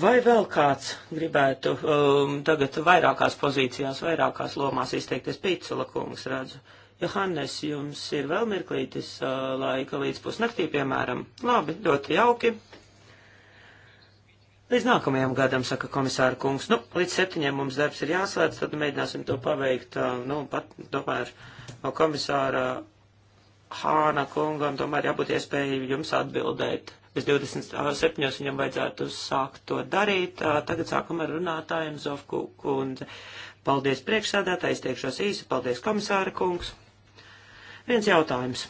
Vai vēl kāds gribētu um, tagad vairākās pozīcijās, vairākās lomās izteikties? Pīcula kungs, redzu. Johannes, jums ir vēl mirklītis uh, laika līdz pusnaktī, piemēram. Labi, ļoti jauki. Līdz nākamajam gadam, saka komisāra kungs, nu, līdz septiņiem mums darbs ir jāslēdz, tad mēģināsim to paveikt, nu, pat, tomēr, no komisāra Hāna kungam tomēr jābūt iespēju jums atbildēt. Bez 27. viņam vajadzētu sākt to darīt. Tagad sākam ar runātājiem Zofku kundze. Paldies priekšsādātājai, izteikšos īsi. Paldies komisāra kungs. Viens jautājums.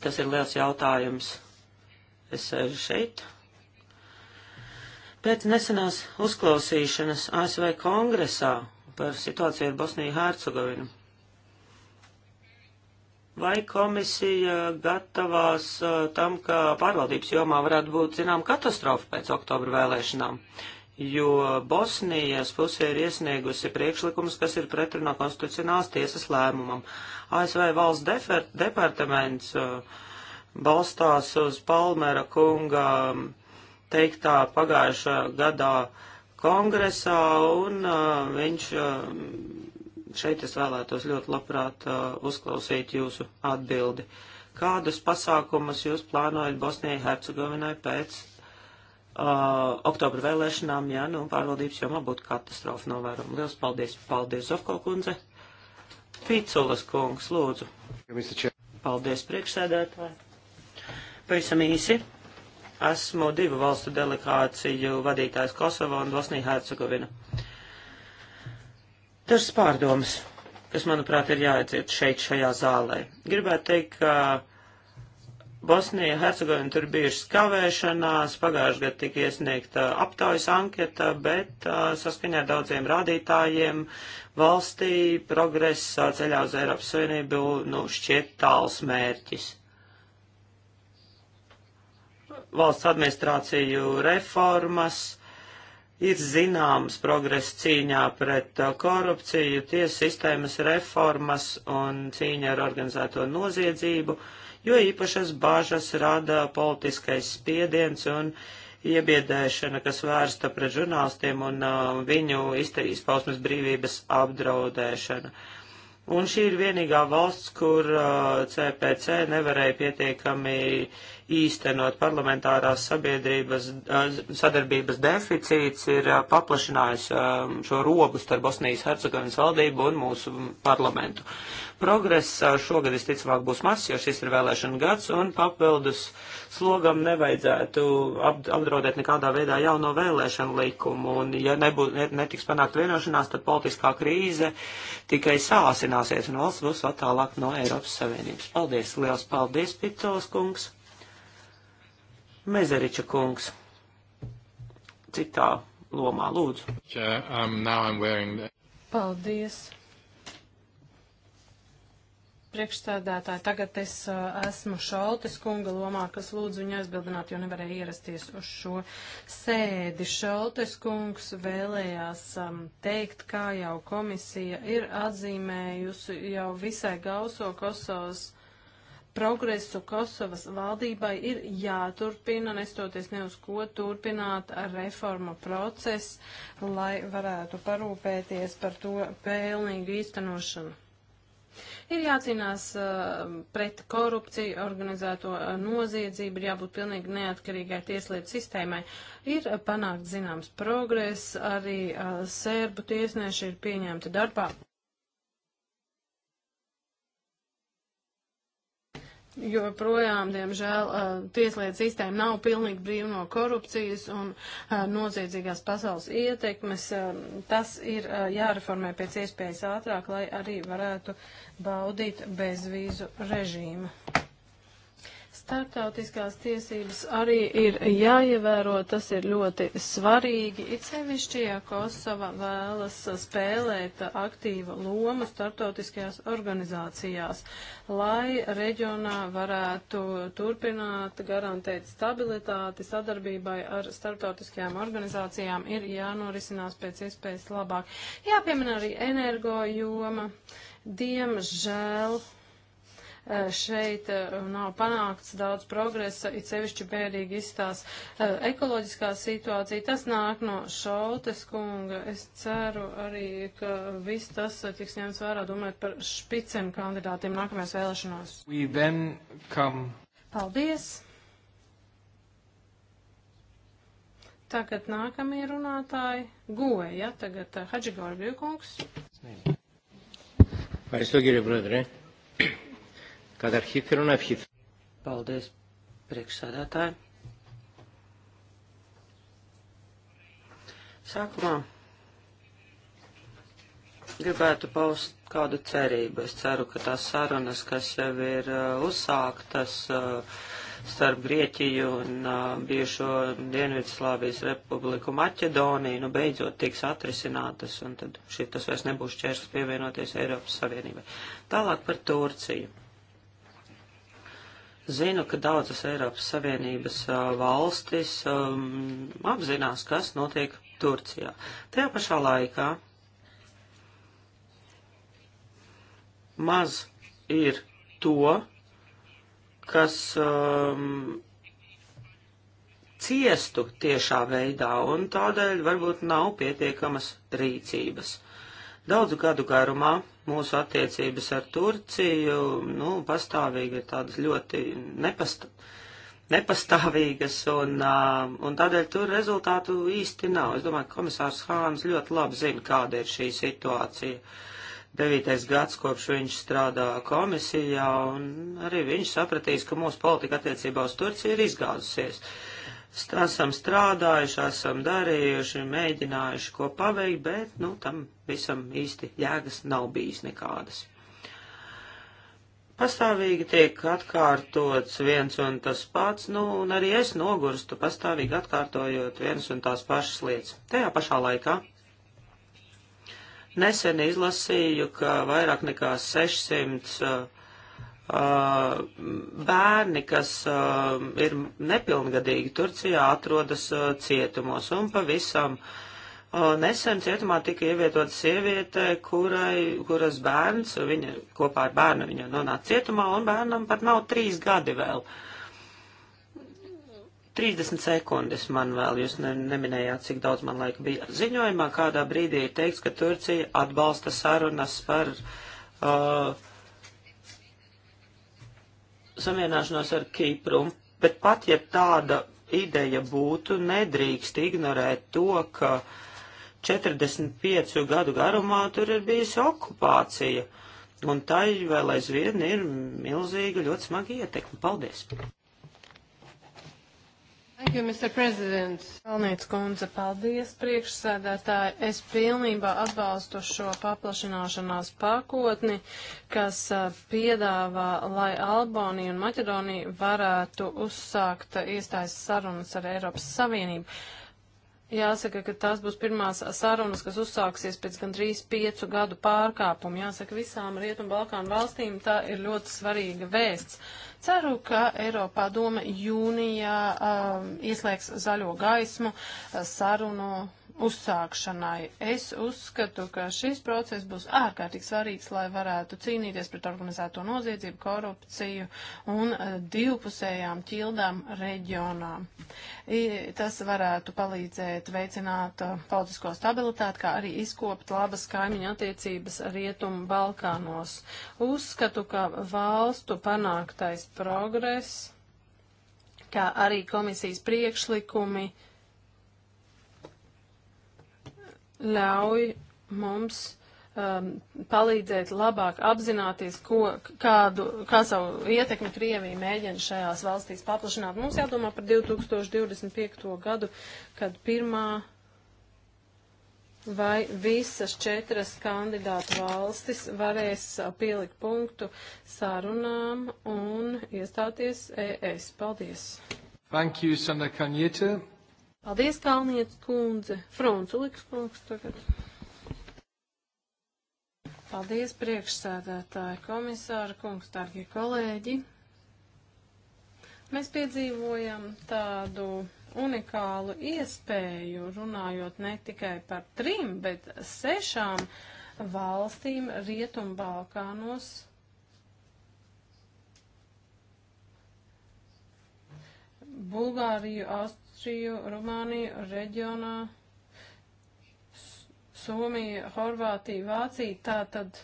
Tas ir liels jautājums. Es sēžu šeit. Pēc nesenās uzklausīšanas ASV kongresā par situāciju ar Bosniju Hercegovinu. Vai komisija gatavās tam, ka pārvaldības jomā varētu būt, zinām, katastrofa pēc oktobra vēlēšanām? Jo Bosnijas pusē ir iesniegusi priekšlikumus, kas ir pretrunā konstitucionālās tiesas lēmumam. ASV valsts defer, departaments balstās uz Palmera kunga um, teiktā pagājušā gadā kongresā, un uh, viņš uh, šeit es vēlētos ļoti labprāt uh, uzklausīt jūsu atbildi. Kādus pasākumus jūs plānojat Bosnijai Hercegovinai pēc uh, oktobra vēlēšanām, ja nu pārvaldības jomā būtu katastrofa novērojama? Lielas paldies! Paldies, Zofko kundze! Piculas kungs, lūdzu! Paldies, priekšsēdētāji! Pavisam īsi! Esmu divu valstu delegāciju vadītājs Kosovo un Bosnija-Hercegovina. Dažas pārdomas, kas, manuprāt, ir jāaiziet šeit, šajā zālē. Gribētu teikt, ka Bosnija, Hercegovina tur bijušas kavēšanās, pagājušajā gadā tika iesniegta aptaujas anketa, bet saskaņā ar daudziem rādītājiem valstī progress ceļā uz Eiropas Savienību, nu, šķiet tāls mērķis valsts administrāciju reformas, ir zināms progress cīņā pret uh, korupciju, tiesas sistēmas reformas un cīņa ar organizēto noziedzību, jo īpašas bažas rada politiskais spiediens un iebiedēšana, kas vērsta pret žurnālistiem un uh, viņu izpausmes brīvības apdraudēšana. Un šī ir vienīgā valsts, kur uh, CPC nevarēja pietiekami īstenot parlamentārās sabiedrības eh, sadarbības deficīts ir eh, paplašinājis eh, šo robu starp Bosnijas Hercegovinas valdību un mūsu parlamentu. Progress šogad visticamāk būs mazs, jo šis ir vēlēšana gads un papildus slogam nevajadzētu apdraudēt nekādā veidā jauno vēlēšanu likumu, un ja nebū, netiks panākt vienošanās, tad politiskā krīze tikai sāsināsies, un valsts būs vēl tālāk no Eiropas Savienības. Paldies, liels paldies, Picos kungs! Mezeriča kungs. Citā lomā, lūdzu. Yeah, um, the... Paldies. Priekšstādātāji, tagad es uh, esmu Šoltes kunga lomā, kas lūdzu viņu aizbildināt, jo nevarēja ierasties uz šo sēdi. Šoltes kungs vēlējās um, teikt, kā jau komisija ir atzīmējusi jau visai gauso Kosovas progresu Kosovas valdībai ir jāturpina, nestoties ne uz ko, turpināt reformu procesu, lai varētu parūpēties par to pelnīgu īstenošanu. Ir jācīnās uh, pret korupciju, organizēto uh, noziedzību, ir jābūt pilnīgi neatkarīgai tieslietu sistēmai. Ir panākt zināms progress, arī uh, sērbu tiesneši ir pieņemti darbā. jo projām, diemžēl, eh, tieslietu sistēma nav pilnīgi brīva no korupcijas un eh, noziedzīgās pasaules ietekmes. Eh, tas ir jāreformē pēc iespējas ātrāk, lai arī varētu baudīt bezvīzu režīmu. Startautiskās tiesības arī ir jāievēro, tas ir ļoti svarīgi. It sevišķi, ja Kosova vēlas spēlēt aktīvu lomu startautiskajās organizācijās, lai reģionā varētu turpināt garantēt stabilitāti sadarbībai ar startautiskajām organizācijām, ir jānorisinās pēc iespējas labāk. Jāpiemina arī energo joma. Diemžēl Eh, šeit eh, nav panākts daudz progresa, it sevišķi bērīgi izstās eh, ekoloģiskā situācija. Tas nāk no Šautes kunga. Es ceru arī, ka viss tas tiks ņemts vērā, domājot par špicem kandidātiem nākamajās vēlēšanās. Paldies! Tagad nākamie runātāji. Goe, ja tagad Hadžigorgiju kungs. Vai es to gribu, brother? Eh? Καταρχήν θέλω να ευχηθώ. Paldies, priekšsādātāji. Sākumā gribētu paust kādu cerību. Es ceru, ka tās sarunas, kas jau ir uh, uzsāktas uh, starp Grieķiju un uh, bijušo Dienvidslāvijas republiku Maķedoniju, nu beidzot tiks atrisinātas, un tad šī tas vairs nebūs čērslis pievienoties Eiropas Savienībai. Tālāk par Turciju Zinu, ka daudzas Eiropas Savienības valstis um, apzinās, kas notiek Turcijā. Tajā pašā laikā maz ir to, kas um, ciestu tiešā veidā, un tādēļ varbūt nav pietiekamas rīcības. Daudzu gadu garumā mūsu attiecības ar Turciju, nu, pastāvīgi ir tādas ļoti nepasta, nepastāvīgas, un, uh, un tādēļ tur rezultātu īsti nav. Es domāju, ka komisārs Hāns ļoti labi zina, kāda ir šī situācija. Devītais gads, kopš viņš strādā komisijā, un arī viņš sapratīs, ka mūsu politika attiecībā uz Turciju ir izgāzusies. Uh, esam strādājuši, esam darījuši, mēģinājuši ko paveikt, bet, nu, tam visam īsti jēgas nav bijis nekādas. Pastāvīgi tiek atkārtots viens un tas pats, nu, un arī es nogurstu pastāvīgi atkārtojot viens un tās pašas lietas. Tajā pašā laikā nesen izlasīju, ka vairāk nekā 600 uh, Uh, bērni, kas uh, ir nepilngadīgi Turcijā, atrodas uh, cietumos. Un pavisam nesen cietumā tika ievietota sieviete, kurai, kuras bērns, viņa kopā ar bērnu viņa nonāca cietumā, un bērnam pat nav trīs gadi vēl. 30 sekundes man vēl, jūs ne, neminējāt, cik daudz man laika bija. Ziņojumā kādā brīdī ir teikts, ka Turcija atbalsta sarunas par uh, samienāšanos ar Kipru, bet pat ja tāda ideja būtu, nedrīkst ignorēt to, ka 45 gadu garumā tur ir bijusi okupācija, un tai vēl aizvien ir milzīga, ļoti smaga ietekme. Paldies! Thank you, Mr. President. Kalniec kundze, paldies priekšsēdētāji. Es pilnībā atbalstu šo paplašināšanās pakotni, kas piedāvā, lai Albānija un Maķedonija varētu uzsākt iestājas sarunas ar Eiropas Savienību. Jāsaka, ka tās būs pirmās sarunas, kas uzsāksies pēc gandrīz piecu gadu pārkāpumu. Jāsaka, visām Rietu un Balkānu valstīm tā ir ļoti svarīga vēsts. Ceru, ka Eiropā doma jūnijā um, ieslēgs zaļo gaismu uh, sarunu. No uzsākšanai. Es uzskatu, ka šis process būs ārkārtīgi svarīgs, lai varētu cīnīties pret organizēto noziedzību, korupciju un eh, divpusējām ķildām reģionā. I, tas varētu palīdzēt veicināt eh, politisko stabilitāti, kā arī izkopt labas kaimiņu attiecības Rietumu Balkānos. Uzskatu, ka valstu panāktais progress, kā arī komisijas priekšlikumi, uh, ļauj mums um, palīdzēt labāk apzināties, ko, kādu, kā savu ietekmi Krievija mēģina šajās valstīs paplašināt. Mums jādomā par 2025. gadu, kad pirmā vai visas četras kandidātu valstis varēs pielikt punktu sarunām un iestāties ES. Paldies! Thank you, Sandra Kanieta. Paldies, Kalnietis kundze. Fronculiks kungs tagad. Paldies, priekšsēdētāji, komisāra kungs, dārgie kolēģi. Mēs piedzīvojam tādu unikālu iespēju, runājot ne tikai par trim, bet sešām valstīm Rietumbalkānos. Bulgāriju, Aust Austriju, Rumāniju reģionā, Somija, Horvātija, Vācija, tā tad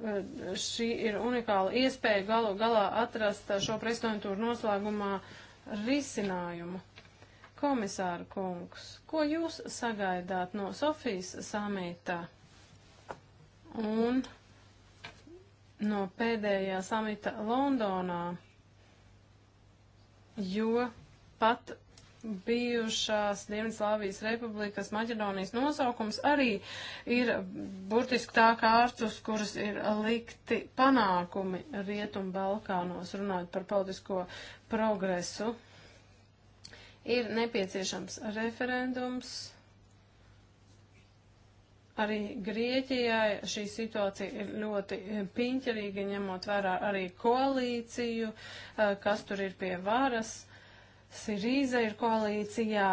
eh, šī ir unikāla iespēja galu galā atrast šo prezidentūru noslēgumā risinājumu. Komisāra kungs, ko jūs sagaidāt no Sofijas samītā un no pēdējā samīta Londonā? Jo pat bijušās Dienvidslāvijas republikas Maģedonijas nosaukums arī ir burtiski tā kārtas, kuras ir likti panākumi Rietumu Balkānos, runājot par politisko progresu. Ir nepieciešams referendums. Arī Grieķijai šī situācija ir ļoti piņķerīga, ņemot vērā arī koalīciju, eh, kas tur ir pie varas Sirīza ir koalīcijā.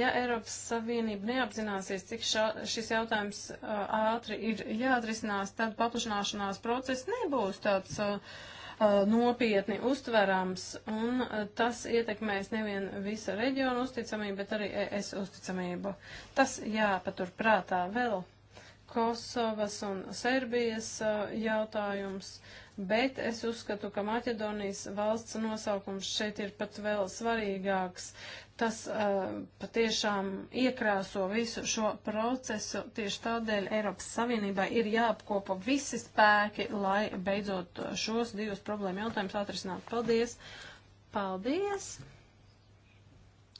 Ja Eiropas Savienība neapzināsies, cik šā, šis jautājums uh, ātri ir jāatrisinās, tad paplašanāšanās process nebūs tāds uh, nopietni uztverams, un tas ietekmēs nevien visa reģiona uzticamību, bet arī ES uzticamību. Tas jāpatur prātā vēl Kosovas un Serbijas jautājums bet es uzskatu, ka Maķedonijas valsts nosaukums šeit ir pat vēl svarīgāks. Tas uh, patiešām iekrāso visu šo procesu. Tieši tādēļ Eiropas Savienībai ir jāapkopo visi spēki, lai beidzot šos divus problēmu jautājumus atrisināt. Paldies! Paldies!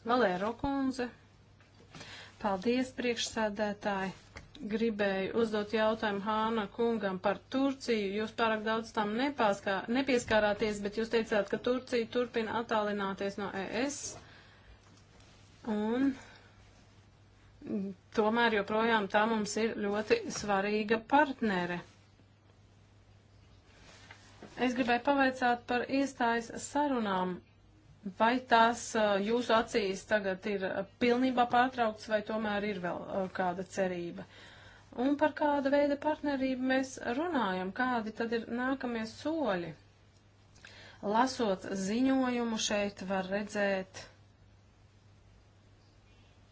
Valēro kundze! Paldies, priekšsādētāji! gribēju uzdot jautājumu Hāna kungam par Turciju. Jūs pārāk daudz tam nepāskā, nepieskārāties, bet jūs teicāt, ka Turcija turpina attālināties no ES. Un tomēr joprojām tā mums ir ļoti svarīga partnere. Es gribēju pavaicāt par iestājas sarunām. Vai tās jūsu acīs tagad ir pilnībā pārtrauktas, vai tomēr ir vēl kāda cerība? Un par kādu veidu partnerību mēs runājam, kādi tad ir nākamie soļi. Lasot ziņojumu šeit var redzēt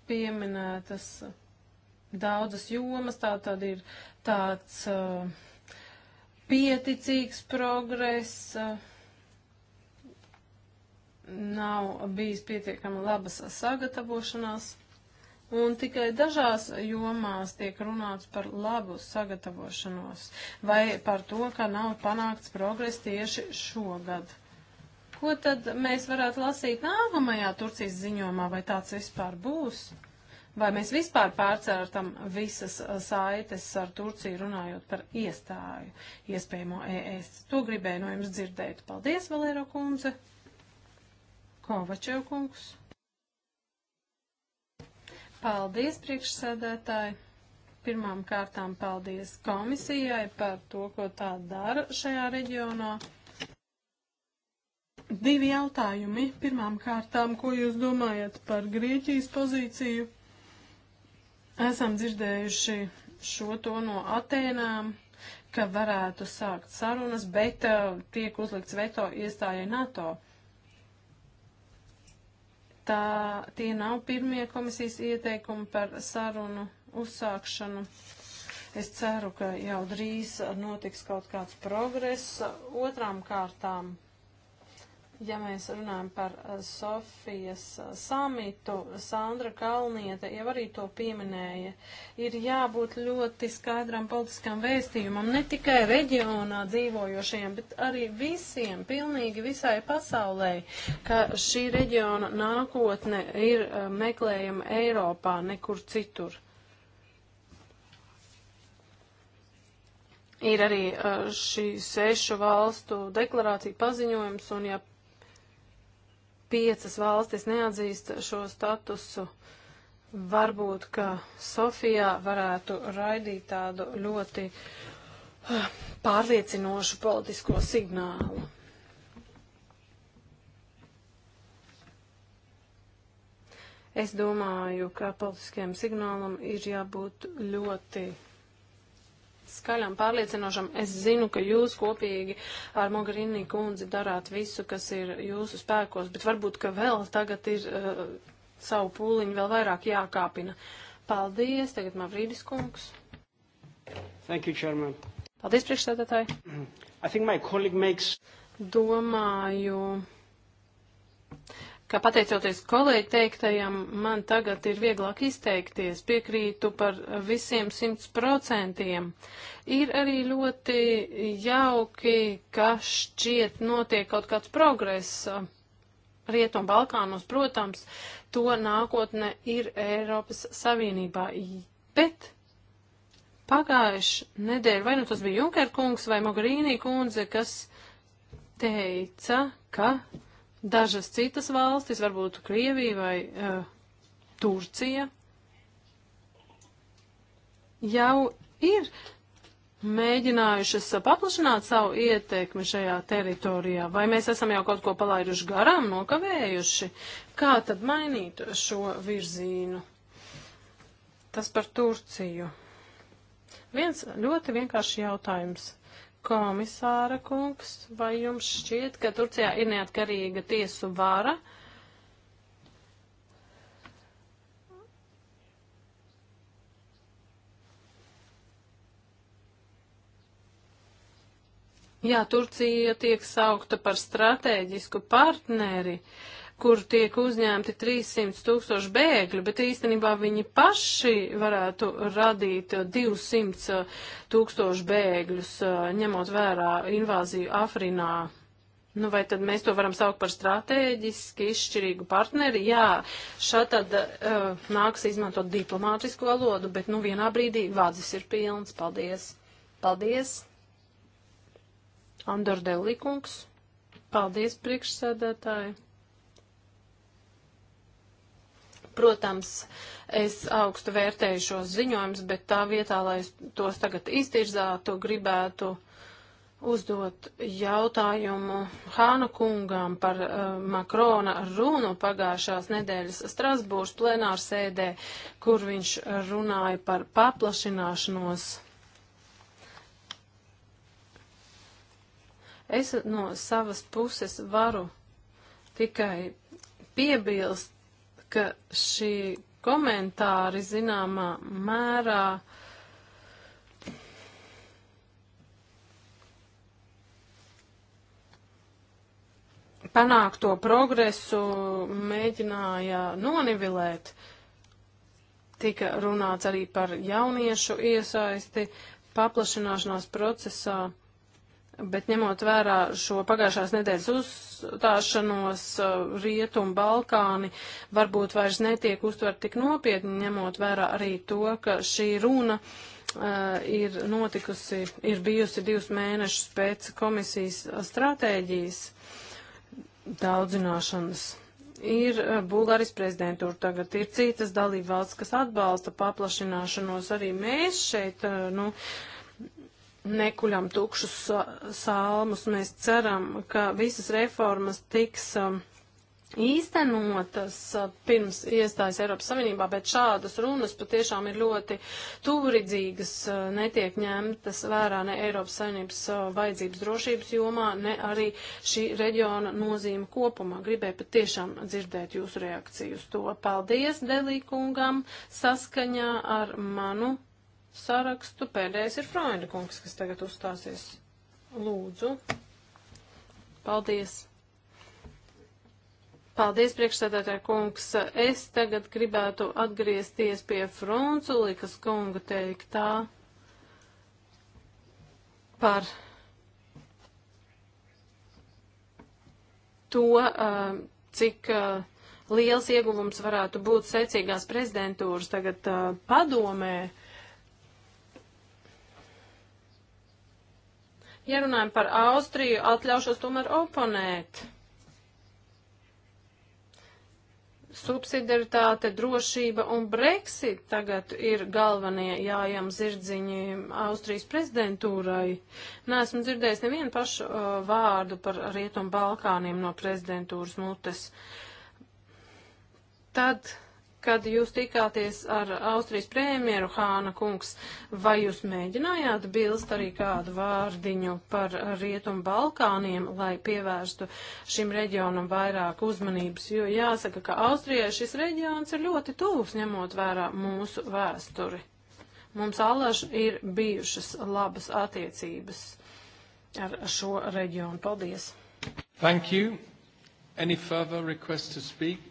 pieminētas daudzas jomas, tā tad ir tāds uh, pieticīgs progress, uh, nav bijis pietiekama labas sagatavošanās un tikai dažās jomās tiek runāts par labu sagatavošanos vai par to, ka nav panākts progress tieši šogad. Ko tad mēs varētu lasīt nākamajā Turcijas ziņojumā, vai tāds vispār būs? Vai mēs vispār pārcērtam visas uh, saites ar Turciju runājot par iestāju, iespējamo ES? To gribēju no jums dzirdēt. Paldies, Valēro kundze! Kovačev kungs! Paldies, priekšsēdētāji! Pirmām kārtām paldies komisijai par to, ko tā dara šajā reģionā. Divi jautājumi. Pirmām kārtām, ko jūs domājat par Grieķijas pozīciju? Esam dzirdējuši šo to no Atēnām, ka varētu sākt sarunas, bet uh, tiek uzlikts veto iestājai NATO tā, tie nav pirmie komisijas ieteikumi par sarunu uzsākšanu. Es ceru, ka jau drīz notiks kaut kāds progress. Otrām kārtām Ja mēs runājam par eh, Sofijas eh, samitu, Sandra Kalniete jau arī to pieminēja, ir jābūt ļoti skaidram politiskam vēstījumam ne tikai reģionā dzīvojošajiem, bet arī visiem, pilnīgi visai pasaulē, ka šī reģiona nākotne ir eh, meklējama Eiropā, nekur citur. Ir arī šī sešu valstu deklarācija paziņojums, un ja piecas valstis neatzīst šo statusu. Varbūt, ka Sofijā varētu raidīt tādu ļoti ah, pārliecinošu politisko signālu. Es domāju, ka politiskiem signālam ir jābūt ļoti skaļam, pārliecinošam. Es zinu, ka jūs kopīgi ar Mogherini kundzi darāt visu, kas ir jūsu spēkos, bet varbūt, ka vēl tagad ir uh, savu pūliņu vēl vairāk jākāpina. Paldies, tagad Mavrīdis kungs. Thank you, Chairman. Paldies, priekšsēdētāji. I think my colleague makes. Domāju ka pateicoties kolēģi teiktajam, man tagad ir vieglāk izteikties, piekrītu par visiem simts procentiem. Ir arī ļoti jauki, ka šķiet notiek kaut kāds progress. Rietum Balkānos, protams, to nākotne ir Eiropas Savienībā, bet pagājuši nedēļu, vai nu tas bija Junker kungs vai Mogarīnī kundze, kas teica, ka Dažas citas valstis, varbūt Krievija vai uh, Turcija, jau ir mēģinājušas paplašināt savu ietekmi šajā teritorijā, vai mēs esam jau kaut ko palaiduši garām, nokavējuši? Kā tad mainīt šo virzīnu? Tas par Turciju. Viens ļoti vienkāršs jautājums. Komisāra kungs, vai jums šķiet, ka Turcijā ir neatkarīga tiesu vara? Jā, Turcija tiek saukta par strateģisku partneri. Uh, kur tiek uzņemti 300 tūkstoši bēgļu, bet īstenībā viņi paši varētu radīt 200 eh, tūkstoši bēgļus, eh, ņemot vērā invāziju Afrinā. Nu, vai tad mēs to varam saukt par strateģiski izšķirīgu partneri? Jā, šatad uh, eh, nāks izmantot diplomātisku valodu, bet nu vienā brīdī vādzis ir pilns. Paldies! Paldies! Andor Delikungs! Paldies, priekšsēdētāji! Protams, es augstu vērtēju šos ziņojumus, bet tā vietā, lai tos tagad iztirzātu, gribētu uzdot jautājumu Hāna kungām par uh, Makrona runu pagājušās nedēļas Strasbūras plenārsēdē, kur viņš runāja par paplašināšanos. Es no savas puses varu tikai piebilst, ka šī komentāri zināmā mērā panākto progresu mēģināja nonivilēt. Tika runāts arī par jauniešu iesaisti paplašināšanās procesā. Bet ņemot vērā šo pagājušās nedēļas uzstāšanos, eh, Rietumu Balkāni varbūt vairs netiek uztvert tik nopietni, ņemot vērā arī to, ka šī runa uh, ir notikusi, ir bijusi divus mēnešus pēc komisijas stratēģijas daudzināšanas. Ir eh, Bulgārijas prezidentūra tagad, ir citas dalībvalsts, kas atbalsta paplašināšanos. Arī mēs šeit, uh, nu, uh, nekuļam tukšus uh, salmus. Mēs ceram, ka visas reformas tiks um, īstenotas uh, pirms iestājas Eiropas Savienībā, bet šādas runas patiešām ir ļoti tūridzīgas, uh, netiek ņemtas vērā ne Eiropas Savienības vajadzības drošības jomā, ne arī šī reģiona nozīme kopumā. Gribēju patiešām dzirdēt jūsu reakciju uz to. Paldies Delī kungam saskaņā ar manu sarakstu. Pēdējais ir Freunde kungs, kas tagad uzstāsies. Lūdzu. Paldies. Paldies, priekšsēdētāja kungs. Es tagad gribētu atgriezties pie Frunzulikas kunga teiktā par to, uh, cik uh, liels ieguvums varētu būt secīgās prezidentūras tagad uh, padomē Ja runājam par Austriju, atļaušos tomēr oponēt. subsidiaritāte, drošība un Brexit tagad ir galvenie jājām zirdziņi Austrijas prezidentūrai. Nesmu dzirdējis nevienu pašu uh, vārdu par Rietumu Balkāniem no prezidentūras mutes. Tad kad jūs tikāties ar Austrijas premjeru Hāna kungs, vai jūs mēģinājāt bilst arī kādu vārdiņu par Rietumu Balkāniem, lai pievērstu šim reģionam vairāk uzmanības? Jo jāsaka, ka Austrijai šis reģions ir ļoti tūs, ņemot vērā mūsu vēsturi. Mums allaž ir bijušas labas attiecības ar šo reģionu. Paldies! Thank you. Any further request to speak?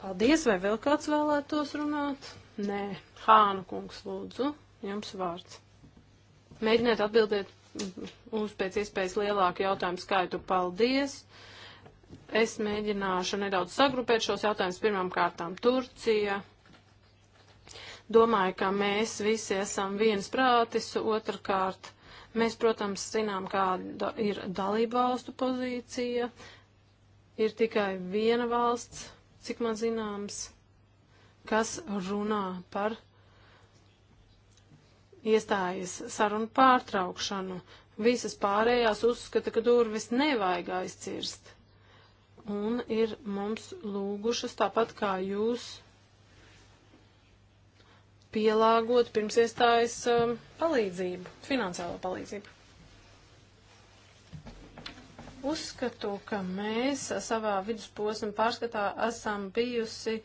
Paldies, vai vēl kāds vēlētos runāt? Nē, Hāna kungs, lūdzu, jums vārds. Mēģiniet atbildēt uz pēc iespējas lielāku jautājumu skaitu. Paldies! Es mēģināšu nedaudz sagrupēt šos jautājumus pirmām kārtām. Turcija. Domāju, ka mēs visi esam viens prātis. Otrakārt, mēs, protams, zinām, kāda ir dalība valstu pozīcija. Ir tikai viena valsts, cik man zināms, kas runā par iestājas sarunu pārtraukšanu. Visas pārējās uzskata, ka durvis nevajag aizcirst. Un ir mums lūgušas tāpat kā jūs pielāgot pirms iestājas um, palīdzību, finansiālo palīdzību. Uzskatu, ka mēs savā vidusposma pārskatā esam bijusi,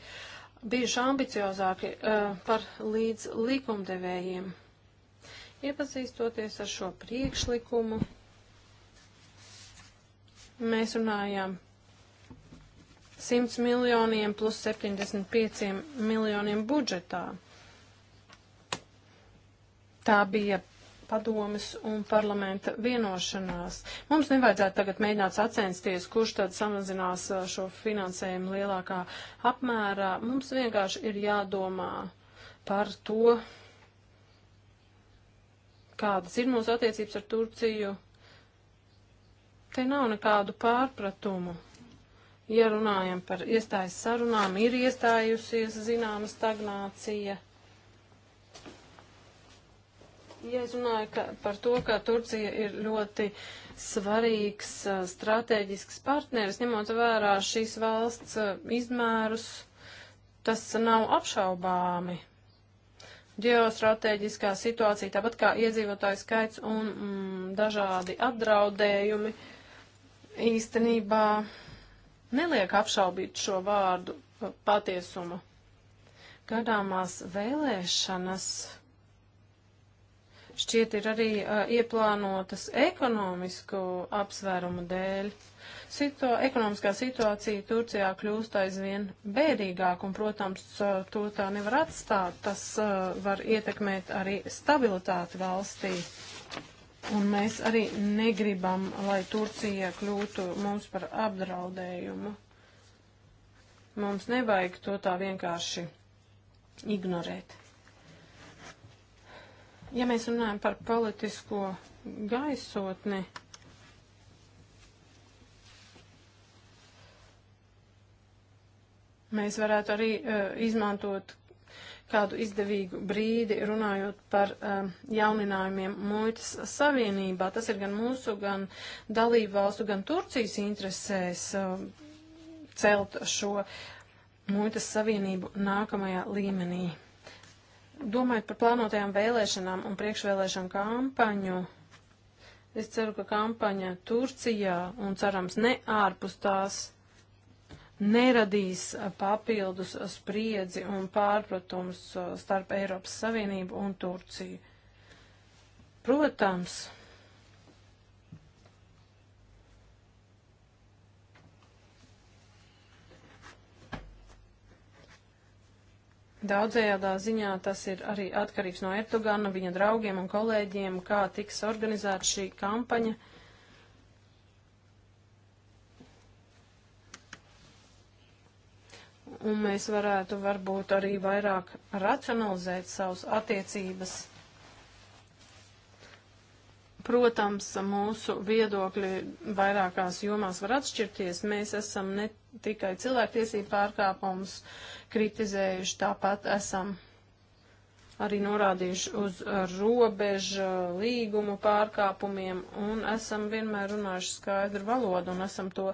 bijuši ambiciozāki uh, par līdz likumdevējiem. Iepazīstoties ar šo priekšlikumu, mēs runājām 100 miljoniem plus 75 miljoniem budžetā. Tā bija padomes un parlamenta vienošanās. Mums nevajadzētu tagad mēģināt sacensties, kurš tad samazinās šo finansējumu lielākā apmērā. Mums vienkārši ir jādomā par to, kādas ir mūsu attiecības ar Turciju. Te nav nekādu pārpratumu. Ja runājam par iestājas sarunām, ir iestājusies zināma stagnācija Ja es runāju ka, par to, ka Turcija ir ļoti svarīgs strateģisks partneris, ņemot vērā šīs valsts izmērus, tas nav apšaubāmi. Ģeostrateģiskā situācija, tāpat kā iedzīvotāju skaits un mm, dažādi apdraudējumi, īstenībā neliek apšaubīt šo vārdu patiesumu. Gadāmās vēlēšanas šķiet ir arī uh, ieplānotas ekonomisku apsvērumu dēļ. Sito, ekonomiskā situācija Turcijā kļūst aizvien bēdīgāk, un, protams, to tā nevar atstāt. Tas uh, var ietekmēt arī stabilitāti valstī. Un mēs arī negribam, lai Turcija kļūtu mums par apdraudējumu. Mums nevajag to tā vienkārši ignorēt. Ja mēs runājam par politisko gaisotni, mēs varētu arī uh, izmantot kādu izdevīgu brīdi, runājot par um, jauninājumiem muitas savienībā. Tas ir gan mūsu, gan dalību valstu, gan Turcijas interesēs um, celt šo muitas savienību nākamajā līmenī. Domājot par plānotajām vēlēšanām un priekšvēlēšanu kampaņu, es ceru, ka kampaņa Turcijā un cerams ne ārpus tās neradīs papildus spriedzi un pārpratums uh, starp Eiropas Savienību un Turciju. Protams, Daudzējādā ziņā tas ir arī atkarīgs no Erdogana, viņa draugiem un kolēģiem, kā tiks organizēta šī kampaņa. Un mēs varētu varbūt arī vairāk racionalizēt savus attiecības Protams, mūsu viedokļi vairākās jomās var atšķirties. Mēs esam ne tikai cilvēktiesību pārkāpumus kritizējuši, tāpat esam arī norādījuši uz robežu līgumu pārkāpumiem un esam vienmēr runājuši skaidru valodu un esam to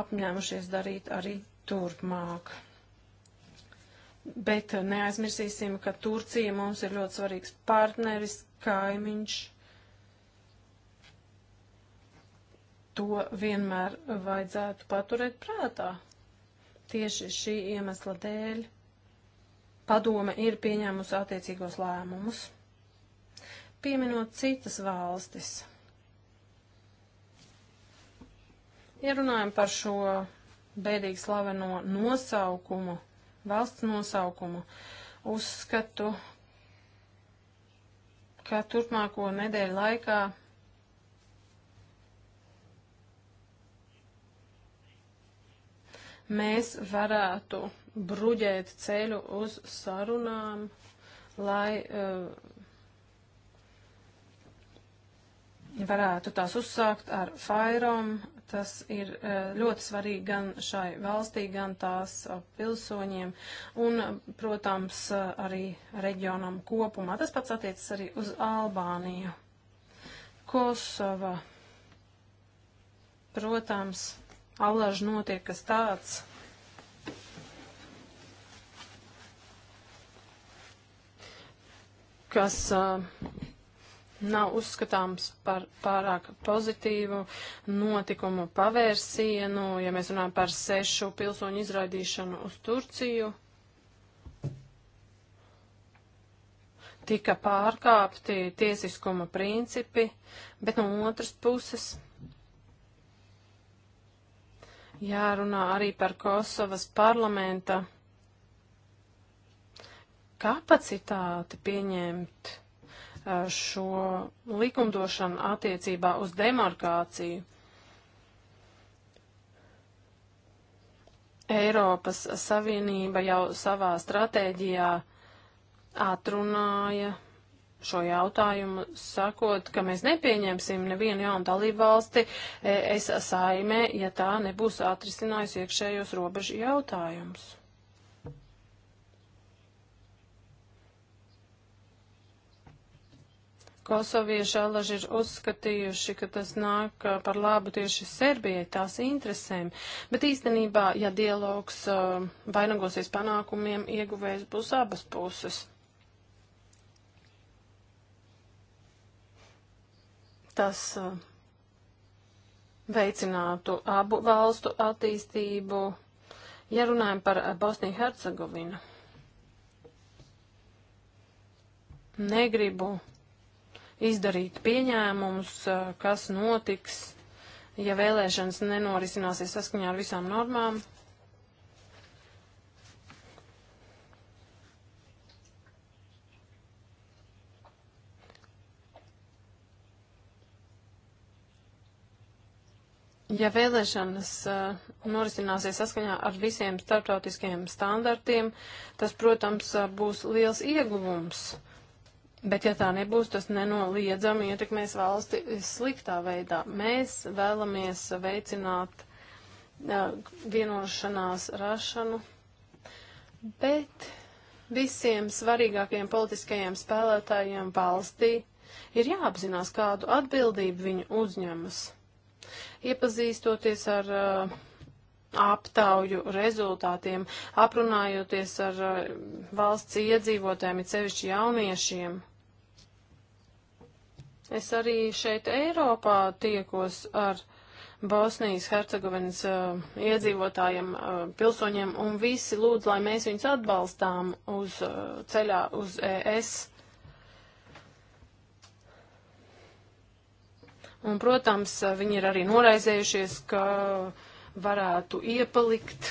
apņēmušies darīt arī turpmāk. Bet neaizmirsīsim, ka Turcija mums ir ļoti svarīgs partneris, kaimiņš. to vienmēr vajadzētu paturēt prātā. Tieši šī iemesla dēļ padome ir pieņēmusi attiecīgos lēmumus, pieminot citas valstis. Ja runājam par šo bēdīgi slaveno nosaukumu, valsts nosaukumu, uzskatu, ka turpmāko nedēļu laikā mēs varētu bruģēt ceļu uz sarunām, lai uh, varētu tās uzsākt ar fairom. Tas ir uh, ļoti svarīgi gan šai valstī, gan tās uh, pilsoņiem un, protams, arī reģionam kopumā. Tas pats attiecas arī uz Albāniju. Kosova, protams, allaž notiek kas tāds, kas uh, nav uzskatāms par pārāk pozitīvu notikumu pavērsienu, ja mēs runājam par sešu pilsoņu izraidīšanu uz Turciju. Tika pārkāpti tiesiskuma principi, bet no otras puses Jārunā arī par Kosovas parlamenta kapacitāti pieņemt šo likumdošanu attiecībā uz demarkāciju. Eiropas Savienība jau savā stratēģijā atrunāja šo jautājumu, sakot, ka mēs nepieņemsim nevienu jaunu dalību valsti es saimē, ja tā nebūs atrisinājusi iekšējos robežu jautājumus. Kosovieši alaži ir uzskatījuši, ka tas nāk uh, par labu tieši Serbijai, tās interesēm, bet īstenībā, ja dialogs uh, vainagosies panākumiem, ieguvējs būs abas puses. Tas eh, veicinātu abu valstu attīstību. Ja runājam par eh, Bosniju Hercegovinu, negribu izdarīt pieņēmumus, eh, kas notiks, ja vēlēšanas nenorisināsies saskaņā ar visām normām, Ja vēlēšanas uh, norisināsies saskaņā ar visiem starptautiskajiem standartiem, tas, protams, uh, būs liels ieguvums. Bet, ja tā nebūs, tas nenoliedzami ietekmēs valsti sliktā veidā. Mēs vēlamies veicināt uh, vienošanās rašanu, bet visiem svarīgākajiem politiskajiem spēlētājiem valstī ir jāapzinās, kādu atbildību viņi uzņemas. Iepazīstoties ar uh, aptauju rezultātiem, aprunājoties ar uh, valsts iedzīvotājiem, it sevišķi jauniešiem. Es arī šeit Eiropā tiekos ar Bosnijas Hercegovinas uh, iedzīvotājiem, uh, pilsoņiem, un visi lūdz, lai mēs viņus atbalstām uz uh, ceļā uz ES. Uh, Un, protams, viņi ir arī noraizējušies, ka varētu iepalikt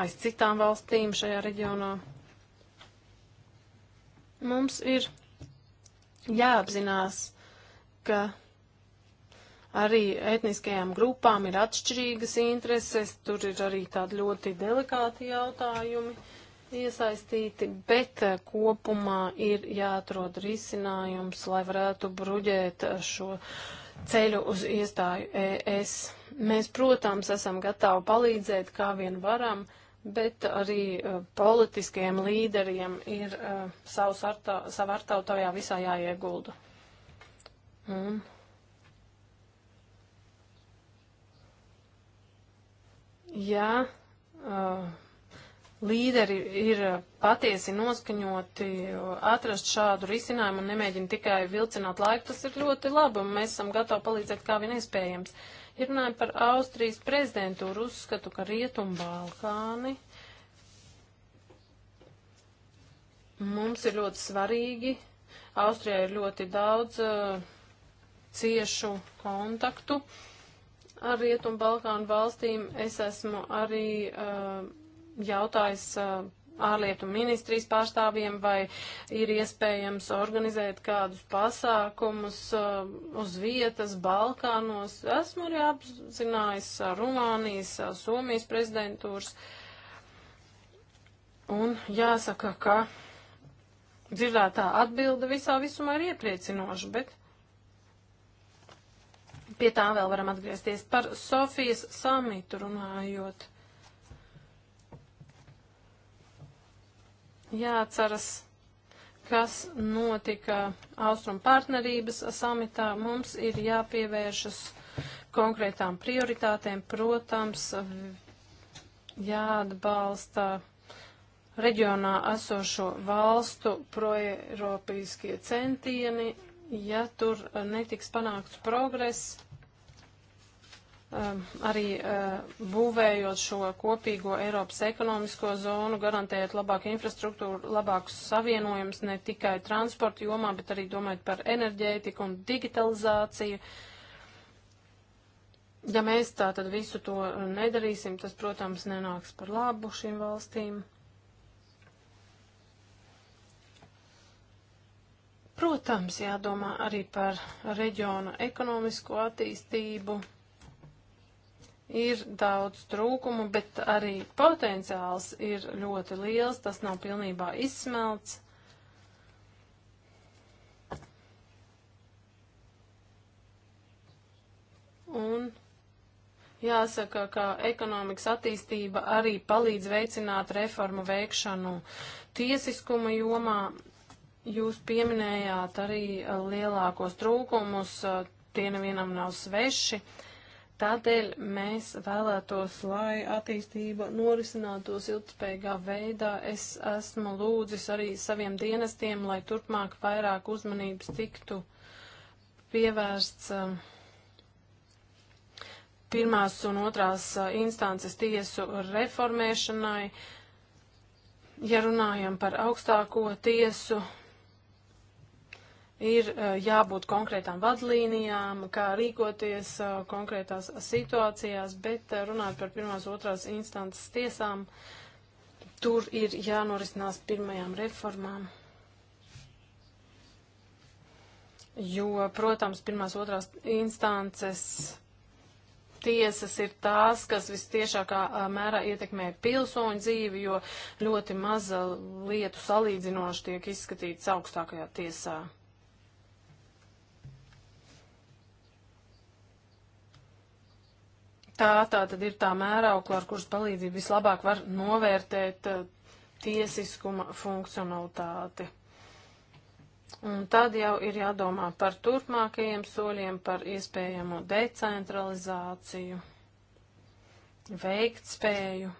aiz citām valstīm šajā reģionā. Mums ir jāapzinās, ka arī etniskajām grupām ir atšķirīgas intereses, tur ir arī tādi ļoti delikāti jautājumi iesaistīti, bet eh, kopumā ir jāatrod risinājums, lai varētu bruģēt eh, šo uh, ceļu uz iestāju ES. Mēs, protams, esam gatavi palīdzēt, kā vien varam, bet arī uh, eh, politiskajiem līderiem ir uh, savs artā, savu artavu tajā visā jāiegulda. Un ja uh, līderi ir eh, patiesi noskaņoti atrast šādu risinājumu un nemēģina tikai vilcināt laiku, tas ir ļoti labi un mēs esam gatavi palīdzēt kā vien iespējams. Ja runājam par Austrijas prezidentūru, uzskatu, ka Rietumbalkāni mums ir ļoti svarīgi. Austrijā ir ļoti daudz uh, ciešu kontaktu ar Rietumbalkānu valstīm. Es esmu arī uh, jautājis ārlietu ministrijas pārstāvjiem, vai ir iespējams organizēt kādus pasākumus uz vietas Balkānos. Esmu arī apzinājis Rumānijas, Somijas prezidentūras. Un jāsaka, ka dzirdētā atbilde visā visumā ir iepriecinoša, bet pie tā vēl varam atgriezties par Sofijas samitu runājot. jāatceras, kas notika Austrum partnerības samitā. Mums ir jāpievēršas konkrētām prioritātēm, protams, jāatbalsta reģionā esošo valstu proeiropīskie centieni, ja tur netiks panākts progress Um, arī uh, būvējot šo kopīgo Eiropas ekonomisko zonu, garantējot labāku infrastruktūru, labākus savienojumus ne tikai transporta jomā, bet arī domājot par enerģētiku un digitalizāciju. Ja mēs tā tad visu to nedarīsim, tas, protams, nenāks par labu šīm valstīm. Protams, jādomā arī par reģiona ekonomisko attīstību ir daudz trūkumu, bet arī potenciāls ir ļoti liels, tas nav pilnībā izsmelts. Un jāsaka, ka ekonomikas attīstība arī palīdz veicināt reformu veikšanu tiesiskuma jomā. Jūs pieminējāt arī eh, lielākos trūkumus, eh, tie nevienam nav sveši. Uh, Tādēļ mēs vēlētos, lai attīstība norisinātos ilgspējīgā veidā. Es esmu lūdzis arī saviem dienestiem, lai turpmāk vairāk uzmanības tiktu pievērsts um, pirmās un otrās uh, instances tiesu reformēšanai. Ja runājam par augstāko tiesu, ir eh, jābūt konkrētām vadlīnijām, kā rīkoties eh, konkrētās situācijās, bet eh, runāt par pirmās, otrās instances tiesām, tur ir jānorisinās pirmajām reformām. Jo, protams, pirmās, otrās instances tiesas ir tās, kas vistiešākā mērā ietekmē pilsoņu dzīvi, jo ļoti maza lietu salīdzinoši tiek izskatītas augstākajā tiesā. Tā tātad ir tā mēraukla, ar kuras palīdzību vislabāk var novērtēt eh, tiesiskuma funkcionalitāti. Un tad jau ir jādomā par turpmākajiem soļiem, par iespējamo decentralizāciju, veiktspēju,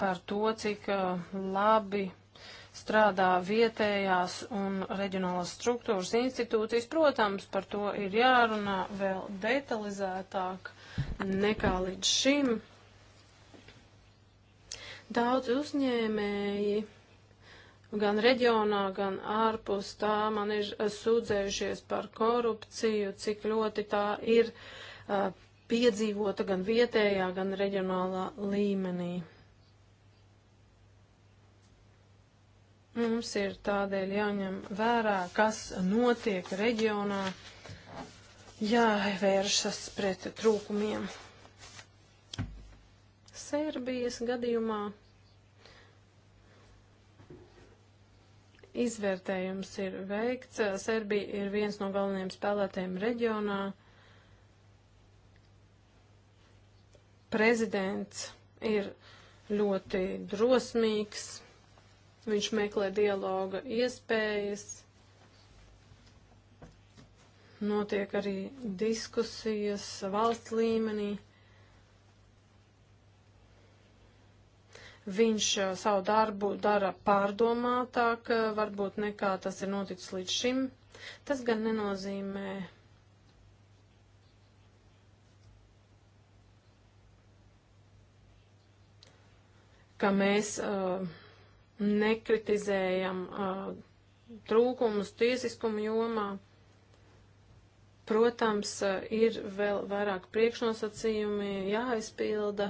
par to, cik eh, labi strādā vietējās un reģionālās struktūras institūcijas. Protams, par to ir jārunā vēl detalizētāk nekā līdz šim. Daudz uzņēmēji gan reģionā, gan ārpus tā man ir eh, sūdzējušies par korupciju, cik ļoti tā ir uh, piedzīvota gan vietējā, gan reģionālā līmenī. Mums ir tādēļ jāņem vērā, kas notiek reģionā. Uh, jāvēršas pret trūkumiem. Serbijas gadījumā izvērtējums ir veikts. Serbija ir viens no galvenajiem spēlētājiem reģionā. Prezidents ir ļoti drosmīgs, viņš meklē dialoga iespējas notiek arī diskusijas valsts līmenī. Viņš eh, savu darbu dara pārdomātāk, eh, varbūt nekā tas ir noticis līdz šim. Tas gan nenozīmē. ka mēs uh, nekritizējam uh, trūkumus tiesiskumu jomā. Protams, eh, ir vēl vairāk priekšnosacījumi jāizpilda,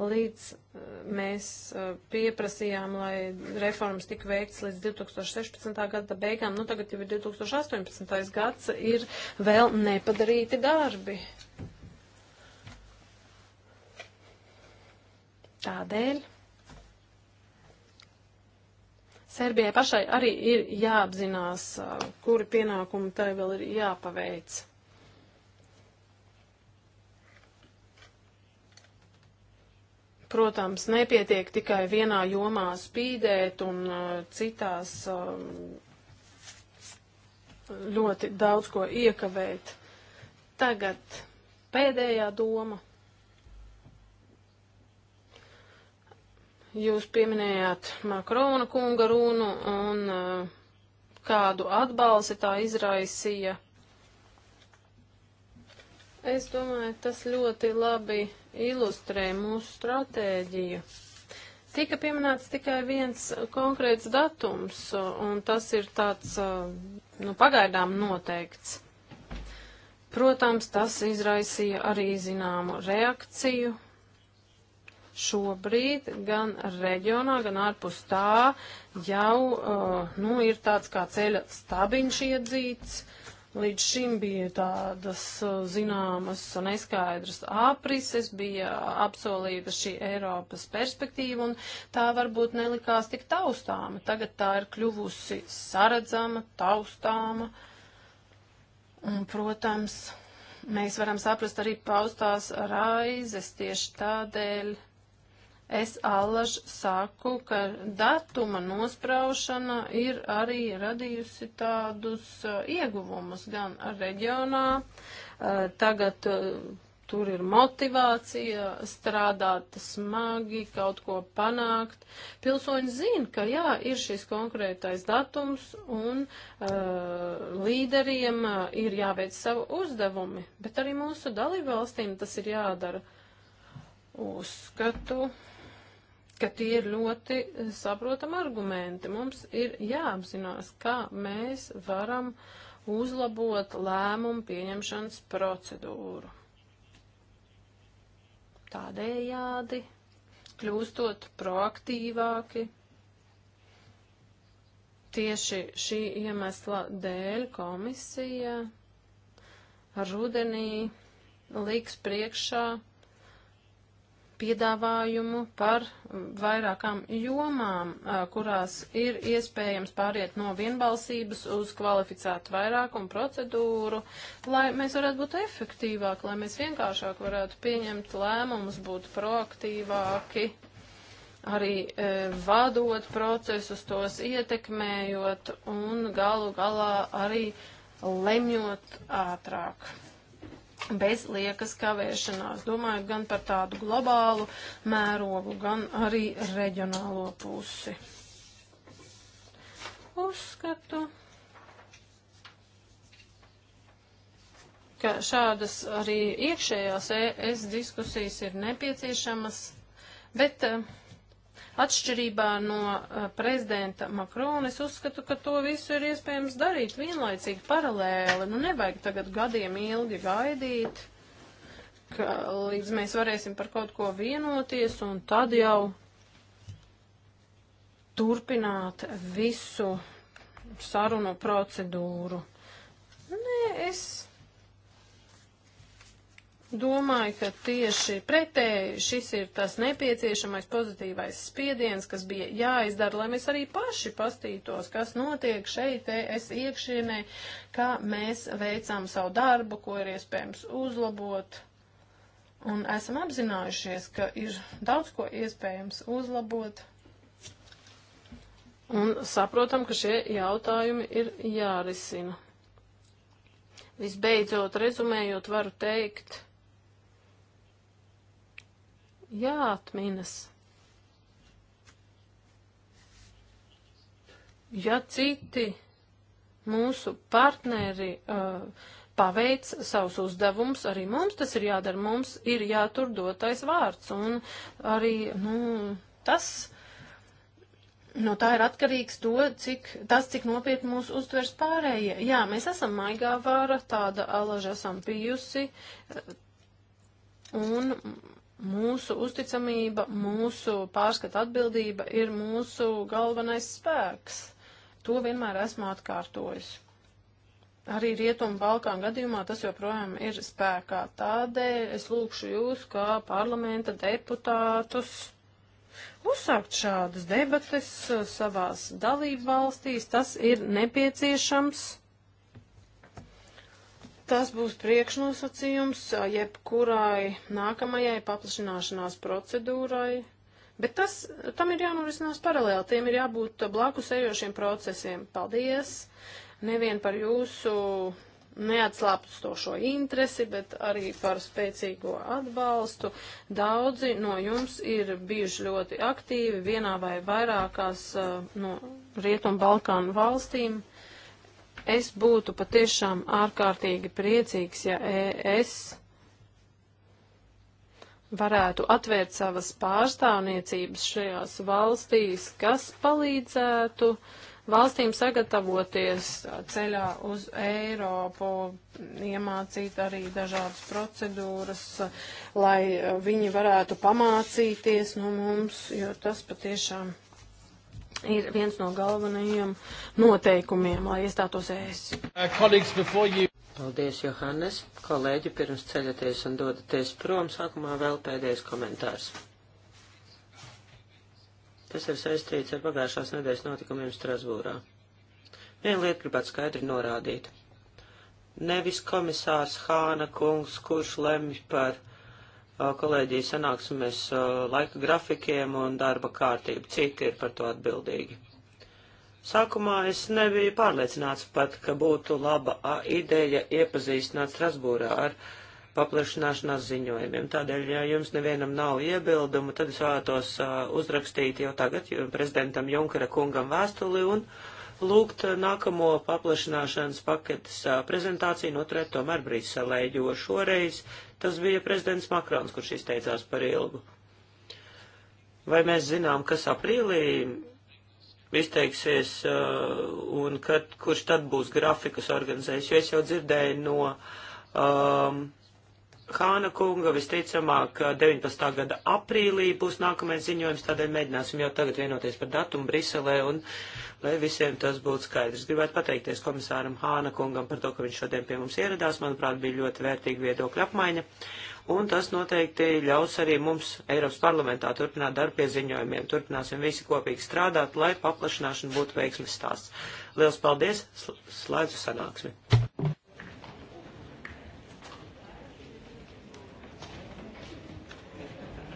līdz eh, mēs eh, pieprasījām, lai reformas tika veikts līdz 2016. gada beigām. Nu, tagad jau ir 2018. gads, ir vēl nepadarīti darbi. Tādēļ Serbijai pašai arī ir jāapzinās, kuri pienākumi tai vēl ir jāpaveic. Protams, nepietiek tikai vienā jomā spīdēt un citās ļoti daudz ko iekavēt. Tagad pēdējā doma. Jūs pieminējāt Makrona kunga runu un uh, kādu atbalsi tā izraisīja. Es domāju, tas ļoti labi ilustrē mūsu stratēģiju. Tika pieminēts tikai viens konkrēts datums, un tas ir tāds, uh, nu, pagaidām noteikts. Protams, tas izraisīja arī zināmu reakciju šobrīd gan reģionā, gan ārpus tā jau uh, nu, ir tāds kā ceļa stabiņš iedzīts. Līdz šim bija tādas uh, zināmas neskaidras aprises, bija apsolīta šī Eiropas perspektīva, un tā varbūt nelikās tik taustāma. Tagad tā ir kļuvusi saredzama, taustāma, un, protams, mēs varam saprast arī paustās raizes tieši tādēļ Es allaž saku, ka datuma nospraušana ir arī radījusi tādus uh, ieguvumus gan reģionā, uh, tagad uh, tur ir motivācija strādāt smagi, kaut ko panākt. Pilsoņi zina, ka jā, ir šis konkrētais datums un uh, līderiem uh, ir jāveic savu uzdevumi, bet arī mūsu dalībvalstīm tas ir jādara. Uzskatu, ka tie ir ļoti eh, saprotami argumenti. Mums ir jāapzinās, kā mēs varam uzlabot lēmumu pieņemšanas procedūru. Tādējādi kļūstot proaktīvāki. Tieši šī iemesla dēļ komisija rudenī liks priekšā piedāvājumu par vairākām jomām, kurās ir iespējams pāriet no vienbalsības uz kvalificētu vairākumu procedūru, lai mēs varētu būt efektīvāki, lai mēs vienkāršāk varētu pieņemt lēmumus, būt proaktīvāki, arī e, vadot procesus, tos ietekmējot un galu galā arī lemjot ātrāk bez liekas kavēšanās. Domāju gan par tādu globālu mērogu, gan arī reģionālo pusi. Uzskatu, ka šādas arī iekšējās ES diskusijas ir nepieciešamas, bet uh, Atšķirībā no uh, prezidenta Makrona, es uzskatu, ka to visu ir iespējams darīt vienlaicīgi, paralēli. Nu, nevajag tagad gadiem ilgi gaidīt, ka, līdz mēs varēsim par kaut ko vienoties un tad jau turpināt visu sarunu procedūru. Nē, es Domāju, ka tieši pretēji šis ir tas nepieciešamais pozitīvais spiediens, kas bija jāizdara, lai mēs arī paši pastītos, kas notiek šeit, es iekšienē, kā mēs veicam savu darbu, ko ir iespējams uzlabot. Un esam apzinājušies, ka ir daudz ko iespējams uzlabot. Un saprotam, ka šie jautājumi ir jārisina. Visbeidzot, rezumējot, varu teikt, jāatminas. Ja citi mūsu partneri uh, paveic savus uzdevumus, arī mums tas ir jādara, mums ir jātur dotais vārds, un arī, nu, tas, no tā ir atkarīgs to, cik, tas, cik nopietni mūs uztvers pārējie. Jā, mēs esam maigā vāra, tāda alaža esam bijusi, un Mūsu uzticamība, mūsu pārskata atbildība ir mūsu galvenais spēks. To vienmēr esmu atkārtojis. Arī Rietumu Balkānu gadījumā tas joprojām ir spēkā. Tādēļ es lūkšu jūs, kā parlamenta deputātus, uzsākt šādas debates savās dalību valstīs. Tas ir nepieciešams. Tas būs priekšnosacījums jebkurai nākamajai paplašināšanās procedūrai, bet tas, tam ir jānorisinās paralēli, tiem ir jābūt blakus ejošiem procesiem. Paldies! Nevien par jūsu neatslāpstošo interesi, bet arī par spēcīgo atbalstu. Daudzi no jums ir bijuši ļoti aktīvi vienā vai vairākās no Rietumu Balkānu valstīm. Es būtu patiešām ārkārtīgi priecīgs, ja es varētu atvērt savas pārstāvniecības šajās valstīs, kas palīdzētu valstīm sagatavoties ceļā uz Eiropu, iemācīt arī dažādas procedūras, lai viņi varētu pamācīties no mums, jo tas patiešām ir viens no galvenajiem noteikumiem, lai iestātos uh, ES. Paldies, Johannes. Kolēģi, pirms ceļaties un dodaties prom, sākumā vēl pēdējais komentārs. Tas ir saistīts ar pagājušās nedēļas notikumiem Strasbūrā. Vienu lietu gribētu skaidri norādīt. Nevis komisārs Hāna kungs, kurš lemj par kolēģiju sanāksmes laika grafikiem un darba kārtību, cik ir par to atbildīgi. Sākumā es nebiju pārliecināts pat, ka būtu laba ideja iepazīstināt Strasbūrā ar paplašināšanās ziņojumiem. Tādēļ, ja jums nevienam nav iebildumu, tad es vēlētos uzrakstīt jau tagad prezidentam Junkara kungam vēstuli un lūgt nākamo paplašināšanas paketes prezentāciju noturēt tomēr Briselē, jo šoreiz Tas bija prezidents Makrons, kurš izteicās par ilgu. Vai mēs zinām, kas aprīlī izteiksies uh, un kad, kurš tad būs grafikas organizējis? Jo es jau dzirdēju no um, Hāna kunga visticamāk 19. gada aprīlī būs nākamais ziņojums, tādēļ mēģināsim jau tagad vienoties par datumu Briselē un lai visiem tas būtu skaidrs. Gribētu pateikties komisāram Hāna kungam par to, ka viņš šodien pie mums ieradās. Manuprāt, bija ļoti vērtīga viedokļa apmaiņa. Un tas noteikti ļaus arī mums Eiropas parlamentā turpināt darbu pie ziņojumiem. Turpināsim visi kopīgi strādāt, lai paplašināšana būtu veiksmes stāsts. Liels paldies! Slēdzu sanāksmi!